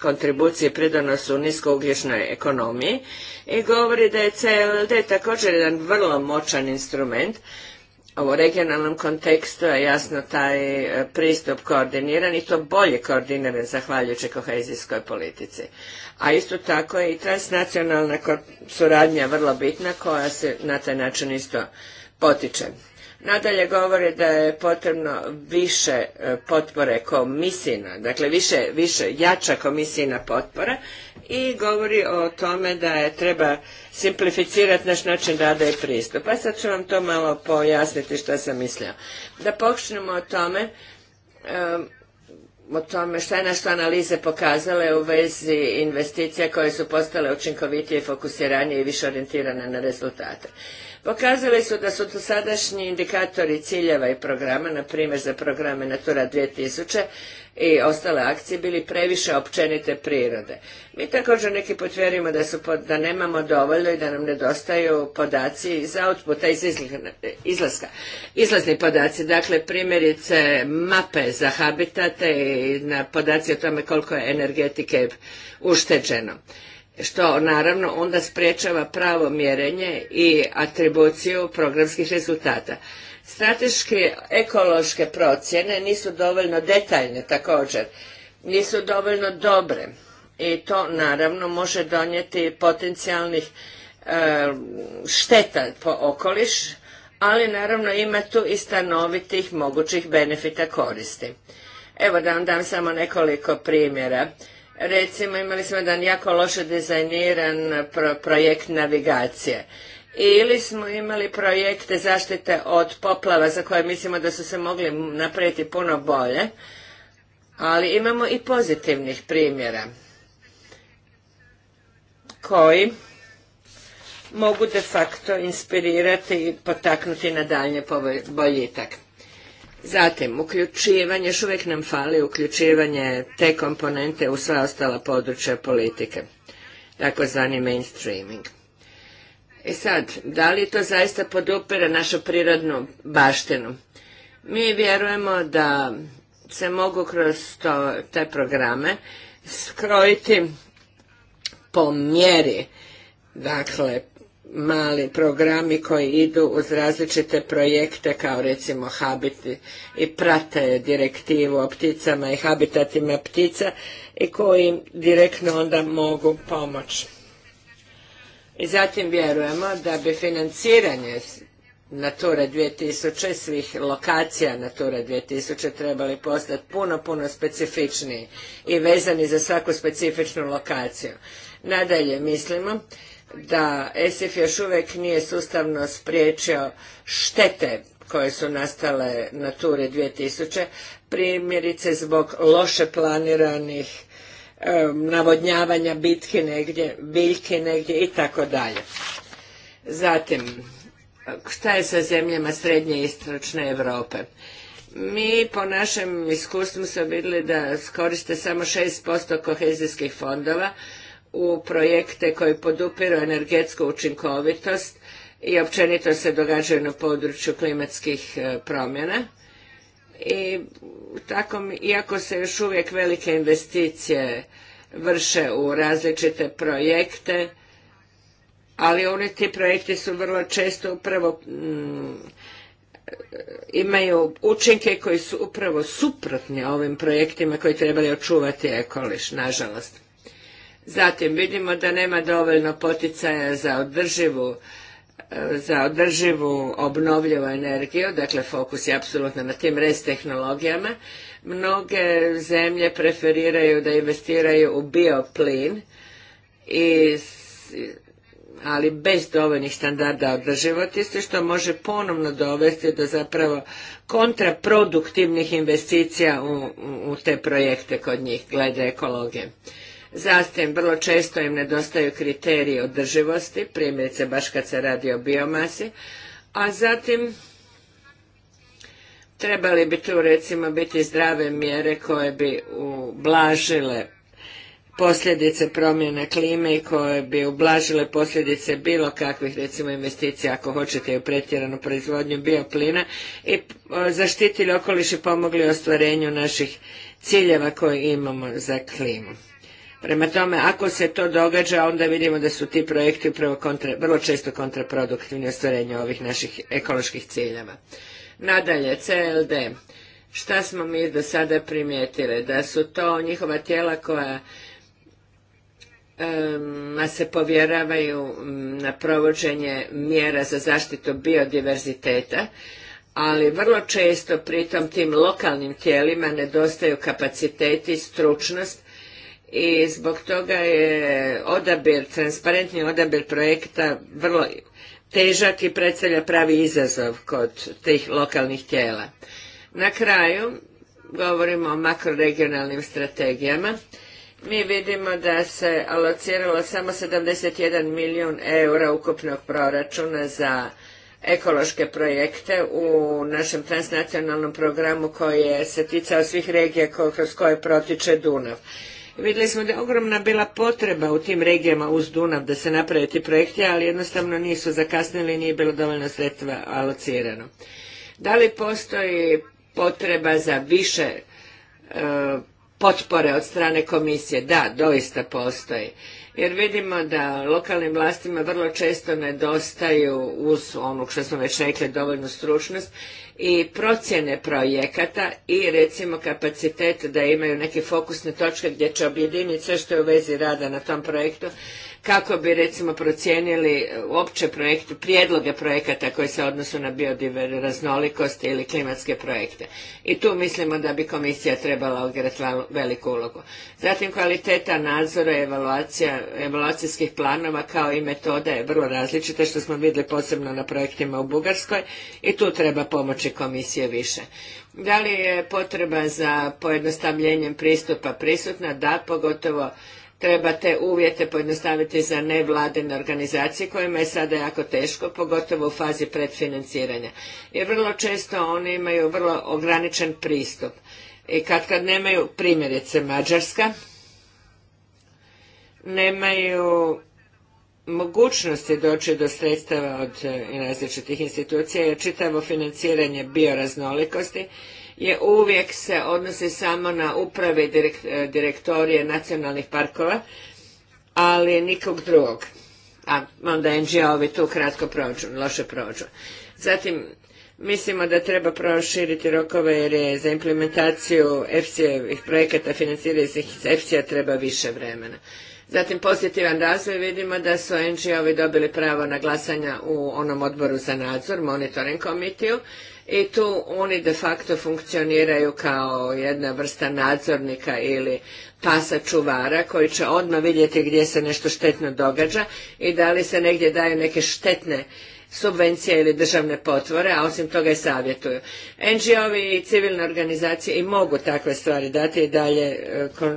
kontribuciji pridonosu u niskougljišnoj ekonomiji i govori da je CLD također jedan vrlo moćan instrument u regionalnom kontekstu je jasno taj e, pristup koordiniran i to bolje koordiniran zahvaljujući kohezijskoj politici a isto tako je i transnacionalna suradnja vrlo bitna koja se na taj način isto potiče. Nadalje govori da je potrebno više e, potpore komisijina, dakle više, više jača komisijina potpora i govori o tome da je treba simplificirati naš način rada i pristup. Pa sad ću vam to malo pojasniti što sam mislila. Da počnemo o tome e, o tome šta je naše analize pokazale u vezi investicija koje su postale učinkovitije, fokusiranije i više orijentirane na rezultate. Pokazali su da su to sadašnji indikatori ciljeva i programa, na primjer za programe Natura 2000, i ostale akcije bili previše općenite prirode. Mi također neki put da, su, da nemamo dovoljno i da nam nedostaju podaci za outputa iz izlaska. Izlazni podaci, dakle primjerice mape za habitate i na podaci o tome koliko je energetike ušteđeno što naravno onda sprječava pravo mjerenje i atribuciju programskih rezultata. Strateške ekološke procjene nisu dovoljno detaljne također, nisu dovoljno dobre i to naravno može donijeti potencijalnih e, šteta po okoliš, ali naravno ima tu i stanovitih mogućih benefita koristi. Evo da vam dam samo nekoliko primjera. Recimo imali smo jedan jako loše dizajniran projekt navigacije ili smo imali projekte zaštite od poplava za koje mislimo da su se mogli napraviti puno bolje, ali imamo i pozitivnih primjera koji mogu de facto inspirirati i potaknuti na daljnje boljitak. Zatim, uključivanje, još uvijek nam fali uključivanje te komponente u sva ostala područja politike, takozvani mainstreaming. E sad, da li to zaista podupira našu prirodnu baštinu? Mi vjerujemo da se mogu kroz te programe skrojiti po mjeri, dakle, mali programi koji idu uz različite projekte kao recimo Habit i prate direktivu o pticama i habitatima ptica i koji direktno onda mogu pomoći. I zatim vjerujemo da bi financiranje Natura 2000, svih lokacija Natura 2000 trebali postati puno, puno specifičniji i vezani za svaku specifičnu lokaciju. Nadalje mislimo da ESIF još uvijek nije sustavno spriječio štete koje su nastale Nature 2000, primjerice zbog loše planiranih navodnjavanja bitke negdje, biljke negdje i tako dalje. Zatim, šta je sa zemljama srednje i istočne Europe? Mi po našem iskustvu smo vidjeli da koriste samo 6% kohezijskih fondova u projekte koji podupiru energetsku učinkovitost i općenito se događaju na području klimatskih eh, promjena tako, iako se još uvijek velike investicije vrše u različite projekte, ali oni ti projekti su vrlo često upravo mm, imaju učinke koji su upravo suprotni ovim projektima koji trebali očuvati ekoliš, nažalost. Zatim vidimo da nema dovoljno poticaja za održivu za održivu obnovljivu energiju, dakle fokus je apsolutno na tim res tehnologijama, mnoge zemlje preferiraju da investiraju u bioplin, i, ali bez dovoljnih standarda održivosti, što može ponovno dovesti do zapravo kontraproduktivnih investicija u, u te projekte kod njih glede ekologije. Zatim, vrlo često im nedostaju kriteriji održivosti, primjerice baš kad se radi o biomasi, a zatim trebali bi tu recimo biti zdrave mjere koje bi ublažile posljedice promjene klime i koje bi ublažile posljedice bilo kakvih recimo investicija ako hoćete u pretjeranu proizvodnju bioplina i e, zaštitili okoliš i pomogli ostvarenju naših ciljeva koje imamo za klimu. Prema tome, ako se to događa, onda vidimo da su ti projekti upravo kontra, vrlo često kontraproduktivni ostvarenju ovih naših ekoloških ciljeva. Nadalje, CLD. Šta smo mi do sada primijetili? Da su to njihova tijela koja se povjeravaju na provođenje mjera za zaštitu biodiverziteta, ali vrlo često pritom tim lokalnim tijelima nedostaju kapaciteti, stručnost i zbog toga je odabir, transparentni odabir projekta vrlo težak i predstavlja pravi izazov kod tih lokalnih tijela. Na kraju govorimo o makroregionalnim strategijama. Mi vidimo da se alociralo samo 71 milijun eura ukupnog proračuna za ekološke projekte u našem transnacionalnom programu koji je se ticao svih regija kroz koje protiče Dunav. Vidjeli smo da je ogromna bila potreba u tim regijama uz Dunav da se naprave ti projekti, ali jednostavno nisu zakasnili i nije bilo dovoljno sredstva alocirano. Da li postoji potreba za više e, potpore od strane komisije? Da, doista postoji. Jer vidimo da lokalnim vlastima vrlo često nedostaju uz onog što smo već rekli dovoljnu stručnost i procjene projekata i recimo kapacitet da imaju neke fokusne točke gdje će objediniti sve što je u vezi rada na tom projektu kako bi recimo procijenili e, opće projekte, prijedloge projekata koji se odnosu na biodiverznolikost ili klimatske projekte. I tu mislimo da bi komisija trebala odigrati veliku ulogu. Zatim kvaliteta nadzora i evaluacija, evaluacijskih planova kao i metoda je vrlo različita što smo vidjeli posebno na projektima u Bugarskoj i tu treba pomoći komisije više. Da li je potreba za pojednostavljenjem pristupa prisutna? Da, pogotovo te uvjete pojednostaviti za nevladine organizacije kojima je sada jako teško, pogotovo u fazi predfinanciranja. Jer vrlo često oni imaju vrlo ograničen pristup. I kad kad nemaju, primjerice Mađarska, nemaju mogućnosti doći do sredstava od eh, različitih institucija jer čitavo financiranje bioraznolikosti je uvijek se odnosi samo na uprave i e, direktorije nacionalnih parkova, ali nikog drugog. A onda NGO-ovi tu kratko prođu, loše prođu. Zatim, mislimo da treba proširiti rokove jer je za implementaciju EFSI-evih projekata financiranih iz EFSI-a treba više vremena. Zatim pozitivan razvoj vidimo da su ngo ovi dobili pravo na glasanja u onom odboru za nadzor, monitoring komitiju i tu oni de facto funkcioniraju kao jedna vrsta nadzornika ili pasa čuvara koji će odmah vidjeti gdje se nešto štetno događa i da li se negdje daju neke štetne subvencije ili državne potvore, a osim toga i savjetuju. NGO-vi i civilne organizacije i mogu takve stvari dati i dalje e, e,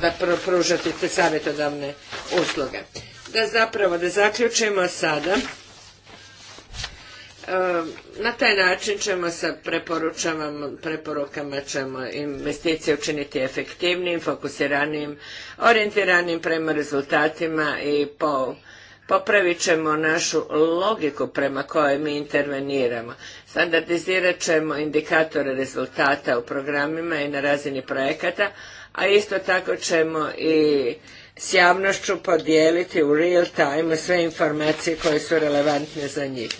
da pružati te savjetodavne usluge. Da zapravo da zaključimo sada Ehm, na taj način ćemo sa preporukama ćemo investicije učiniti efektivnijim, fokusiranijim, orijentiranijim prema rezultatima i popravit ćemo našu logiku prema kojoj mi interveniramo. Standardizirat ćemo indikatore rezultata u programima i na razini projekata, a isto tako ćemo i s javnošću podijeliti u real time sve informacije koje su relevantne za njih.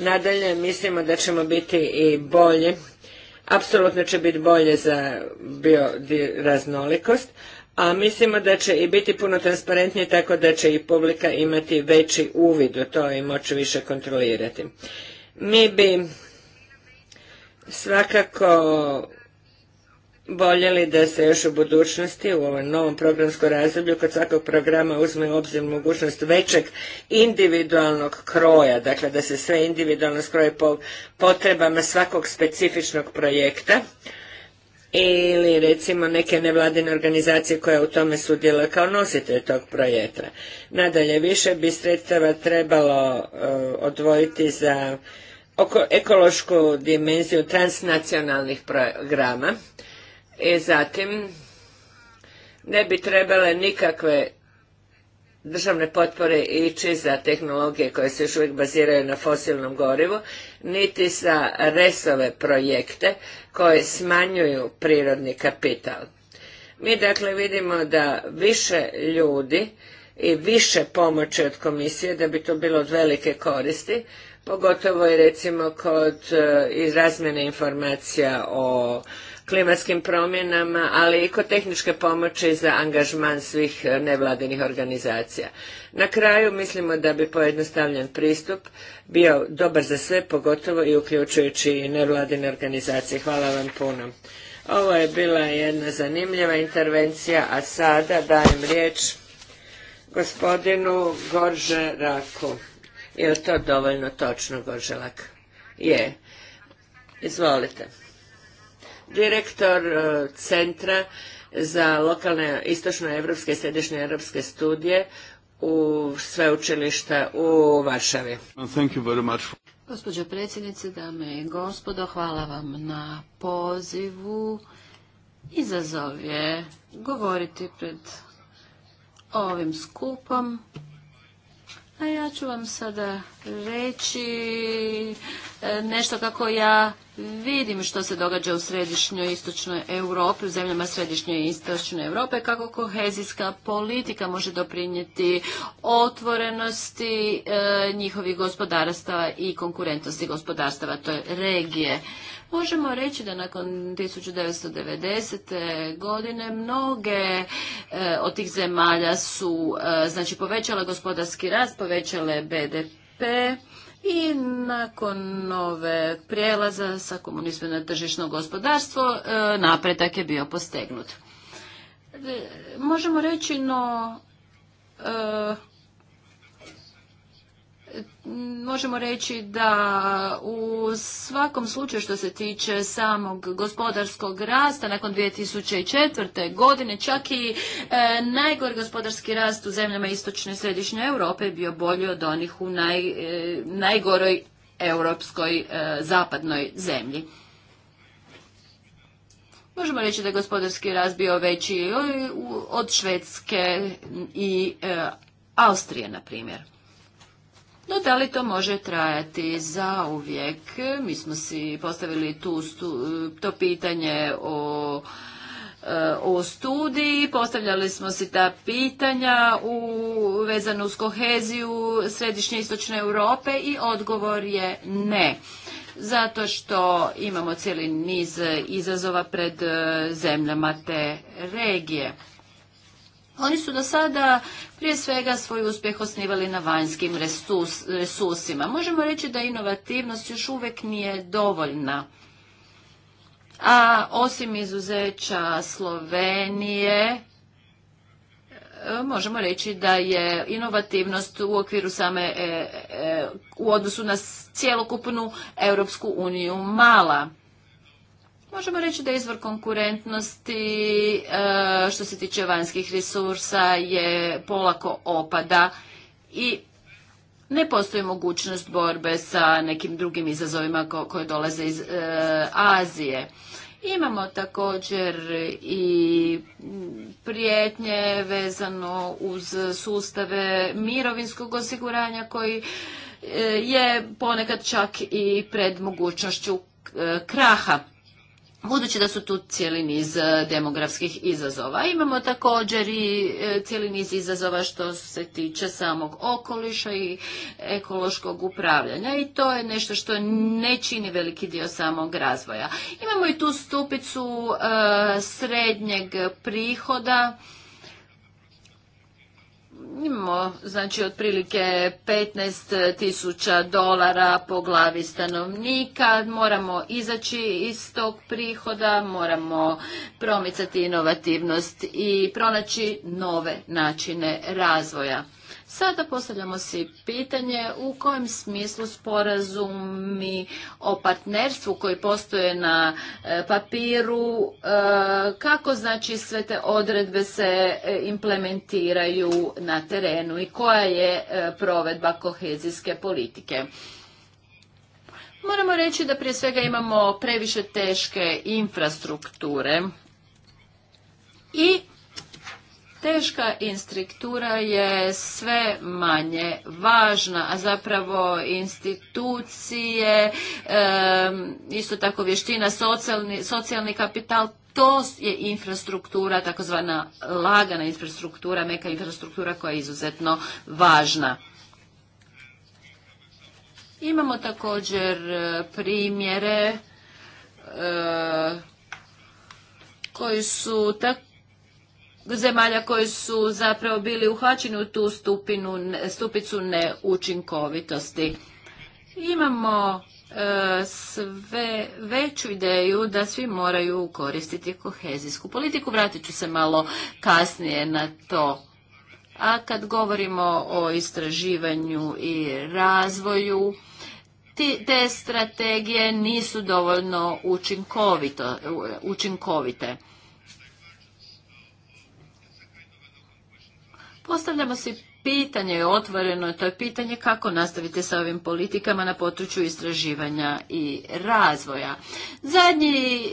Nadalje, mislimo da ćemo biti i bolji. Apsolutno će biti bolje za bioraznolikost, a mislimo da će i biti puno transparentnije tako da će i publika imati veći uvid u to i moći više kontrolirati. Mi bi svakako voljeli da se još u budućnosti u ovom novom programskom razdoblju kod svakog programa uzme u obzir mogućnost većeg individualnog kroja, dakle da se sve individualno skroje po potrebama svakog specifičnog projekta ili recimo neke nevladine organizacije koja u tome sudjela kao nositelj tog projekta. Nadalje, više bi sredstava trebalo e, odvojiti za oko ekološku dimenziju transnacionalnih programa i e, zatim ne bi trebale nikakve državne potpore ići za tehnologije koje se još uvijek baziraju na fosilnom gorivu, niti za resove projekte koje smanjuju prirodni kapital. Mi dakle vidimo da više ljudi i više pomoći od komisije, da bi to bilo od velike koristi, pogotovo i recimo kod e, razmjene informacija o klimatskim promjenama, ali i kod tehničke pomoći za angažman svih e, nevladinih organizacija. Na kraju mislimo da bi pojednostavljen pristup bio dobar za sve, pogotovo i uključujući i nevladine organizacije. Hvala vam puno. Ovo je bila jedna zanimljiva intervencija, a sada dajem riječ gospodinu Gorže Raku. Je li to dovoljno točno, Gorželak? Je. Izvolite direktor e, Centra za lokalne istočnoevropske i evropske studije u sveučilišta u Varšavi. Gospodje Gospođo predsjednice, dame i gospodo, hvala vam na pozivu. Izazov je govoriti pred ovim skupom. A ja ću vam sada reći e, nešto kako ja vidim što se događa u središnjoj istočnoj Europi, u zemljama središnjoj i istočnoj Europe, kako kohezijska politika može doprinijeti otvorenosti e, njihovih gospodarstava i konkurentnosti gospodarstava toj regije. Možemo reći da nakon 1990. godine mnoge e, od tih zemalja su e, znači povećale gospodarski rast, povećale BDP, i nakon ove prijelaza sa komunizmu na tržišno gospodarstvo e, napredak je bio postegnut. E, možemo reći, no e, možemo reći da u svakom slučaju što se tiče samog gospodarskog rasta nakon 2004. godine čak i e, najgori gospodarski rast u zemljama istočne i središnje Europe je bio bolji od onih u naj, e, najgoroj europskoj e, zapadnoj zemlji. Možemo reći da je gospodarski rast bio veći e, od Švedske i Austrije, na primjer. No da li to može trajati za uvijek? Mi smo si postavili to pitanje o e, o studiji, postavljali smo si ta pitanja u, vezano s koheziju središnje istočne Europe i odgovor je ne. Zato što imamo cijeli niz izazova pred e, zemljama te regije. Oni su do sada prije svega svoj uspjeh osnivali na vanjskim resursima. Možemo reći da inovativnost još uvijek nije dovoljna. A osim izuzeća Slovenije, e, možemo reći da je inovativnost u okviru same, e, e, u odnosu na cjelokupnu Europsku uniju mala. Možemo reći da izvor konkurentnosti e, što se tiče vanjskih resursa je polako opada i ne postoji mogućnost borbe sa nekim drugim izazovima koje dolaze iz e, Azije. Imamo također i prijetnje vezano uz sustave mirovinskog osiguranja koji e, je ponekad čak i pred mogućnošću kraha. Budući da su tu cijeli niz e, demografskih izazova. Imamo također i e, cijeli niz izazova što se tiče samog okoliša i ekološkog upravljanja i to je nešto što ne čini veliki dio samog razvoja. Imamo i tu stupicu e, srednjeg prihoda imamo znači otprilike 15 tisuća dolara po glavi stanovnika, moramo izaći iz tog prihoda, moramo promicati inovativnost i pronaći nove načine razvoja. Sada postavljamo si pitanje u kojem smislu sporazumi o partnerstvu koji postoje na e, papiru, e, kako znači sve te odredbe se e, implementiraju na terenu i koja je provedba kohezijske politike. Moramo reći da prije svega imamo previše teške infrastrukture i Teška instruktura je sve manje važna, a zapravo institucije, isto tako vještina, socijalni, kapital, to je infrastruktura, takozvana lagana infrastruktura, meka infrastruktura koja je izuzetno važna. Imamo također e, primjere e, koji su tako zemalja koji su zapravo bili uhvaćeni u tu stupinu, stupicu neučinkovitosti. Imamo e, sve veću ideju da svi moraju koristiti kohezijsku politiku. Vratit ću se malo kasnije na to. A kad govorimo o istraživanju i razvoju, te strategije nisu dovoljno učinkovite. Postavljamo si pitanje, otvoreno to je pitanje kako nastavite sa ovim politikama na području istraživanja i razvoja. Zadnji e,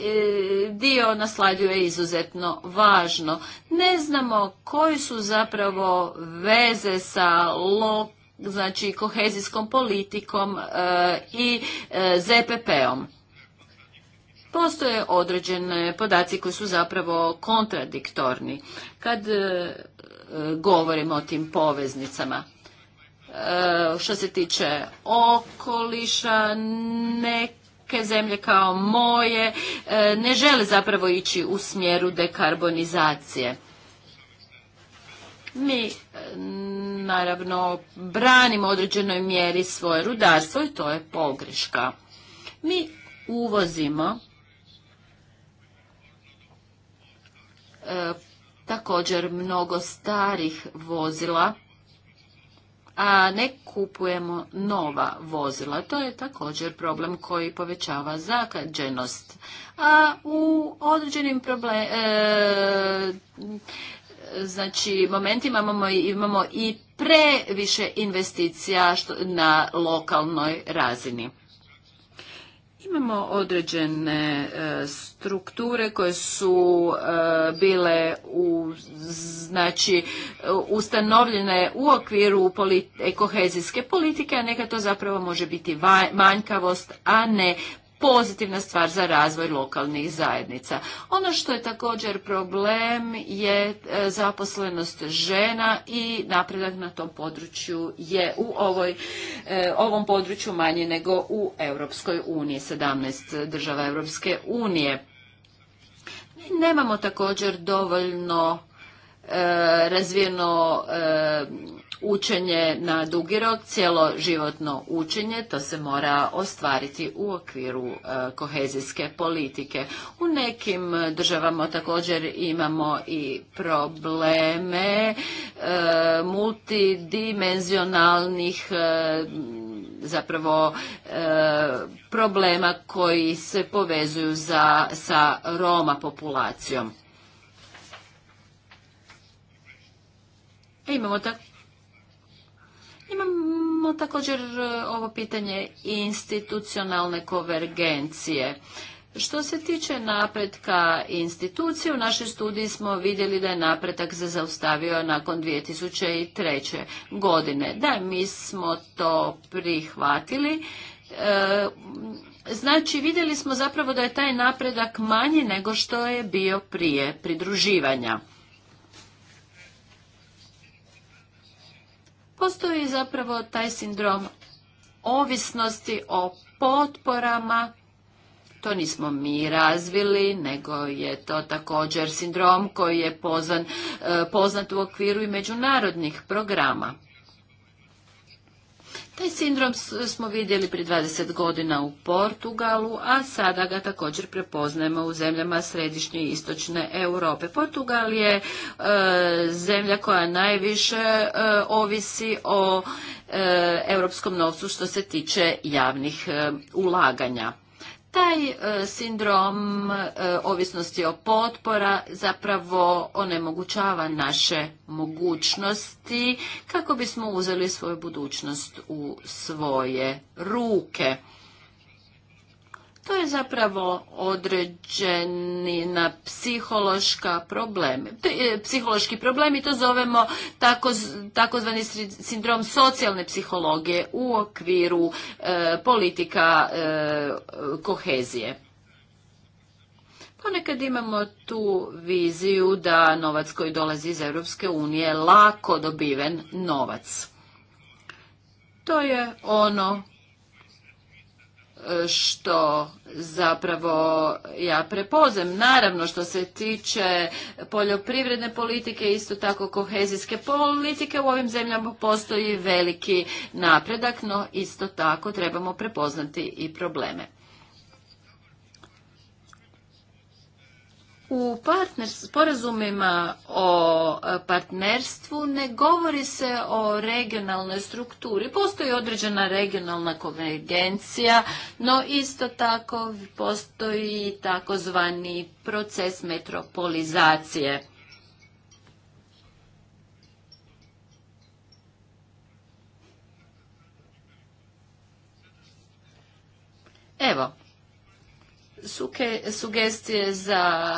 dio na je izuzetno važno. Ne znamo koji su zapravo veze sa lokalnim znači kohezijskom politikom e, i e, ZPP-om. Postoje određene podaci koji su zapravo kontradiktorni. Kad e, E, govorimo o tim poveznicama. E, što se tiče okoliša, neke zemlje kao moje e, ne žele zapravo ići u smjeru dekarbonizacije. Mi naravno branimo određenoj mjeri svoje rudarstvo i to je pogreška. Mi uvozimo također mnogo starih vozila, a ne kupujemo nova vozila. To je također problem koji povećava zakađenost. A u određenim problem, e, znači momentima imamo, imamo i previše investicija što, na lokalnoj razini. Imamo određene e, strukture koje su e, bile u, znači, ustanovljene u okviru e, kohezijske politike, a neka to zapravo može biti manjkavost, a ne pozitivna stvar za razvoj lokalnih zajednica. Ono što je također problem je e, zaposlenost žena i napredak na tom području je u ovoj, e, ovom području manje nego u Europskoj uniji, 17 država Europske unije. Mi nemamo također dovoljno e, razvijeno učenje na dugi rok, cijelo životno učenje, to se mora ostvariti u okviru e, kohezijske politike. U nekim državama također imamo i probleme e, multidimenzionalnih e, zapravo problema koji se povezuju sa Roma populacijom. Imamo tako Imamo također e, ovo pitanje institucionalne konvergencije. Što se tiče napretka institucije, u našoj studiji smo vidjeli da je napretak se zaustavio nakon 2003. godine. Da, mi smo to prihvatili. E, znači, vidjeli smo zapravo da je taj napredak manji nego što je bio prije pridruživanja. postoji zapravo taj sindrom ovisnosti o potporama. To nismo mi razvili, nego je to također sindrom koji je e, poznat u okviru i međunarodnih programa. Taj sindrom smo vidjeli pri 20 godina u Portugalu, a sada ga također prepoznajemo u zemljama središnje i istočne Europe. Portugal je e, zemlja koja najviše e, ovisi o e, europskom novcu što se tiče javnih ulaganja taj e, sindrom e, ovisnosti o potpora zapravo onemogućava naše mogućnosti kako bismo uzeli svoju budućnost u svoje ruke. To je zapravo određeni na psihološka probleme, e, psihološki problemi, to zovemo takozvani sindrom socijalne psihologije u okviru e, politika e, kohezije. Ponekad imamo tu viziju da novac koji dolazi iz Europske unije lako dobiven novac. To je ono što zapravo ja prepozem. Naravno što se tiče poljoprivredne politike, isto tako kohezijske politike, u ovim zemljama postoji veliki napredak, no isto tako trebamo prepoznati i probleme. U sporazumima o e, partnerstvu ne govori se o regionalnoj strukturi. Postoji određena regionalna konvergencija, no isto tako postoji takozvani proces metropolizacije. Evo, sugestije za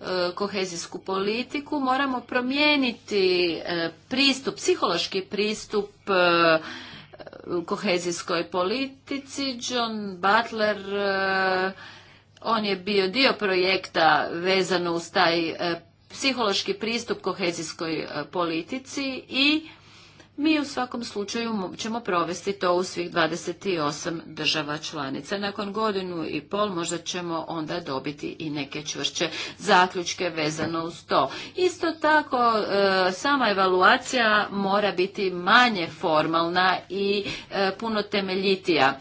e, kohezijsku politiku moramo promijeniti e, pristup, psihološki pristup e, kohezijskoj politici. John Butler, on je bio dio projekta vezano uz taj psihološki pristup kohezijskoj politici i mi u svakom slučaju ćemo provesti to u svih 28 država članica. Nakon godinu i pol možda ćemo onda dobiti i neke čvršće zaključke vezano uz to. Isto tako, e, sama evaluacija mora biti manje formalna i e, puno temeljitija. E,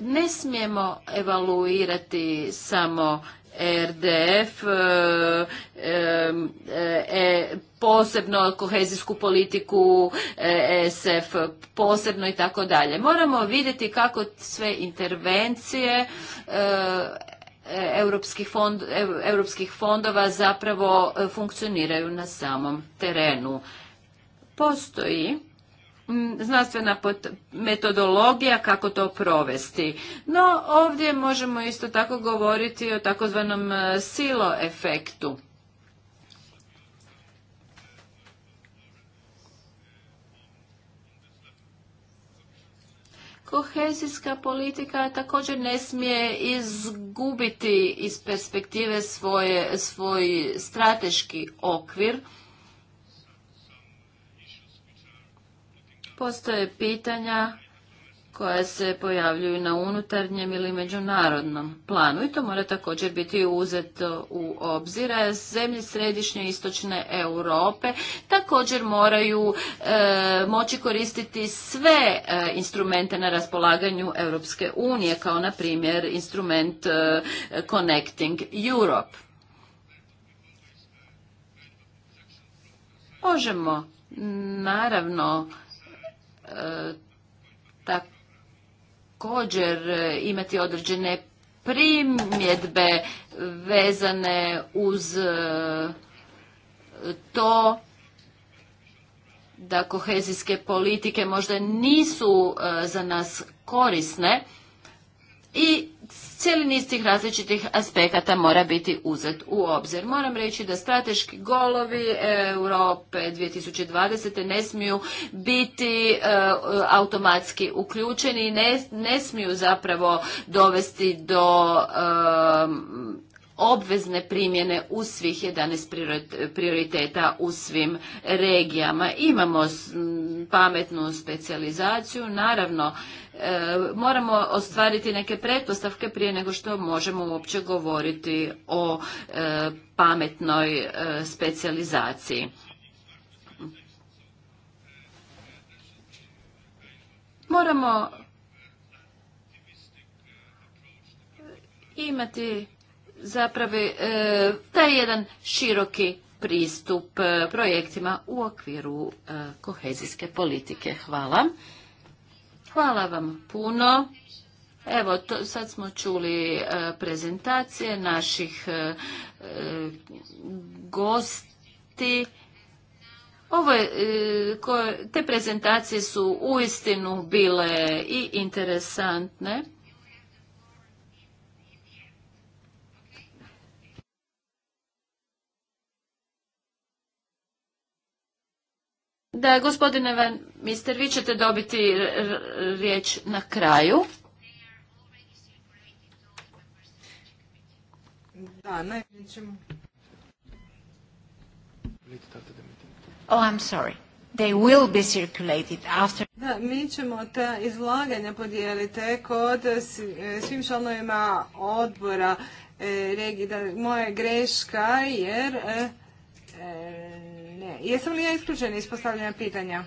ne smijemo evaluirati samo RDF, eh, eh, eh, posebno kohezijsku politiku, SF posebno i tako dalje. Moramo vidjeti kako sve intervencije europskih fond, fondova zapravo funkcioniraju na samom terenu. Postoji znanstvena metodologija kako to provesti. No ovdje možemo isto tako govoriti o takozvanom e, silo efektu. Kohezijska politika također ne smije izgubiti iz perspektive svoj strateški okvir Postoje pitanja koja se pojavljuju na unutarnjem ili međunarodnom planu i to mora također biti uzeto u obzira. Zemlje središnje i istočne Europe također moraju e, moći koristiti sve e, instrumente na raspolaganju Europske unije kao na primjer instrument e, Connecting Europe. Možemo naravno također e, imati određene primjedbe vezane uz e, to da kohezijske politike možda nisu e, za nas korisne i Cijeli niz tih različitih aspekata mora biti uzet u obzir. Moram reći da strateški golovi Europe 2020. ne smiju biti e, automatski uključeni i ne, smiju zapravo dovesti do e, obvezne primjene u svih 11 prioriteta u svim regijama. Imamo pametnu specijalizaciju, naravno e, moramo ostvariti neke pretpostavke prije nego što možemo uopće govoriti o e, pametnoj e, specijalizaciji. Moramo imati zapravo e, taj jedan široki pristup e, projektima u okviru e, kohezijske politike. Hvala. Hvala vam puno. Evo, sad smo čuli prezentacije naših gosti. te prezentacije su uistinu bile i interesantne. Da, gospodine Van Mister, vi ćete dobiti riječ na kraju. Da, najvećemo. Oh, I'm sorry. They will be circulated after. Da, mi ćemo ta izlaganja podijeliti kod e, svim članovima odbora e, regida. Moja greška jer e, e Jesam li ja isključena iz postavljanja pitanja?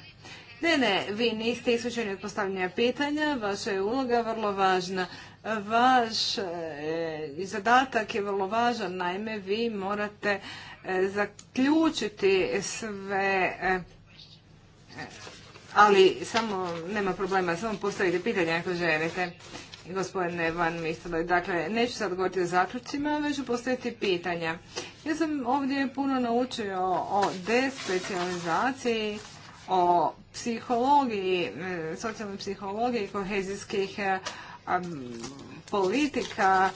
Ne, ne, vi niste isključeni od postavljanja pitanja, vaša je uloga vrlo važna. Vaš e, zadatak je vrlo važan, naime vi morate e, zaključiti sve, e, ali samo nema problema, samo postavite pitanje ako želite gospodine Van Dakle, neću sad govoriti o zaključcima, već ću postaviti pitanja. Ja sam ovdje puno naučio o despecializaciji, o psihologiji, mm, socijalnoj psihologiji kohezijskih eh, politika,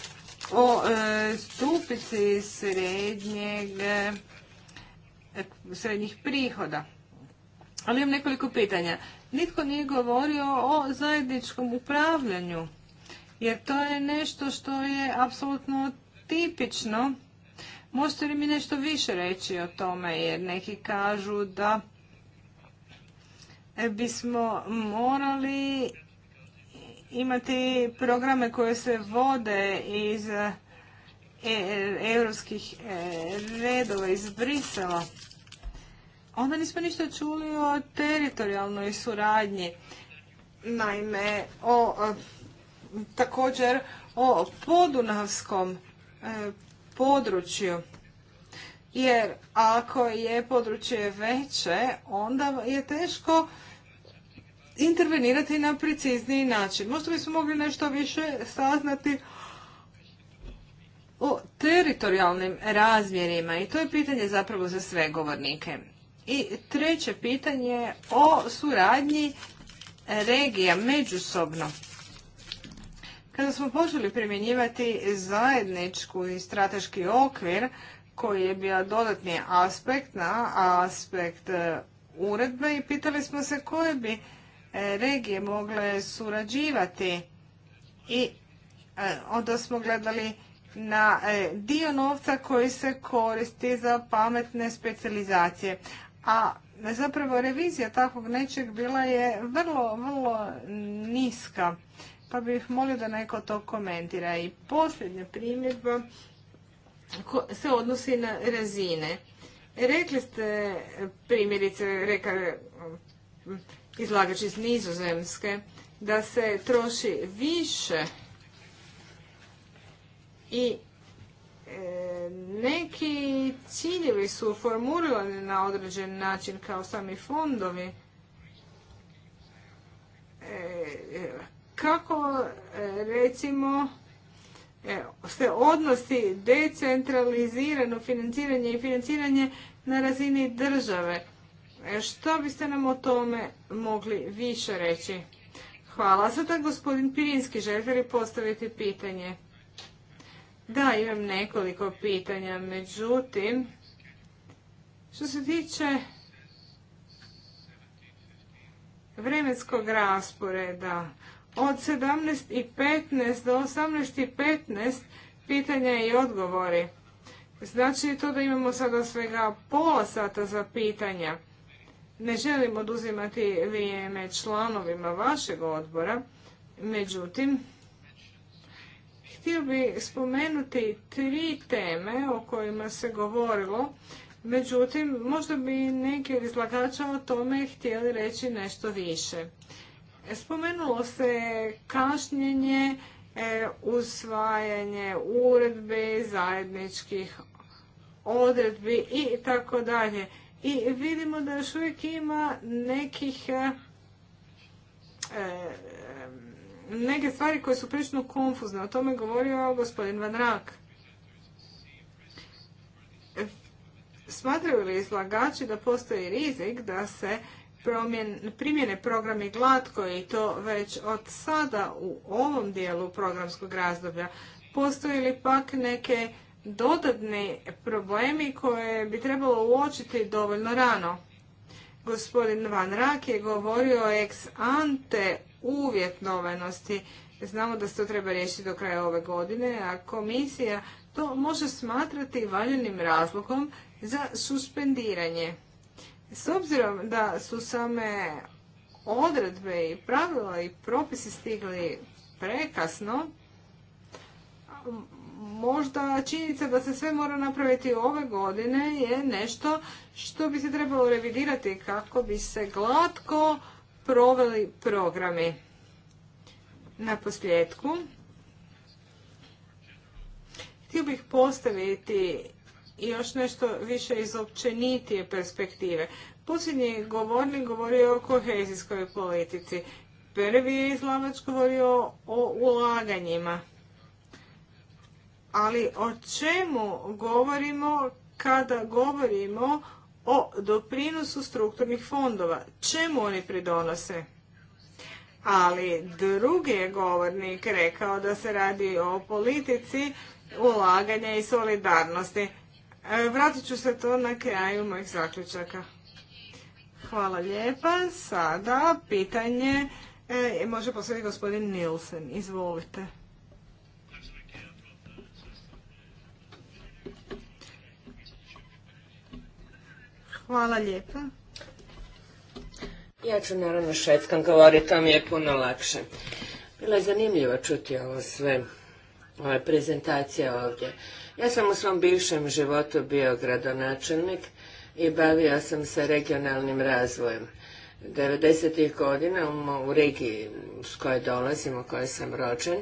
o eh, stupici srednjeg, eh, srednjih prihoda. Ali imam nekoliko pitanja. Nitko nije govorio o zajedničkom upravljanju jer to je nešto što je apsolutno tipično. Možete li mi nešto više reći o tome, jer neki kažu da e, bismo morali imati programe koje se vode iz e, e, europskih redova iz Brisela. Onda nismo ništa čuli o teritorijalnoj suradnji. Naime, o također o podunavskom e, području. Jer ako je područje veće, onda je teško intervenirati na precizniji način. Možda bismo mogli nešto više saznati o teritorijalnim razmjerima i to je pitanje zapravo za sve govornike. I treće pitanje o suradnji regija međusobno. Kada smo počeli primjenjivati zajedničku i strateški okvir koji je bio dodatni aspekt na aspekt e, uredbe i pitali smo se koje bi e, regije mogle surađivati i e, onda smo gledali na dio novca koji se koristi za pametne specijalizacije. A zapravo revizija takvog nečeg bila je vrlo, vrlo niska pa bih molio da neko to komentira. I posljednja primjedba se odnosi na razine. Rekli ste primjerice, reka izlagač iz nizozemske, da se troši više i e, neki ciljevi su formulirani na određen način kao sami fondovi. E, e, kako e, recimo e, se odnosi decentralizirano financiranje i financiranje na razini države. E, što biste nam o tome mogli više reći? Hvala. Sada gospodin Pirinski Želite li postaviti pitanje? Da, imam nekoliko pitanja. Međutim, što se tiče vremenskog rasporeda, od 17.15 do 18.15 pitanja i odgovori. Znači to da imamo sada svega pola sata za pitanja. Ne želim oduzimati vrijeme članovima vašeg odbora, međutim, htio bih spomenuti tri teme o kojima se govorilo, međutim, možda bi neki od izlagača o tome htjeli reći nešto više. Spomenulo se kašnjenje e, usvajanje uredbe zajedničkih odredbi i tako dalje. I vidimo da još uvijek ima nekih e, e, neke stvari koje su prilično konfuzne. O tome govorio gospodin Van Rak. Smatraju li izlagači da postoji rizik da se primjene programi je glatko i to već od sada u ovom dijelu programskog razdoblja. Postoji li pak neke dodatni problemi koje bi trebalo uočiti dovoljno rano? Gospodin Van Rak je govorio o ex ante uvjetnovenosti. Znamo da se to treba riješiti do kraja ove godine, a komisija to može smatrati valjanim razlogom za suspendiranje. S obzirom da su same odredbe i pravila i propisi stigli prekasno, možda činjenica da se sve mora napraviti ove godine je nešto što bi se trebalo revidirati kako bi se glatko proveli programi. Na posljedku, htio bih postaviti i još nešto više iz općenitije perspektive. Posljednji govornik govorio o kohezijskoj politici. Prvi je izlavač govorio o ulaganjima. Ali o čemu govorimo kada govorimo o doprinosu strukturnih fondova? Čemu oni pridonose? Ali drugi je govornik rekao da se radi o politici ulaganja i solidarnosti. E, vratit ću se to na kraju mojih zaključaka. Hvala lijepa. Sada pitanje e, može postaviti gospodin Nilsen. Izvolite. Hvala lijepa. Ja ću naravno švedskom govoriti, to mi je puno lakše. Bilo je zanimljivo čuti ovo sve, ove prezentacije ovdje. Ja sam u svom bivšem životu bio gradonačelnik i bavio sam se regionalnim razvojem. 90. godina u regiji s koje dolazim, u kojoj sam rođen,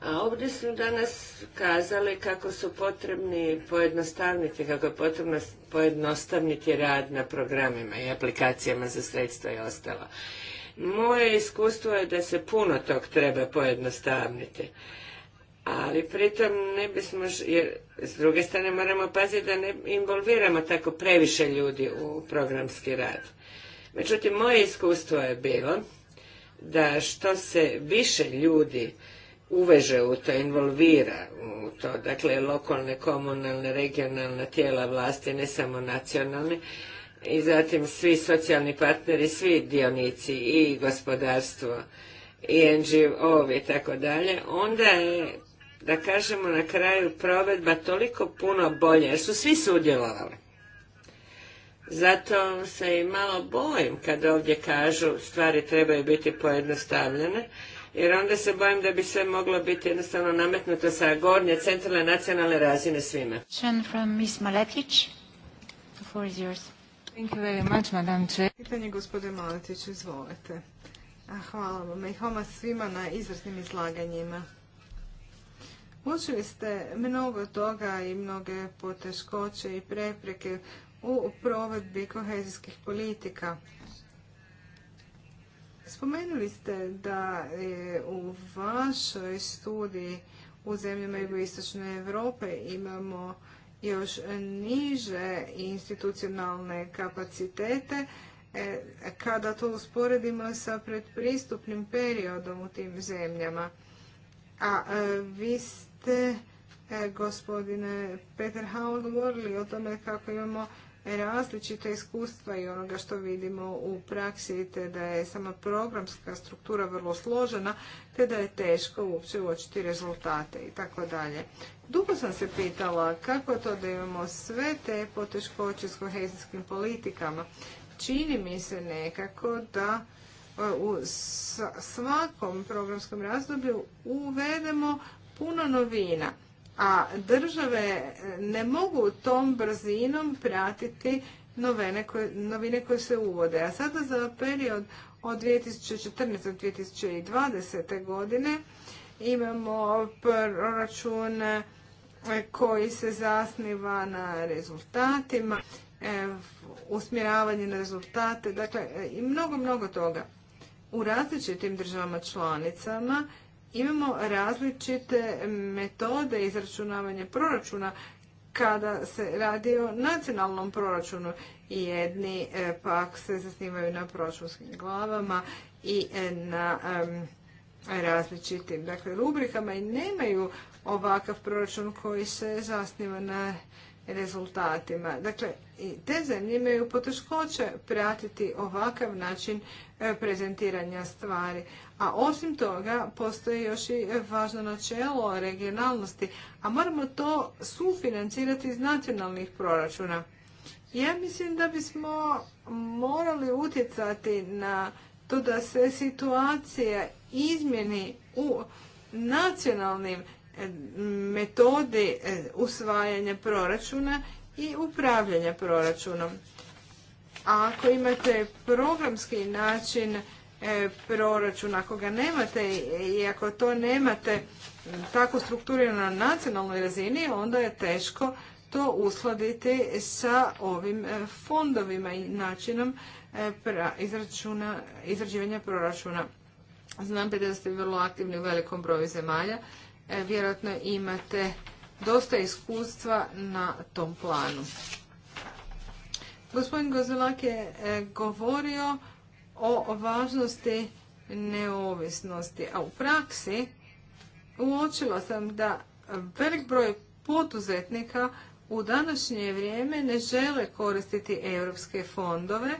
a ovdje su danas kazali kako su potrebni pojednostavniti, kako je potrebno pojednostavniti rad na programima i aplikacijama za sredstva i ostalo. Moje iskustvo je da se puno tog treba pojednostavniti ali pritom ne bismo, jer s druge strane moramo paziti da ne involviramo tako previše ljudi u programski rad. Međutim, moje iskustvo je bilo da što se više ljudi uveže u to, involvira u to, dakle lokalne, komunalne, regionalne tijela vlasti, ne samo nacionalne, i zatim svi socijalni partneri, svi dionici i gospodarstvo i NGO-ovi i tako dalje, onda je da kažemo na kraju provedba toliko puno bolje, jer su svi sudjelovali. Zato se i malo bojim kad ovdje kažu stvari trebaju biti pojednostavljene, jer onda se bojim da bi sve moglo biti jednostavno nametnuto sa gornje centralne nacionalne razine svima. Pitanje gospodine Maletić, izvolite. Hvala vam i hvala svima na izvrsnim izlaganjima. Učili ste mnogo toga i mnoge poteškoće i prepreke u provedbi kohezijskih politika. Spomenuli ste da je u vašoj studiji u zemljama jugoistočne Europe imamo još niže institucionalne kapacitete e, kada to usporedimo sa predpristupnim periodom u tim zemljama. A e, vi ste ste e, gospodine Peter Haun govorili o tome kako imamo različita iskustva i onoga što vidimo u praksi, te da je sama programska struktura vrlo složena, te da je teško uopće uočiti rezultate i tako dalje. Dugo sam se pitala kako to da imamo sve te poteškoće s kohezijskim politikama. Čini mi se nekako da e, u svakom programskom razdoblju uvedemo puno novina, a države ne mogu tom brzinom pratiti novine koje se uvode. A sada za period od 2014. do 2020. godine imamo proračun koji se zasniva na rezultatima, e, usmjeravanje na rezultate, dakle i mnogo, mnogo toga. U različitim državama članicama Imamo različite metode izračunavanja proračuna kada se radi o nacionalnom proračunu i jedni e, pak se zasnivaju na proračunskim glavama i e, na različitim dakle, rubrikama i nemaju ovakav proračun koji se zasniva na rezultatima. Dakle, te zemlje imaju poteškoće pratiti ovakav način e, prezentiranja stvari. A osim toga, postoji još i važno načelo regionalnosti, a moramo to sufinancirati iz nacionalnih proračuna. Ja mislim da bismo morali utjecati na to da se situacija izmjeni u nacionalnim e, metodi e, usvajanja proračuna i upravljanja proračunom. A ako imate programski način E, proračun. Ako ga nemate i ako to nemate tako strukturirano na nacionalnoj razini, onda je teško to uskladiti sa ovim e, fondovima i načinom e, izračuna, izrađivanja proračuna. Znam da ste vrlo aktivni u velikom broju zemalja. Vjerojatno imate dosta iskustva na tom planu. Gospodin Gozolak je govorio o važnosti neovisnosti. A u praksi uočila sam da velik broj poduzetnika u današnje vrijeme ne žele koristiti europske fondove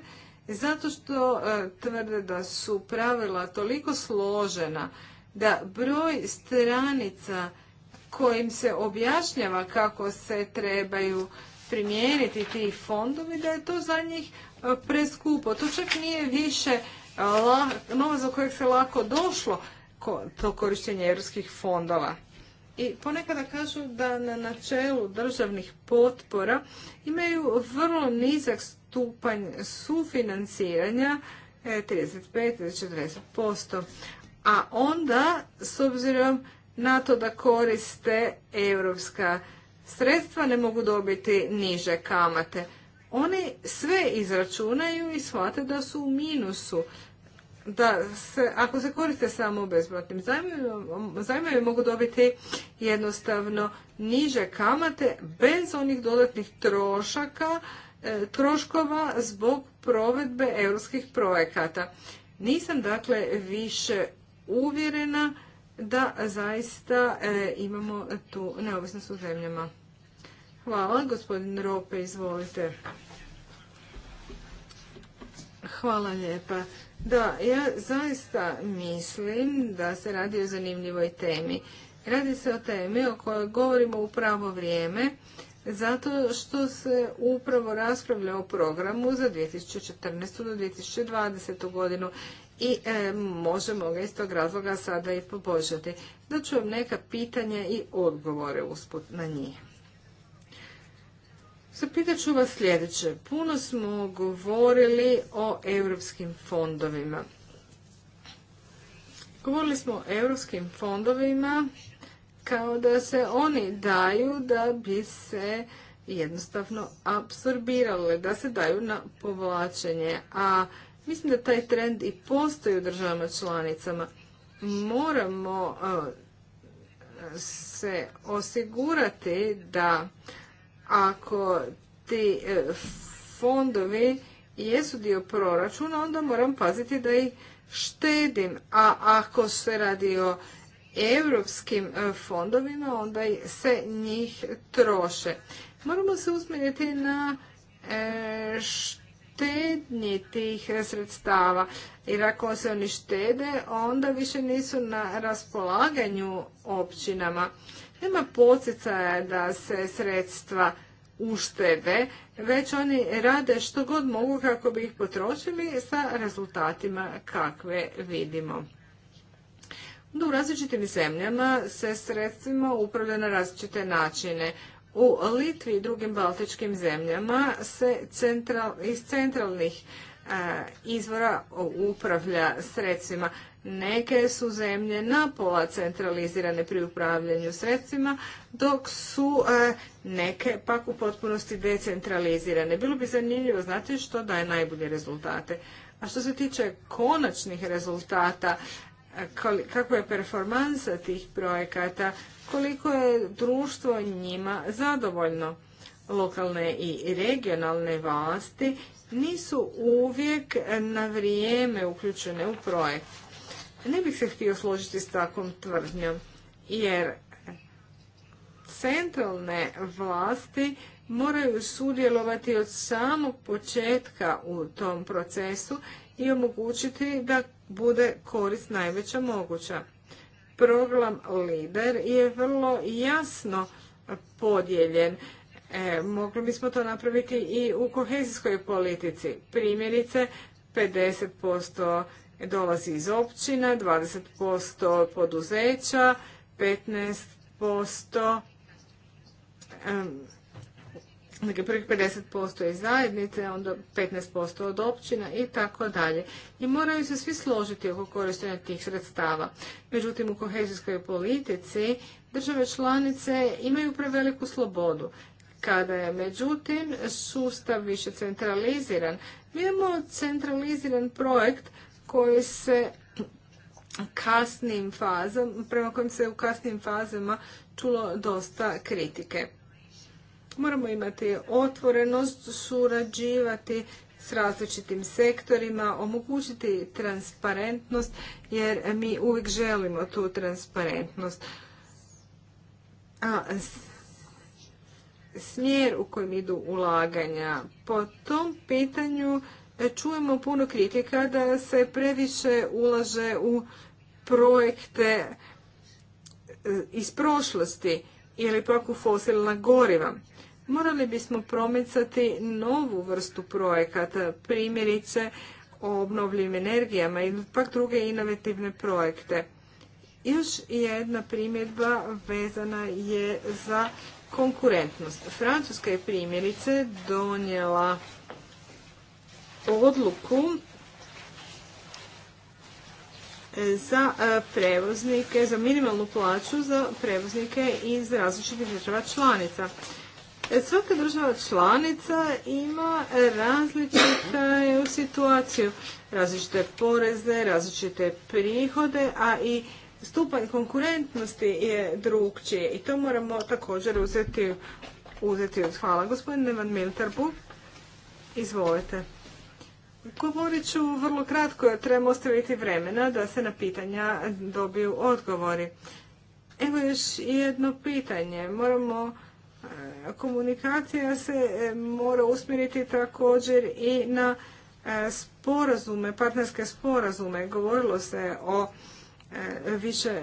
zato što e, tvrde da su pravila toliko složena da broj stranica kojim se objašnjava kako se trebaju primijeniti ti fondovi, da je to za njih e, preskupo. To čak nije više e, novac za kojeg se lako došlo to korištenje europskih fondova. I ponekada kažu da na načelu državnih potpora imaju vrlo nizak stupanj sufinanciranja 35-40%. E, A onda, s obzirom na to da koriste europska sredstva ne mogu dobiti niže kamate. Oni sve izračunaju i shvate da su u minusu. Da se, ako se koriste samo bezplatnim zajmovima mogu dobiti jednostavno niže kamate bez onih dodatnih trošaka, e, troškova zbog provedbe europskih projekata. Nisam dakle više uvjerena da zaista e, imamo tu neovisnost u zemljama. Hvala. Gospodin Rope, izvolite. Hvala lijepa. Da, ja zaista mislim da se radi o zanimljivoj temi. Radi se o temi o kojoj govorimo u pravo vrijeme, zato što se upravo raspravlja o programu za 2014. do 2020. godinu i e, možemo ga iz tog razloga sada i poboljšati. Da ću vam neka pitanja i odgovore usput na njih. Zapitat ću vas sljedeće. Puno smo govorili o europskim fondovima. Govorili smo o europskim fondovima kao da se oni daju da bi se jednostavno apsorbirale, da se daju na povlačenje, a Mislim da taj trend i postoji u državama članicama. Moramo e, se osigurati da ako ti e, fondovi jesu dio proračuna, onda moram paziti da ih štedim. A ako se radi o europskim e, fondovima, onda se njih troše. Moramo se usmjeriti na što štednji tih sredstava. Jer ako se oni štede, onda više nisu na raspolaganju općinama. Nema poticaja da se sredstva uštede, već oni rade što god mogu kako bi ih potrošili sa rezultatima kakve vidimo. U različitim zemljama se sredstvima upravlja na različite načine. U Litvi i drugim baltičkim zemljama se central, iz centralnih izvora upravlja sredstvima. Neke su zemlje na pola centralizirane pri upravljanju sredstvima, dok su neke pak u potpunosti decentralizirane. Bilo bi zanimljivo znati što daje najbolje rezultate. A što se tiče konačnih rezultata kakva je performansa tih projekata, koliko je društvo njima zadovoljno. Lokalne i regionalne vlasti nisu uvijek na vrijeme uključene u projekt. Ne bih se htio složiti s takvom tvrdnjom, jer centralne vlasti moraju sudjelovati od samog početka u tom procesu i omogućiti da bude korist najveća moguća. Program LIDER je vrlo jasno podijeljen. E, mogli bismo to napraviti i u kohezijskoj politici. Primjerice, 50% dolazi iz općina, 20% poduzeća, 15% Dakle, prvih 50% je zajednice, onda 15% od općina i tako dalje. I moraju se svi složiti oko korištenja tih sredstava. Međutim, u kohezijskoj politici države članice imaju preveliku slobodu. Kada je, međutim, sustav više centraliziran, mi imamo centraliziran projekt koji se kasnim fazama, prema kojim se u kasnim fazama čulo dosta kritike. Moramo imati otvorenost, surađivati s različitim sektorima, omogućiti transparentnost jer mi uvijek želimo tu transparentnost. A smjer u kojem idu ulaganja. Po tom pitanju e, čujemo puno kritika da se previše ulaže u projekte e, iz prošlosti ili pak u fosilna goriva morali bismo promicati novu vrstu projekata, primjerice o obnovljivim energijama ili pak druge inovativne projekte. Još jedna primjedba vezana je za konkurentnost. Francuska je primjerice donijela odluku za e, prevoznike, za minimalnu plaću za prevoznike iz različitih država članica. E, svaka država članica ima različitu situaciju, različite poreze, različite prihode, a i stupanj konkurentnosti je drugčije i to moramo također uzeti uzeti hvala. Gospodine Van Milterbu, izvolite. Govorit ću vrlo kratko jer trebamo ostaviti vremena da se na pitanja dobiju odgovori. Evo još jedno pitanje. Moramo E, komunikacija se e, mora usmjeriti također i na e, sporazume, partnerske sporazume. Govorilo se o više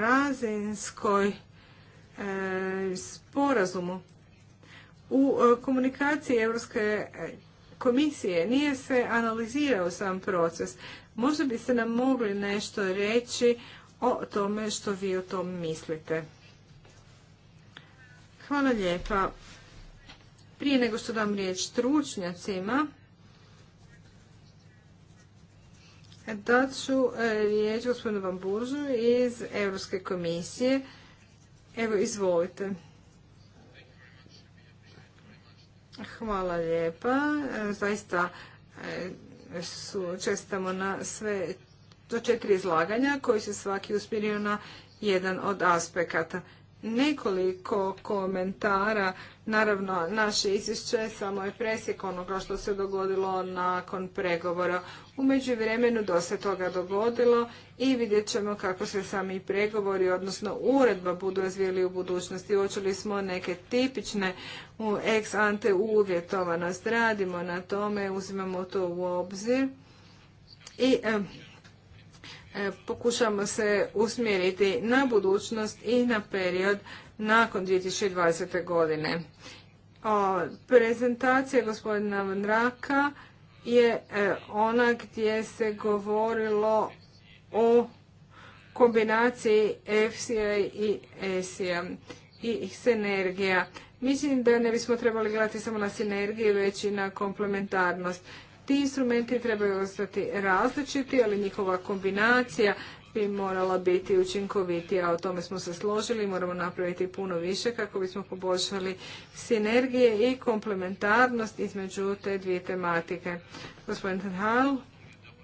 razinskoj sporazumu. U komunikaciji Europske komisije nije se analizirao sam proces. Možda biste nam mogli nešto reći o tome što vi o tom mislite. Hvala lijepa. Prije nego što dam riječ stručnjacima, dat ću e, riječ gospodinu Bamburžu iz Europske komisije. Evo, izvolite. Hvala lijepa. E, zaista e, su, čestamo na sve do četiri izlaganja koji se svaki uspirio na jedan od aspekata nekoliko komentara. Naravno, naše izvješće samo je presjek onoga što se dogodilo nakon pregovora. U međuvremenu se toga dogodilo i vidjet ćemo kako se sami pregovori, odnosno uredba, budu razvijeli u budućnosti. Uočili smo neke tipične ex ante uvjetovanost. Radimo na tome, uzimamo to u obzir i E, pokušamo se usmjeriti na budućnost i na period nakon 2020. godine. prezentacija gospodina Vandraka je e, ona gdje se govorilo o kombinaciji FCA i esi i sinergija. Mislim da ne bismo trebali gledati samo na sinergiju, već i na komplementarnost. Ti instrumenti trebaju ostati različiti, ali njihova kombinacija bi morala biti učinkovitija. O tome smo se složili, moramo napraviti puno više kako bismo poboljšali sinergije i komplementarnost između te dvije tematike. Gospodin Tanhal,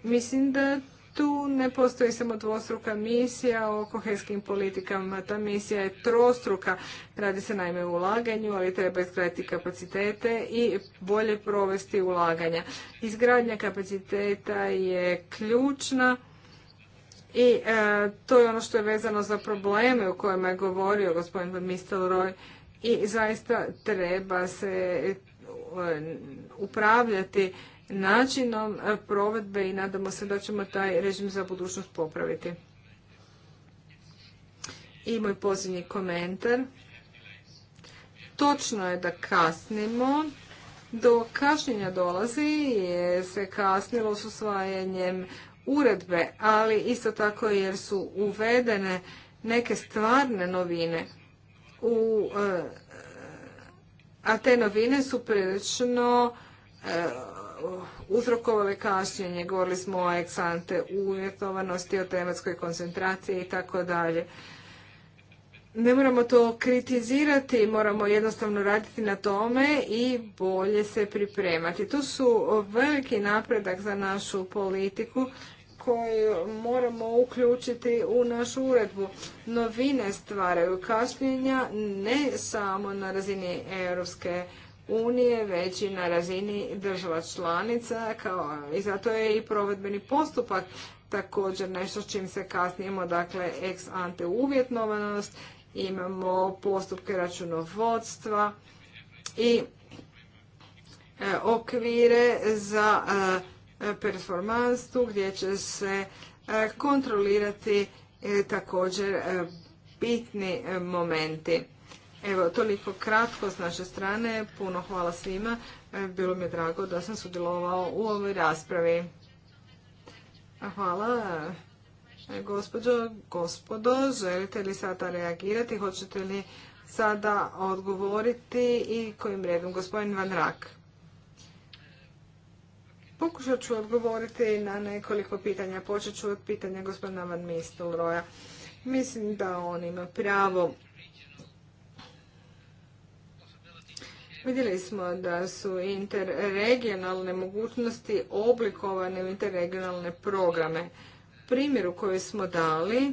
mislim da tu ne postoji samo dvostruka misija o kohezijskim politikama. Ta misija je trostruka. Radi se naime o ulaganju, ali treba izgraditi kapacitete i bolje provesti ulaganja. Izgradnja kapaciteta je ključna i e, to je ono što je vezano za probleme o kojima je govorio gospodin Van Mistelroj i zaista treba se e, upravljati načinom e, provedbe i nadamo se da ćemo taj režim za budućnost popraviti. I moj posljednji komentar. Točno je da kasnimo. Do kašnjenja dolazi jer se kasnilo s usvajanjem uredbe, ali isto tako jer su uvedene neke stvarne novine. U, e, a te novine su prilično e, Uh, uzrokovale kašnjenje, govorili smo o eksante uvjetovanosti, o tematskoj koncentraciji i tako dalje. Ne moramo to kritizirati, moramo jednostavno raditi na tome i bolje se pripremati. Tu su veliki napredak za našu politiku koju moramo uključiti u našu uredbu. Novine stvaraju kašnjenja ne samo na razini Europske unije, već i na razini država članica kao, i zato je i provedbeni postupak također nešto s čim se kasnijemo, dakle ex ante uvjetnovanost, imamo postupke računovodstva i e, okvire za e, gdje će se e, kontrolirati e, također bitni momenti. Evo, toliko kratko s naše strane. Puno hvala svima. E, bilo mi je drago da sam sudjelovao u ovoj raspravi. Hvala. E, gospodo, želite li sada reagirati? Hoćete li sada odgovoriti i kojim redom? Gospodin Van Rak. Pokušat ću odgovoriti na nekoliko pitanja. Počet ću od pitanja gospodina Van Mistelroja. Mislim da on ima pravo Vidjeli smo da su interregionalne mogućnosti oblikovane u interregionalne programe. Primjeru kojoj smo dali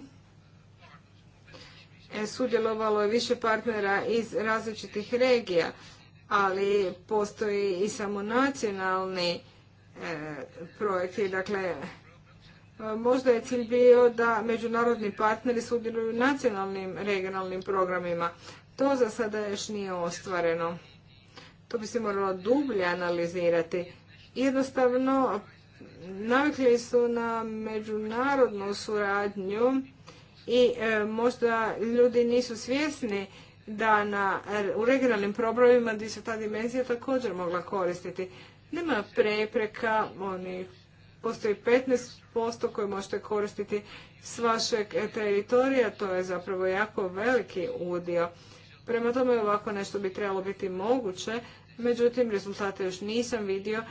e, sudjelovalo je više partnera iz različitih regija, ali postoji i samo nacionalni e, projekti. Dakle, e, možda je cilj bio da međunarodni partneri sudjeluju nacionalnim regionalnim programima. To za sada još nije ostvareno to bi se moralo dublje analizirati. Jednostavno, navikli su na međunarodnu suradnju i e, možda ljudi nisu svjesni da na, u regionalnim problemima gdje se ta dimenzija također mogla koristiti. Nema prepreka, oni, postoji 15% koje možete koristiti s vašeg teritorija, to je zapravo jako veliki udio. Prema tome ovako nešto bi trebalo biti moguće, međutim rezultate još nisam vidio.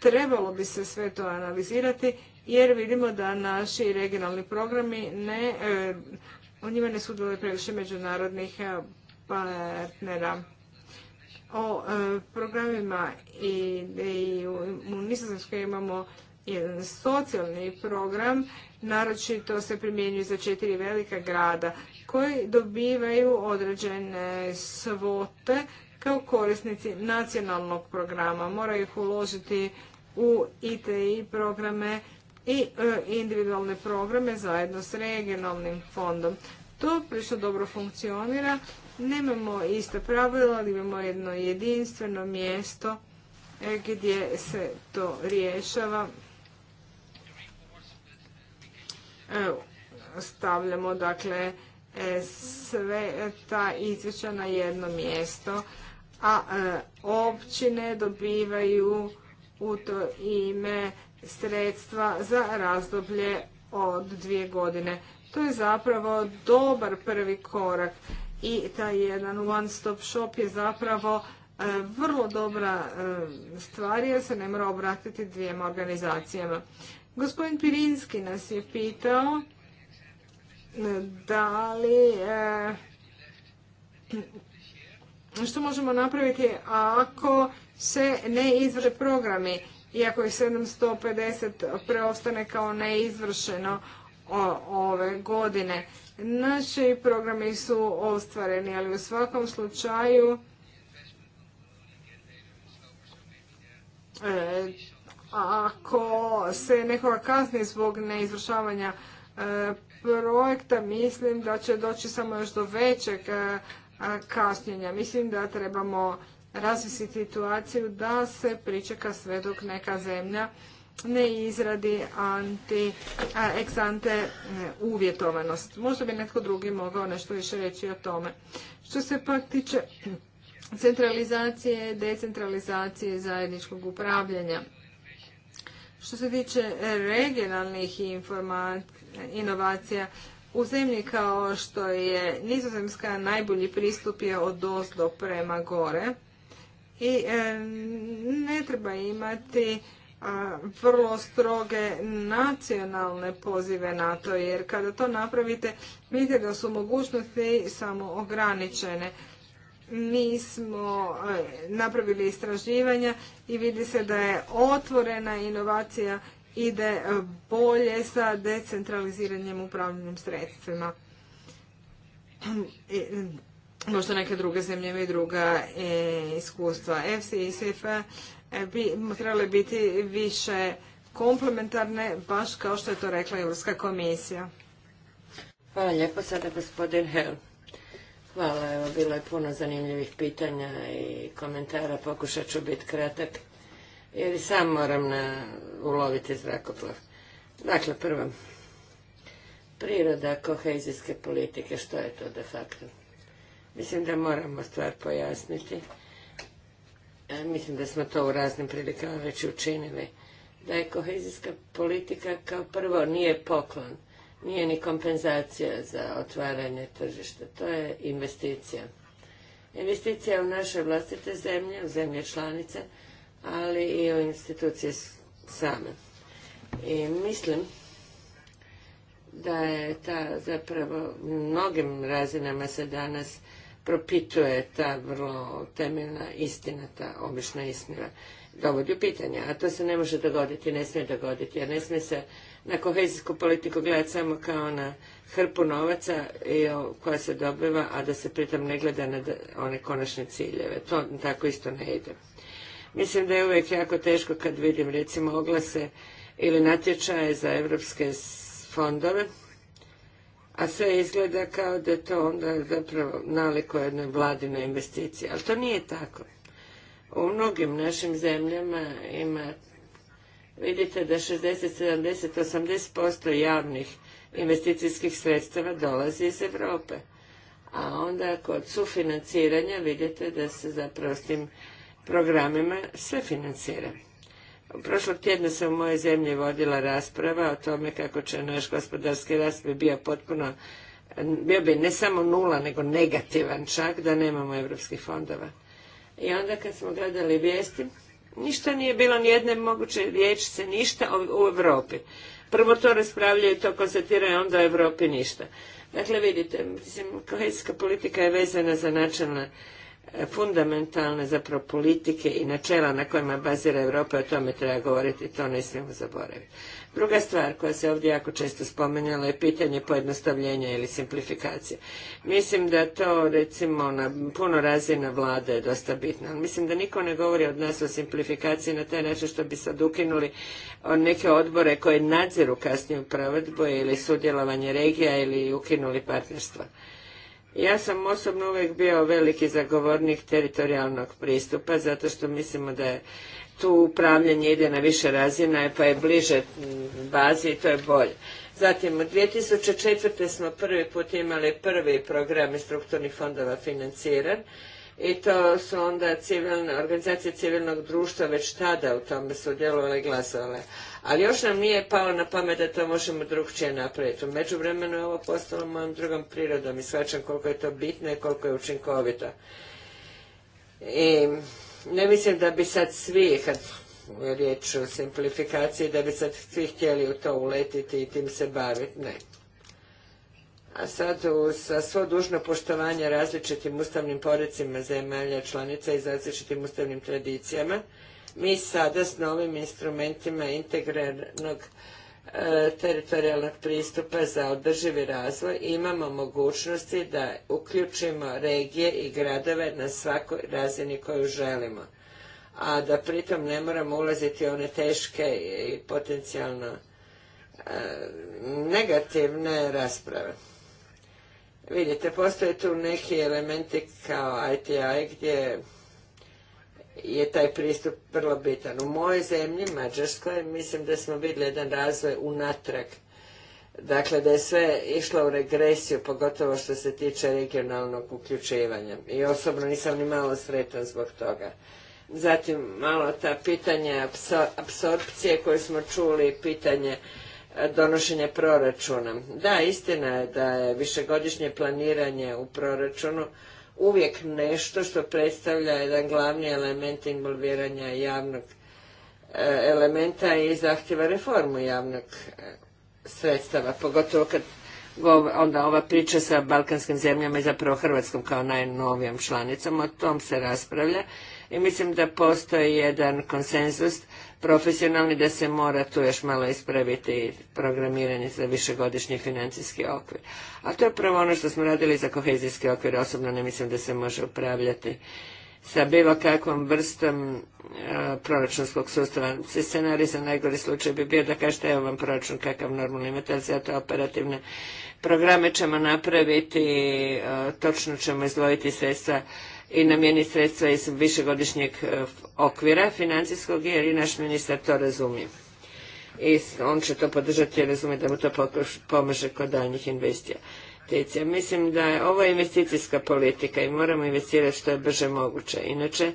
Trebalo bi se sve to analizirati jer vidimo da naši regionalni programi ne, e, njima ne sudjeluje previše međunarodnih e, partnera. O e, programima i, i u, u imamo jedan socijalni program, naročito se primjenjuje za četiri velika grada koji dobivaju određene svote kao korisnici nacionalnog programa. Moraju ih uložiti u ITI programe i e, individualne programe zajedno s regionalnim fondom. To prilično dobro funkcionira. Nemamo ista pravila, ali imamo jedno jedinstveno mjesto e, gdje se to rješava. E, stavljamo dakle E, sve ta izvješća na jedno mjesto, a e, općine dobivaju u to ime sredstva za razdoblje od dvije godine. To je zapravo dobar prvi korak i taj jedan one stop shop je zapravo e, vrlo dobra stvar jer se ne mora obratiti dvijema organizacijama. Gospodin Pirinski nas je pitao da li e, što možemo napraviti ako se ne izvrše programi iako je 750 preostane kao neizvršeno ove godine. Naši programi su ostvareni, ali u svakom slučaju e, ako se nekoga kasni zbog neizvršavanja e, projekta mislim da će doći samo još do većeg e, kasnjenja. Mislim da trebamo razvisiti situaciju da se pričeka sve dok neka zemlja ne izradi anti, ante e, uvjetovanost. Možda bi netko drugi mogao nešto više reći o tome. Što se pak tiče centralizacije, decentralizacije zajedničkog upravljanja. Što se tiče e, regionalnih inovacija, u zemlji kao što je Nizozemska najbolji pristup je od dozdo prema gore i e, ne treba imati e, vrlo stroge nacionalne pozive na to, jer kada to napravite, vidite da su mogućnosti samo ograničene. Mi smo e, napravili istraživanja i vidi se da je otvorena inovacija ide e, bolje sa decentraliziranjem upravljanjem sredstvima. Možda neke druge zemlje e, i druga iskustva. FC i SIF bi trebale biti više komplementarne, baš kao što je to rekla Europska komisija. Hvala lijepo. Sada gospodin Hvala, evo, bilo je puno zanimljivih pitanja i komentara, pokušat ću biti kratak, jer i sam moram na, uloviti zrakoplov. Dakle, prvo, priroda kohezijske politike, što je to de facto? Mislim da moramo stvar pojasniti. E, mislim da smo to u raznim prilikama već učinili. Da je kohezijska politika kao prvo nije poklon, nije ni kompenzacija za otvaranje tržišta, to je investicija. Investicija u naše vlastite zemlje, u zemlje članice, ali i u institucije same. I mislim da je ta zapravo mnogim razinama se danas propituje ta vrlo temeljna istina, ta obična istina. Dovodi u pitanje, a to se ne može dogoditi, ne smije dogoditi, jer ne smije se na kohezijsku politiku gledati samo kao na hrpu novaca e, koja se dobiva, a da se pritom ne gleda na one konačne ciljeve. To tako isto ne ide. Mislim da je uvijek jako teško kad vidim recimo oglase ili natječaje za evropske fondove, a sve izgleda kao da je to onda zapravo naliko jednoj vladinoj investiciji. Ali to nije tako. U mnogim našim zemljama ima vidite da 60, 70, 80% javnih investicijskih sredstava dolazi iz Europe. A onda kod sufinanciranja vidite da se zapravo s tim programima sve financira. Prošlog tjedna se u mojoj zemlji vodila rasprava o tome kako će naš gospodarski rast bi bio potpuno, bio bi ne samo nula, nego negativan čak, da nemamo evropskih fondova. I onda kad smo gledali vijesti, ništa nije bilo ni jedne moguće se ništa u Europi. Prvo to raspravljaju, to konstatiraju, onda u Europi ništa. Dakle, vidite, mislim, kohezijska politika je vezana za načelne e, fundamentalne zapravo politike i načela na kojima bazira Europa, o tome treba govoriti, to ne smijemo zaboraviti. Druga stvar koja se ovdje jako često spomenjala je pitanje pojednostavljenja ili simplifikacije. Mislim da to recimo na puno razina vlade je dosta bitno. mislim da niko ne govori od nas o simplifikaciji na taj način što bi sad ukinuli neke odbore koje nadziru kasniju pravodbu ili sudjelovanje regija ili ukinuli partnerstva. Ja sam osobno uvijek bio veliki zagovornik teritorijalnog pristupa zato što mislimo da je tu upravljanje ide na više razina pa je bliže bazi i to je bolje. Zatim, u 2004. smo prvi put imali prvi program strukturnih fondova financiran i to su onda civilne, organizacije civilnog društva već tada u tome sudjelovale i glasovali. Ali još nam nije palo na pamet da to možemo drugčije napraviti. U međuvremenu je ovo postalo mojom drugom prirodom i shvaćam koliko je to bitno i koliko je učinkovito. I ne mislim da bi sad svi, kad je riječ o simplifikaciji, da bi sad svi htjeli u to uletiti i tim se baviti. Ne. A sad, sa svo dužno poštovanje različitim ustavnim porecima zemalja članica i različitim ustavnim tradicijama, mi sada s novim instrumentima integriranog E, teritorijalnog pristupa za održivi razvoj imamo mogućnosti da uključimo regije i gradove na svakoj razini koju želimo, a da pritom ne moramo ulaziti u one teške i potencijalno e, negativne rasprave. Vidite, postoje tu neki elementi kao ITI gdje je taj pristup vrlo bitan. U mojoj zemlji, Mađarskoj, mislim da smo vidjeli jedan razvoj unatrag. Dakle, da je sve išlo u regresiju, pogotovo što se tiče regionalnog uključivanja. I osobno nisam ni malo sretan zbog toga. Zatim, malo ta pitanja apsorpcije koje smo čuli, pitanje e, donošenja proračuna. Da, istina je da je višegodišnje planiranje u proračunu uvijek nešto što predstavlja jedan glavni element involviranja javnog e, elementa i zahtjeva reformu javnog e, sredstava, pogotovo kad onda ova priča sa balkanskim zemljama i zapravo Hrvatskom kao najnovijom članicom, o tom se raspravlja i mislim da postoji jedan konsenzus profesionalni da se mora tu još malo ispraviti programiranje za višegodišnji financijski okvir. A to je prvo ono što smo radili za kohezijski okvir, osobno ne mislim da se može upravljati sa bilo kakvom vrstom e, proračunskog sustava. Scenarij za najgori slučaj bi bio da kažete evo vam proračun kakav normalni imate, ali zato operativne programe ćemo napraviti, e, točno ćemo izdvojiti sredstva i namijeni sredstva iz višegodišnjeg e, okvira financijskog jer i naš ministar to razumije. I on će to podržati jer razumije da mu to pomaže kod daljnjih investija. Mislim da je ovo investicijska politika i moramo investirati što je brže moguće. Inače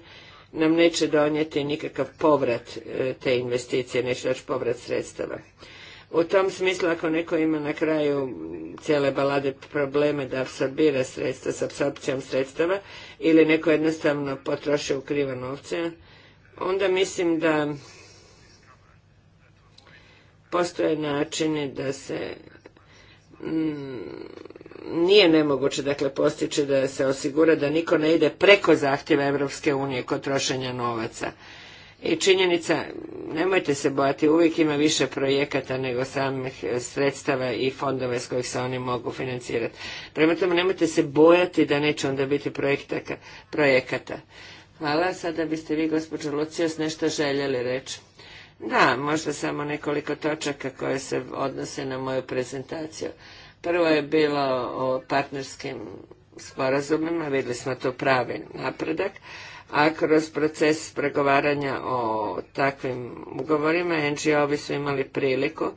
nam neće donijeti nikakav povrat e, te investicije, neće doći povrat sredstava. U tom smislu, ako neko ima na kraju cijele balade probleme da absorbira sredstva s apsorpcijom sredstava ili neko jednostavno potroši u kriva novce, onda mislim da postoje načini da se mm, nije nemoguće dakle postići da se osigura da niko ne ide preko zahtjeva Europske unije kod trošenja novaca i činjenica, nemojte se bojati, uvijek ima više projekata nego samih e, sredstava i fondova s kojih se oni mogu financirati. Prema tome, nemojte se bojati da neće onda biti projekata. Hvala, sada biste vi, gospođo Lucijos, nešto željeli reći. Da, možda samo nekoliko točaka koje se odnose na moju prezentaciju. Prvo je bilo o partnerskim sporazumima, vidjeli smo to pravi napredak a kroz proces pregovaranja o takvim ugovorima NGO-vi su imali priliku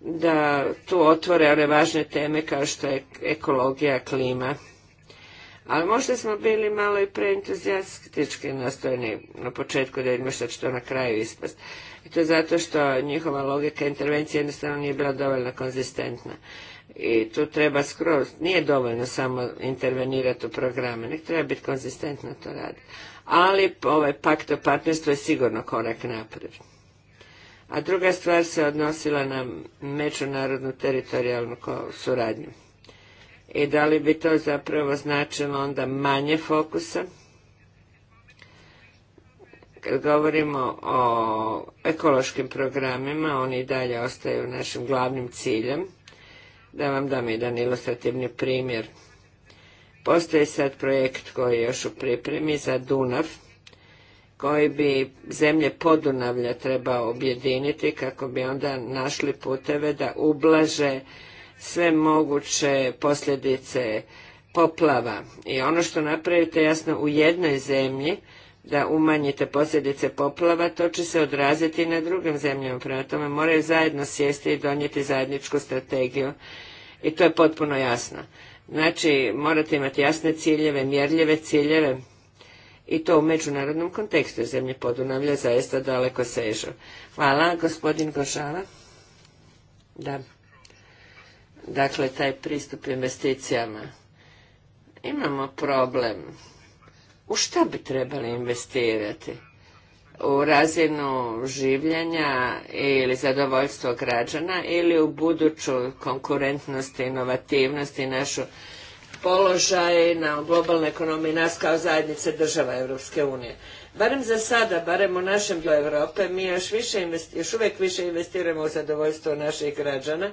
da tu otvore one važne teme kao što je ekologija, klima. Ali možda smo bili malo i preentuzijastički nastojeni na početku da vidimo što će to na kraju ispast. I to zato što njihova logika intervencije jednostavno nije bila dovoljno konzistentna. I tu treba skroz, nije dovoljno samo intervenirati u programe, nek treba biti konzistentno to raditi ali ovaj pakt o partnerstvu je sigurno korak naprijed. A druga stvar se odnosila na međunarodnu teritorijalnu suradnju. I da li bi to zapravo značilo onda manje fokusa? Kad govorimo o ekološkim programima, oni i dalje ostaju našim glavnim ciljem. Da vam dam jedan ilustrativni primjer – Postoji sad projekt koji je još u pripremi za Dunav, koji bi zemlje Podunavlja trebao objediniti kako bi onda našli puteve da ublaže sve moguće posljedice poplava. I ono što napravite jasno u jednoj zemlji, da umanjite posljedice poplava, to će se odraziti i na drugim zemljama. Prema tome moraju zajedno sjesti i donijeti zajedničku strategiju i to je potpuno jasno. Znači, morate imati jasne ciljeve, mjerljive ciljeve i to u međunarodnom kontekstu zemlje Podunavlja zaista daleko sežu. Hvala, gospodin Gošava. Da. Dakle, taj pristup investicijama. Imamo problem. U šta bi trebali investirati? u razinu življenja ili zadovoljstvo građana ili u buduću konkurentnost, inovativnost i našu položaj na globalnoj ekonomiji nas kao zajednice država Europske unije. Barem za sada, barem u našem do Europe, mi još, više još uvijek više investiramo u zadovoljstvo naših građana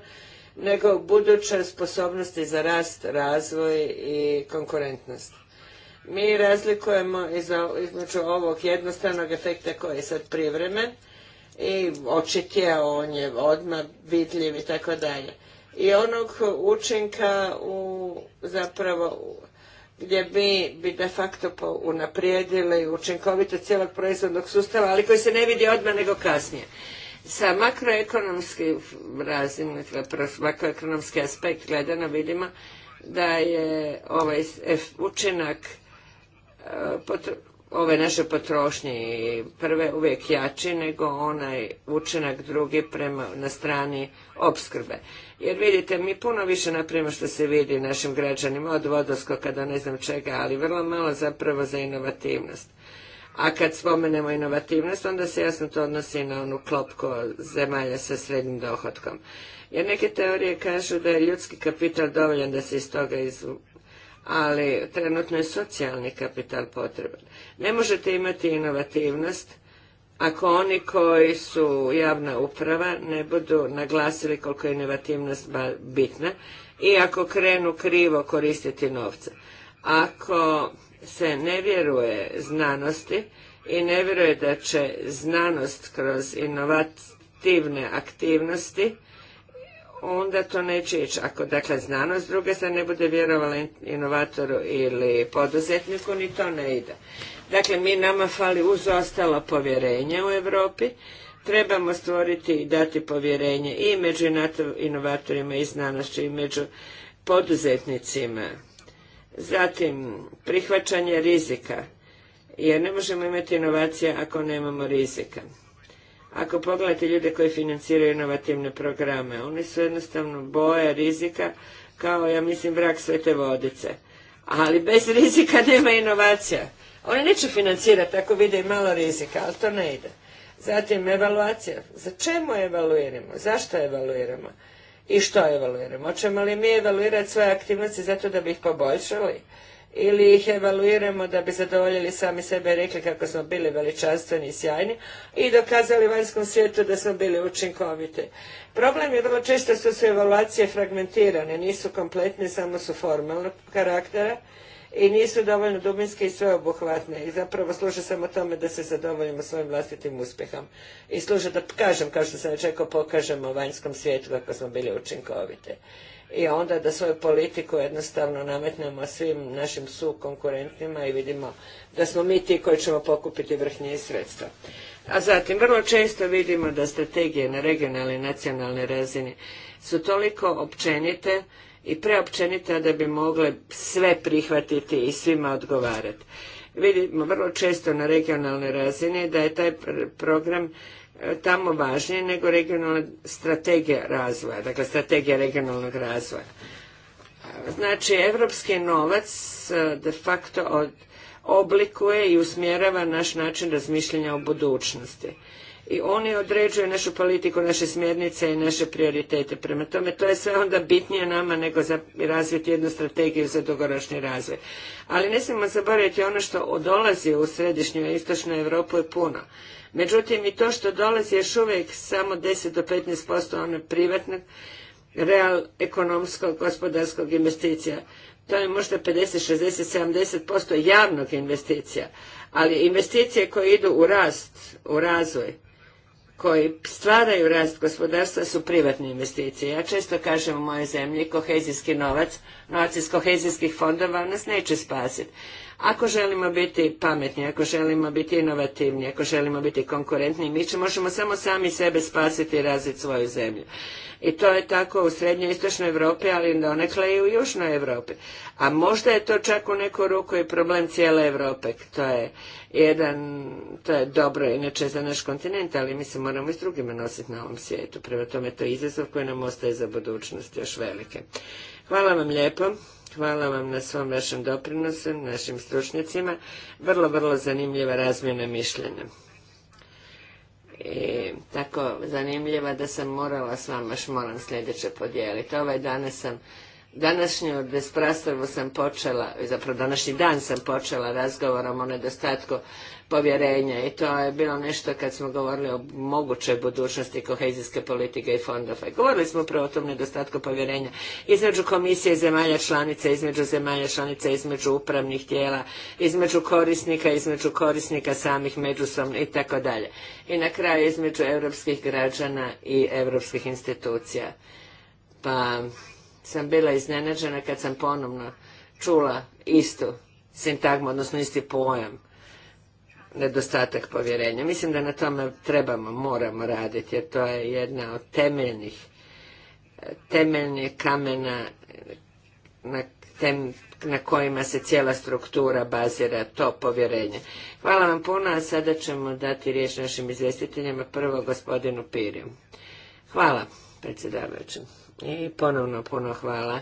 nego u buduće sposobnosti za rast, razvoj i konkurentnost. Mi razlikujemo između ovog jednostavnog efekta koji je sad privremen i očit je, on je odmah vidljiv i tako dalje. I onog učinka u, zapravo gdje mi bi de facto unaprijedili učinkovito cijelog proizvodnog sustava, ali koji se ne vidi odmah nego kasnije. Sa makroekonomski razine, makroekonomski aspekt gledano vidimo da je ovaj učinak ove naše potrošnje prve uvijek jači nego onaj učinak drugi prema na strani opskrbe. Jer vidite, mi puno više napravimo što se vidi našim građanima od vodoskoka do ne znam čega, ali vrlo malo zapravo za inovativnost. A kad spomenemo inovativnost, onda se jasno to odnosi na onu klopku zemalja sa srednjim dohodkom. Jer neke teorije kažu da je ljudski kapital dovoljan da se iz toga izvuče ali trenutno je socijalni kapital potreban. Ne možete imati inovativnost ako oni koji su javna uprava ne budu naglasili koliko je inovativnost bitna i ako krenu krivo koristiti novce. Ako se ne vjeruje znanosti i ne vjeruje da će znanost kroz inovativne aktivnosti onda to neće ići. Ako dakle znanost druge se ne bude vjerovala inovatoru ili poduzetniku, ni to ne ide. Dakle, mi nama fali uz ostalo povjerenje u Europi, trebamo stvoriti i dati povjerenje i među inovatorima i znanošću i među poduzetnicima. Zatim, prihvaćanje rizika, jer ne možemo imati inovacije ako nemamo rizika. Ako pogledate ljude koji financiraju inovativne programe, oni su jednostavno boje rizika kao, ja mislim, vrak svete vodice. Ali bez rizika nema inovacija. Oni neće financirati ako vide i malo rizika, ali to ne ide. Zatim, evaluacija. Za čemu evaluiramo? Zašto evaluiramo? I što evaluiramo? Hoćemo li mi evaluirati svoje aktivnosti zato da bi ih poboljšali? ili ih evaluiramo da bi zadovoljili sami sebe i rekli kako smo bili veličanstveni i sjajni i dokazali vanjskom svijetu da smo bili učinkoviti. Problem je vrlo često što su evaluacije fragmentirane, nisu kompletne, samo su formalnog karaktera i nisu dovoljno dubinske i sveobuhvatne i zapravo služe samo tome da se zadovoljimo svojim vlastitim uspjehom i služe da kažem, kao što sam već rekao, pokažemo vanjskom svijetu kako smo bili učinkoviti i onda da svoju politiku jednostavno nametnemo svim našim sukonkurentima i vidimo da smo mi ti koji ćemo pokupiti vrhnje i sredstva. A zatim, vrlo često vidimo da strategije na regionalnoj i nacionalnoj razini su toliko općenite i preopćenite da bi mogle sve prihvatiti i svima odgovarati. Vidimo vrlo često na regionalnoj razini da je taj program E, tamo važnije nego regionalna strategija razvoja, dakle strategija regionalnog razvoja. Znači, evropski novac e, de facto oblikuje i usmjerava naš način razmišljanja o budućnosti. I oni određuju našu politiku, naše smjernice i naše prioritete. Prema tome, to je sve onda bitnije nama nego za razviti jednu strategiju za dugoročni razvoj. Ali ne smijemo zaboraviti ono što dolazi u središnju i istočnu Europu je puno. Međutim, i to što dolazi još uvijek samo 10 do 15% onog privatnog, real ekonomskog, gospodarskog investicija. To je možda 50, 60, 70% javnog investicija. Ali investicije koje idu u rast, u razvoj, koji stvaraju rast gospodarstva su privatne investicije. Ja često kažem u mojoj zemlji kohezijski novac, novac iz kohezijskih fondova nas neće spasiti. Ako želimo biti pametni, ako želimo biti inovativni, ako želimo biti konkurentni, mi će, možemo samo sami sebe spasiti i razviti svoju zemlju. I to je tako u srednjoj istočnoj Europi, ali donekle i u južnoj Europi. A možda je to čak u neku ruku i problem cijele Europe. To je jedan, to je dobro inače za naš kontinent, ali mi se moramo i s drugima nositi na ovom svijetu. Prema tome to je izazov koji nam ostaje za budućnost još velike. Hvala vam lijepo. Hvala vam na svom vašem doprinosu, našim stručnjacima. Vrlo, vrlo zanimljiva razmjena mišljenja. I e, tako zanimljiva da sam morala s vama šmoran sljedeće podijeliti. Ovaj danas sam Današnju bespravstvo sam počela, zapravo današnji dan sam počela razgovorom o nedostatku povjerenja i to je bilo nešto kad smo govorili o mogućoj budućnosti kohezijske politike i fondova. govorili smo upravo o tom nedostatku povjerenja između komisije zemalja članica, između zemalja članica, između upravnih tijela, između korisnika, između korisnika samih međusobno i tako dalje. I na kraju između europskih građana i europskih institucija. Pa sam bila iznenađena kad sam ponovno čula istu sintagmu, odnosno isti pojam nedostatak povjerenja. Mislim da na tome trebamo, moramo raditi, jer to je jedna od temeljnih temeljnih kamena na, tem, na kojima se cijela struktura bazira to povjerenje. Hvala vam puno, a sada ćemo dati riječ našim izvjestiteljima, prvo gospodinu Piriju. Hvala, predsjedavajući. I ponovno puno hvala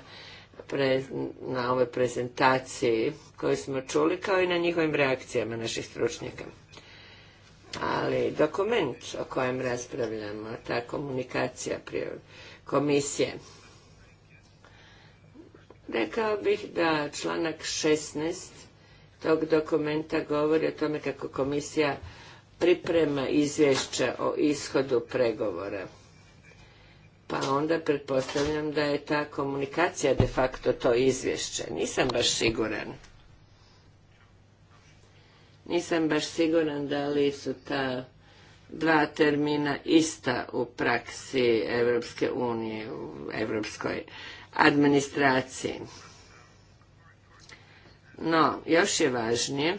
na ovoj prezentaciji koju smo čuli, kao i na njihovim reakcijama naših stručnjaka. Ali dokument o kojem raspravljamo, ta komunikacija prije komisije, rekao bih da članak 16 tog dokumenta govori o tome kako komisija priprema izvješće o ishodu pregovora pa onda pretpostavljam da je ta komunikacija de facto to izvješće. Nisam baš siguran. Nisam baš siguran da li su ta dva termina ista u praksi Evropske unije, u evropskoj administraciji. No, još je važnije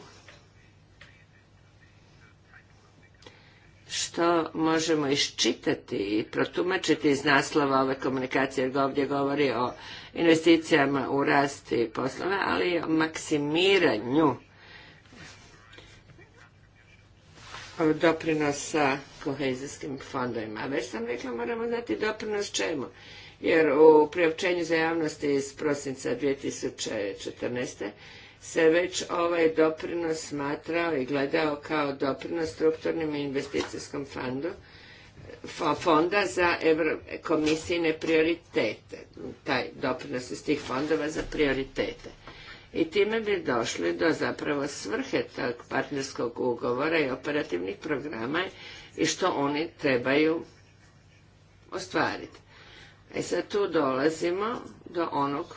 što možemo iščitati i protumačiti iz naslova ove komunikacije, jer ovdje govori o investicijama u rast i poslove, ali i o maksimiranju doprinosa kohezijskim fondovima. A već sam rekla, moramo dati doprinos čemu? Jer u priopćenju za javnosti iz prosinca 2014 se već ovaj doprinos smatrao i gledao kao doprinos strukturnim i investicijskom fondu fonda za komisijne prioritete, taj doprinos iz tih fondova za prioritete. I time bi došli do zapravo svrhe tog partnerskog ugovora i operativnih programa i što oni trebaju ostvariti. E sad tu dolazimo do onog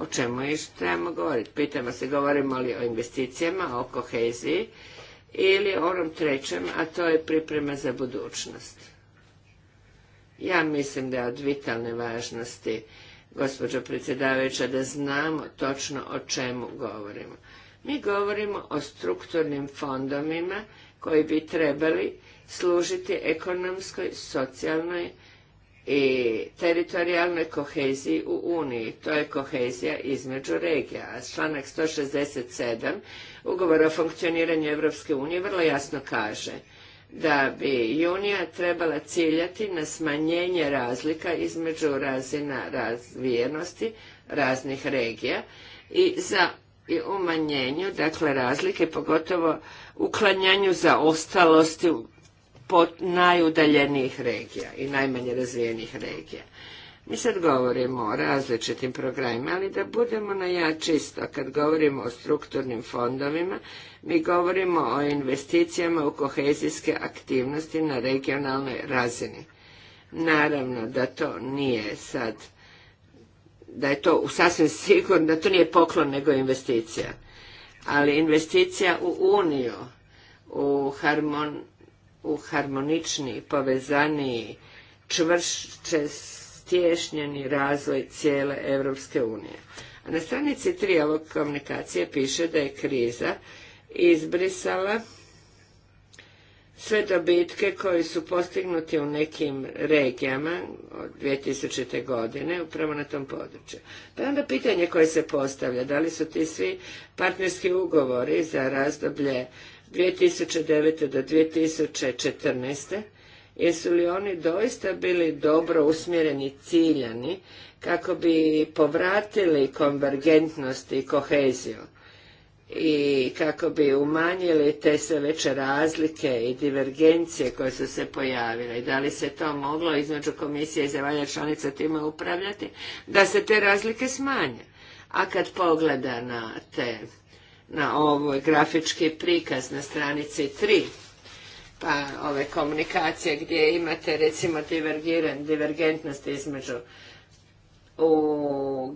o čemu još trebamo govoriti. Pitamo se govorimo li o investicijama, o koheziji ili o onom trećem, a to je priprema za budućnost. Ja mislim da je od vitalne važnosti, gospođo predsjedavajuća, da znamo točno o čemu govorimo. Mi govorimo o strukturnim fondovima koji bi trebali služiti ekonomskoj, socijalnoj i teritorijalnoj koheziji u Uniji. To je kohezija između regija. A članak 167 ugovora o funkcioniranju Europske unije vrlo jasno kaže da bi Unija trebala ciljati na smanjenje razlika između razina razvijenosti raznih regija i za i umanjenju, dakle razlike, pogotovo uklanjanju zaostalosti najudaljenijih regija i najmanje razvijenih regija. Mi sad govorimo o različitim programima, ali da budemo na ja čisto, kad govorimo o strukturnim fondovima, mi govorimo o investicijama u kohezijske aktivnosti na regionalnoj razini. Naravno da to nije sad, da je to sasvim sigurno, da to nije poklon nego investicija. Ali investicija u Uniju, u harmon, u harmoničniji, povezaniji, čvršće stješnjeni razvoj cijele Europske unije. A na stranici tri ovog komunikacije piše da je kriza izbrisala sve dobitke koji su postignuti u nekim regijama od 2000. godine, upravo na tom području. Pa onda pitanje koje se postavlja, da li su ti svi partnerski ugovori za razdoblje 2009. do 2014. Jesu li oni doista bili dobro usmjereni, ciljani, kako bi povratili konvergentnost i koheziju i kako bi umanjili te sve veće razlike i divergencije koje su se pojavile i da li se to moglo između komisije i zemalja članica time upravljati, da se te razlike smanje. A kad pogleda na te na ovoj grafički prikaz na stranici 3 pa ove komunikacije gdje imate recimo divergentnost između u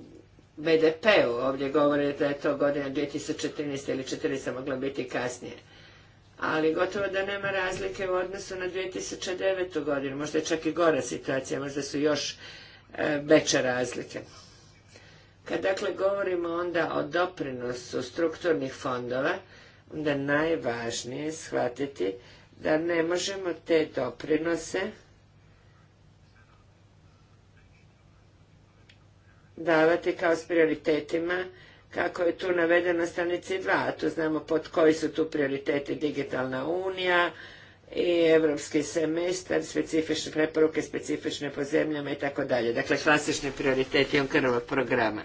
BDP-u, ovdje govore da je to godina 2014. ili 2014. mogla biti kasnije. Ali gotovo da nema razlike u odnosu na 2009. godinu, možda je čak i gora situacija, možda su još e, veće razlike. Kada dakle govorimo onda o doprinosu strukturnih fondova, onda najvažnije je shvatiti da ne možemo te doprinose davati kao s prioritetima kako je tu navedeno na stranici 2, a tu znamo pod koji su tu prioriteti digitalna unija, i evropski semestar, specifične preporuke, specifične po zemljama i tako dalje. Dakle, klasični prioriteti on programa.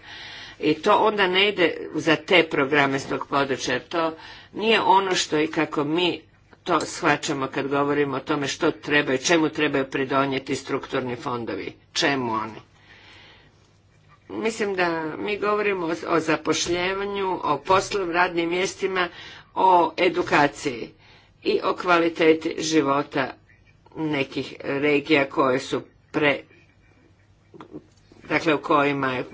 I to onda ne ide za te programe s tog područja, jer to nije ono što i kako mi to shvaćamo kad govorimo o tome što trebaju, čemu trebaju pridonijeti strukturni fondovi, čemu oni. Mislim da mi govorimo o, o zapošljavanju, o poslovnim radnim mjestima, o edukaciji i o kvaliteti života nekih regija koje su pre dakle u kojima je,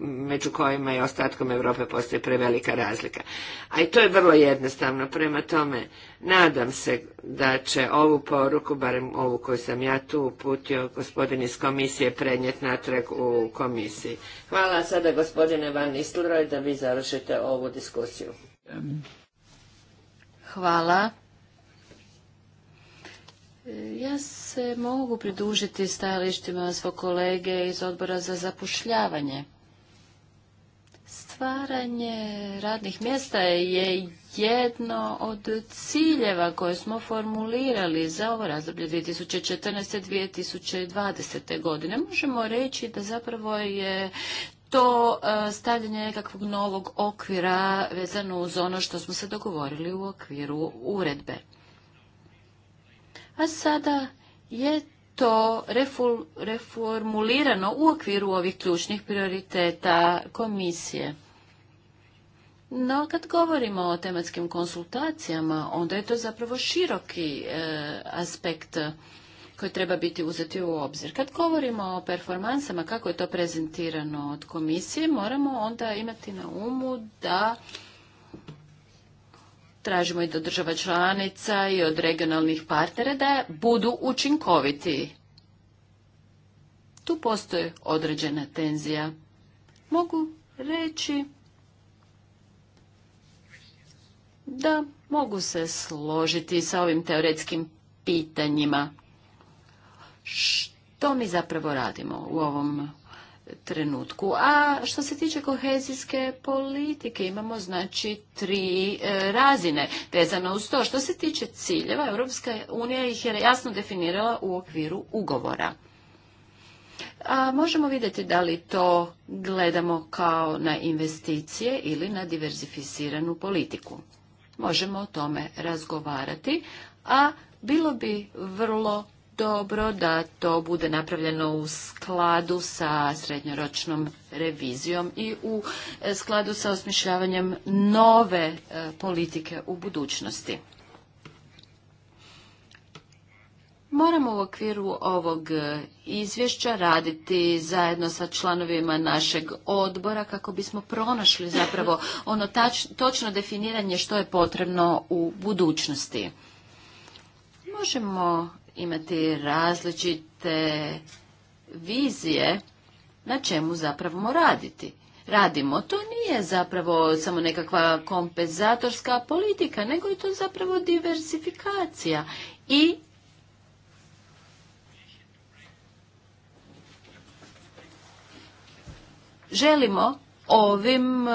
među kojima i ostatkom Europe postoji prevelika razlika. A i to je vrlo jednostavno. Prema tome, nadam se da će ovu poruku, barem ovu koju sam ja tu uputio, gospodin iz komisije prenijeti natrag u komisiji. Hvala sada gospodine Van Nistelroj da vi završite ovu diskusiju. Um, Hvala. Ja se mogu pridružiti stajalištima svog kolege iz odbora za zapošljavanje. Stvaranje radnih mjesta je jedno od ciljeva koje smo formulirali za ovo razdoblje 2014. 2020. godine. Možemo reći da zapravo je to e, stavljanje nekakvog novog okvira vezano uz ono što smo se dogovorili u okviru uredbe. A sada je to reformulirano u okviru ovih ključnih prioriteta komisije. No, kad govorimo o tematskim konsultacijama, onda je to zapravo široki e, aspekt koje treba biti uzeti u obzir. Kad govorimo o performansama, kako je to prezentirano od komisije, moramo onda imati na umu da tražimo i od država članica i od regionalnih partnera da budu učinkoviti. Tu postoje određena tenzija. Mogu reći da mogu se složiti sa ovim teoretskim pitanjima što mi zapravo radimo u ovom trenutku. A što se tiče kohezijske politike, imamo znači tri e, razine vezano uz to. Što se tiče ciljeva, Europska unija ih je jasno definirala u okviru ugovora. možemo vidjeti da li to gledamo kao na investicije ili na diverzificiranu politiku. Možemo o tome razgovarati, a bilo bi vrlo dobro da to bude napravljeno u skladu sa srednjoročnom revizijom i u e, skladu sa osmišljavanjem nove e, politike u budućnosti. Moramo u okviru ovog e, izvješća raditi zajedno sa članovima našeg odbora kako bismo pronašli zapravo ono točno definiranje što je potrebno u budućnosti. Možemo imati različite vizije na čemu zapravo raditi. Radimo, to nije zapravo samo nekakva kompenzatorska politika, nego je to zapravo diversifikacija i želimo ovim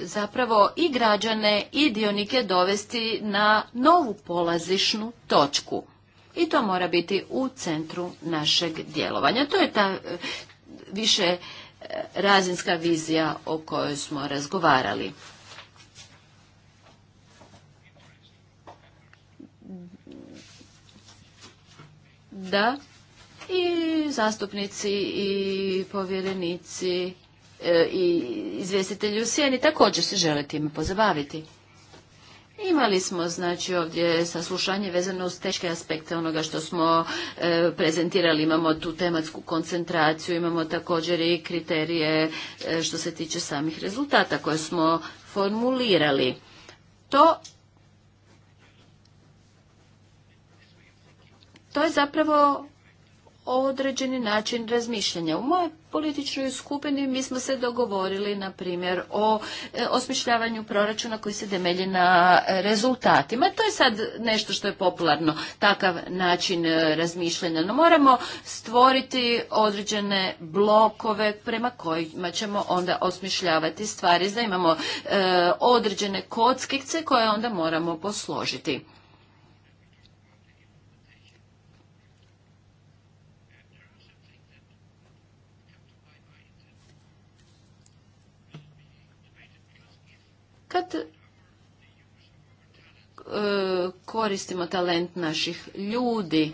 zapravo i građane i dionike dovesti na novu polazišnu točku. I to mora biti u centru našeg djelovanja. To je ta e, više e, razinska vizija o kojoj smo razgovarali. Da, i zastupnici i povjerenici E, i izvjestitelji u sjeni također se žele time pozabaviti. Imali smo znači ovdje saslušanje vezano uz teške aspekte onoga što smo e, prezentirali. Imamo tu tematsku koncentraciju, imamo također i kriterije e, što se tiče samih rezultata koje smo formulirali. To to je zapravo određeni način razmišljanja. U mojoj političkoj skupini mi smo se dogovorili, na primjer, o e, osmišljavanju proračuna koji se temelji na rezultatima. To je sad nešto što je popularno, takav način e, razmišljanja. No moramo stvoriti određene blokove prema kojima ćemo onda osmišljavati stvari. Da imamo e, određene kockice koje onda moramo posložiti. Kad e, koristimo talent naših ljudi,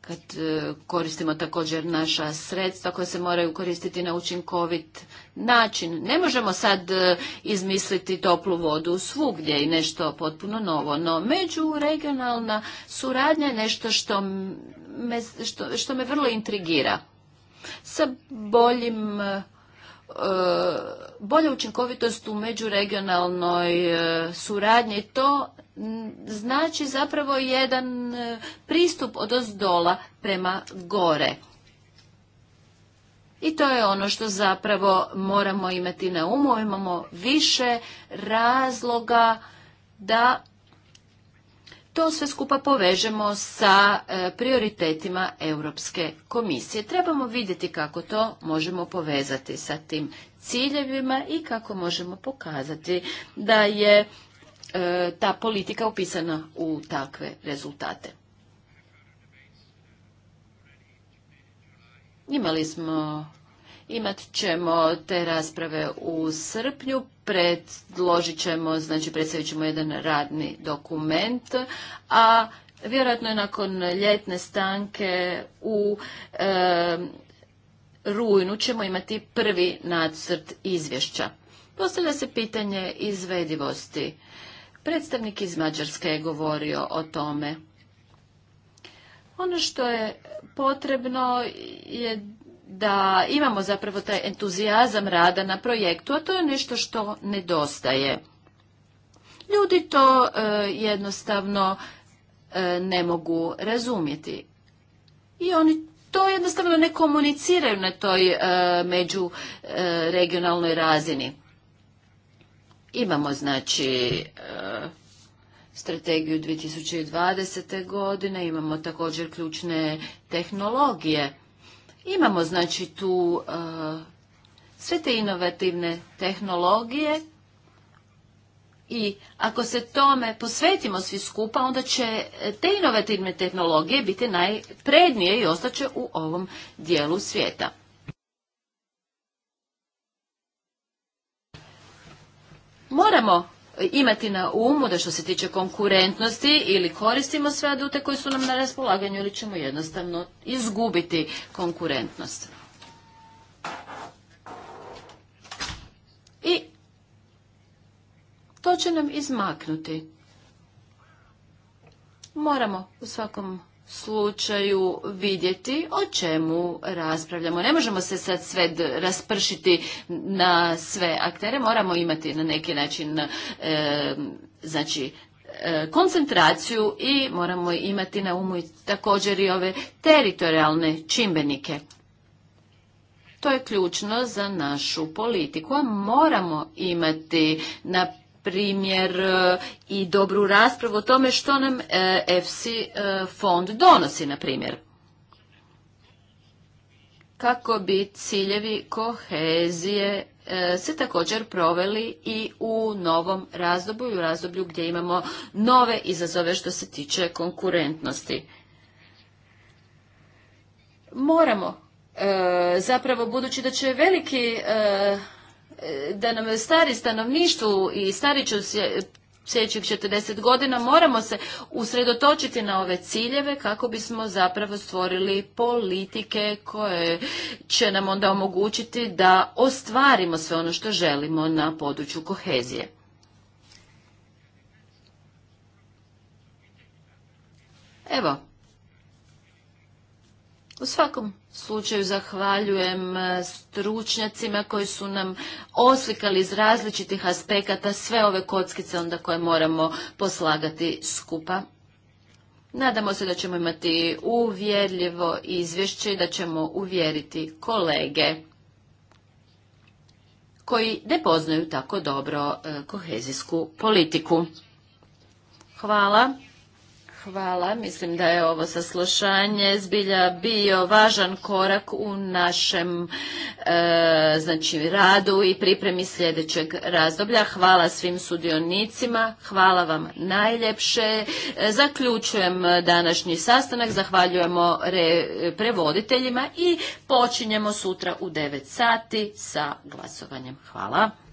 kad e, koristimo također naša sredstva koja se moraju koristiti na učinkovit način. Ne možemo sad e, izmisliti toplu vodu svugdje i nešto potpuno novo, no međuregionalna suradnja je nešto me, što, što me vrlo intrigira. Sa boljim E, bolja učinkovitost u međuregionalnoj e, suradnji. To znači zapravo jedan e, pristup od ozdola prema gore. I to je ono što zapravo moramo imati na umu. Imamo više razloga da to sve skupa povežemo sa e, prioritetima Europske komisije. Trebamo vidjeti kako to možemo povezati sa tim ciljevima i kako možemo pokazati da je e, ta politika upisana u takve rezultate. Imali smo Imat ćemo te rasprave u srpnju, predložit ćemo, znači predstavit ćemo jedan radni dokument, a vjerojatno je nakon ljetne stanke u rujnu ćemo imati prvi nacrt izvješća. Postavlja se pitanje izvedivosti. Predstavnik iz Mađarske je govorio o tome. Ono što je potrebno je da imamo zapravo taj entuzijazam rada na projektu, a to je nešto što nedostaje. Ljudi to e, jednostavno e, ne mogu razumjeti. I oni to jednostavno ne komuniciraju na toj e, e regionalnoj razini. Imamo znači strategiju 2020. godine, imamo također ključne tehnologije Imamo znači tu e, sve te inovativne tehnologije i ako se tome posvetimo svi skupa, onda će te inovativne tehnologije biti najprednije i ostaće u ovom dijelu svijeta. Moramo imati na umu da što se tiče konkurentnosti ili koristimo sve adute koji su nam na raspolaganju ili ćemo jednostavno izgubiti konkurentnost. I to će nam izmaknuti. Moramo u svakom slučaju vidjeti o čemu raspravljamo. Ne možemo se sad sve raspršiti na sve aktere, moramo imati na neki način e, znači e, koncentraciju i moramo imati na umu također i ove teritorijalne čimbenike. To je ključno za našu politiku, a moramo imati na primjer e, i dobru raspravu o tome što nam EFSI e, fond donosi, na primjer. Kako bi ciljevi kohezije e, se također proveli i u novom razdoblju, u razdoblju gdje imamo nove izazove što se tiče konkurentnosti. Moramo, zapravo budući da će veliki da nam stari stanovništvu i se sljedećih 40 godina moramo se usredotočiti na ove ciljeve kako bismo zapravo stvorili politike koje će nam onda omogućiti da ostvarimo sve ono što želimo na području kohezije. Evo, u svakom slučaju zahvaljujem e, stručnjacima koji su nam oslikali iz različitih aspekata sve ove kockice onda koje moramo poslagati skupa. Nadamo se da ćemo imati uvjerljivo izvješće i da ćemo uvjeriti kolege koji ne poznaju tako dobro e, kohezijsku politiku. Hvala. Hvala. Mislim da je ovo saslušanje zbilja bio važan korak u našem e, znači, radu i pripremi sljedećeg razdoblja. Hvala svim sudionicima, hvala vam najljepše. E, zaključujem današnji sastanak, zahvaljujemo prevoditeljima i počinjemo sutra u 9 sati sa glasovanjem. Hvala.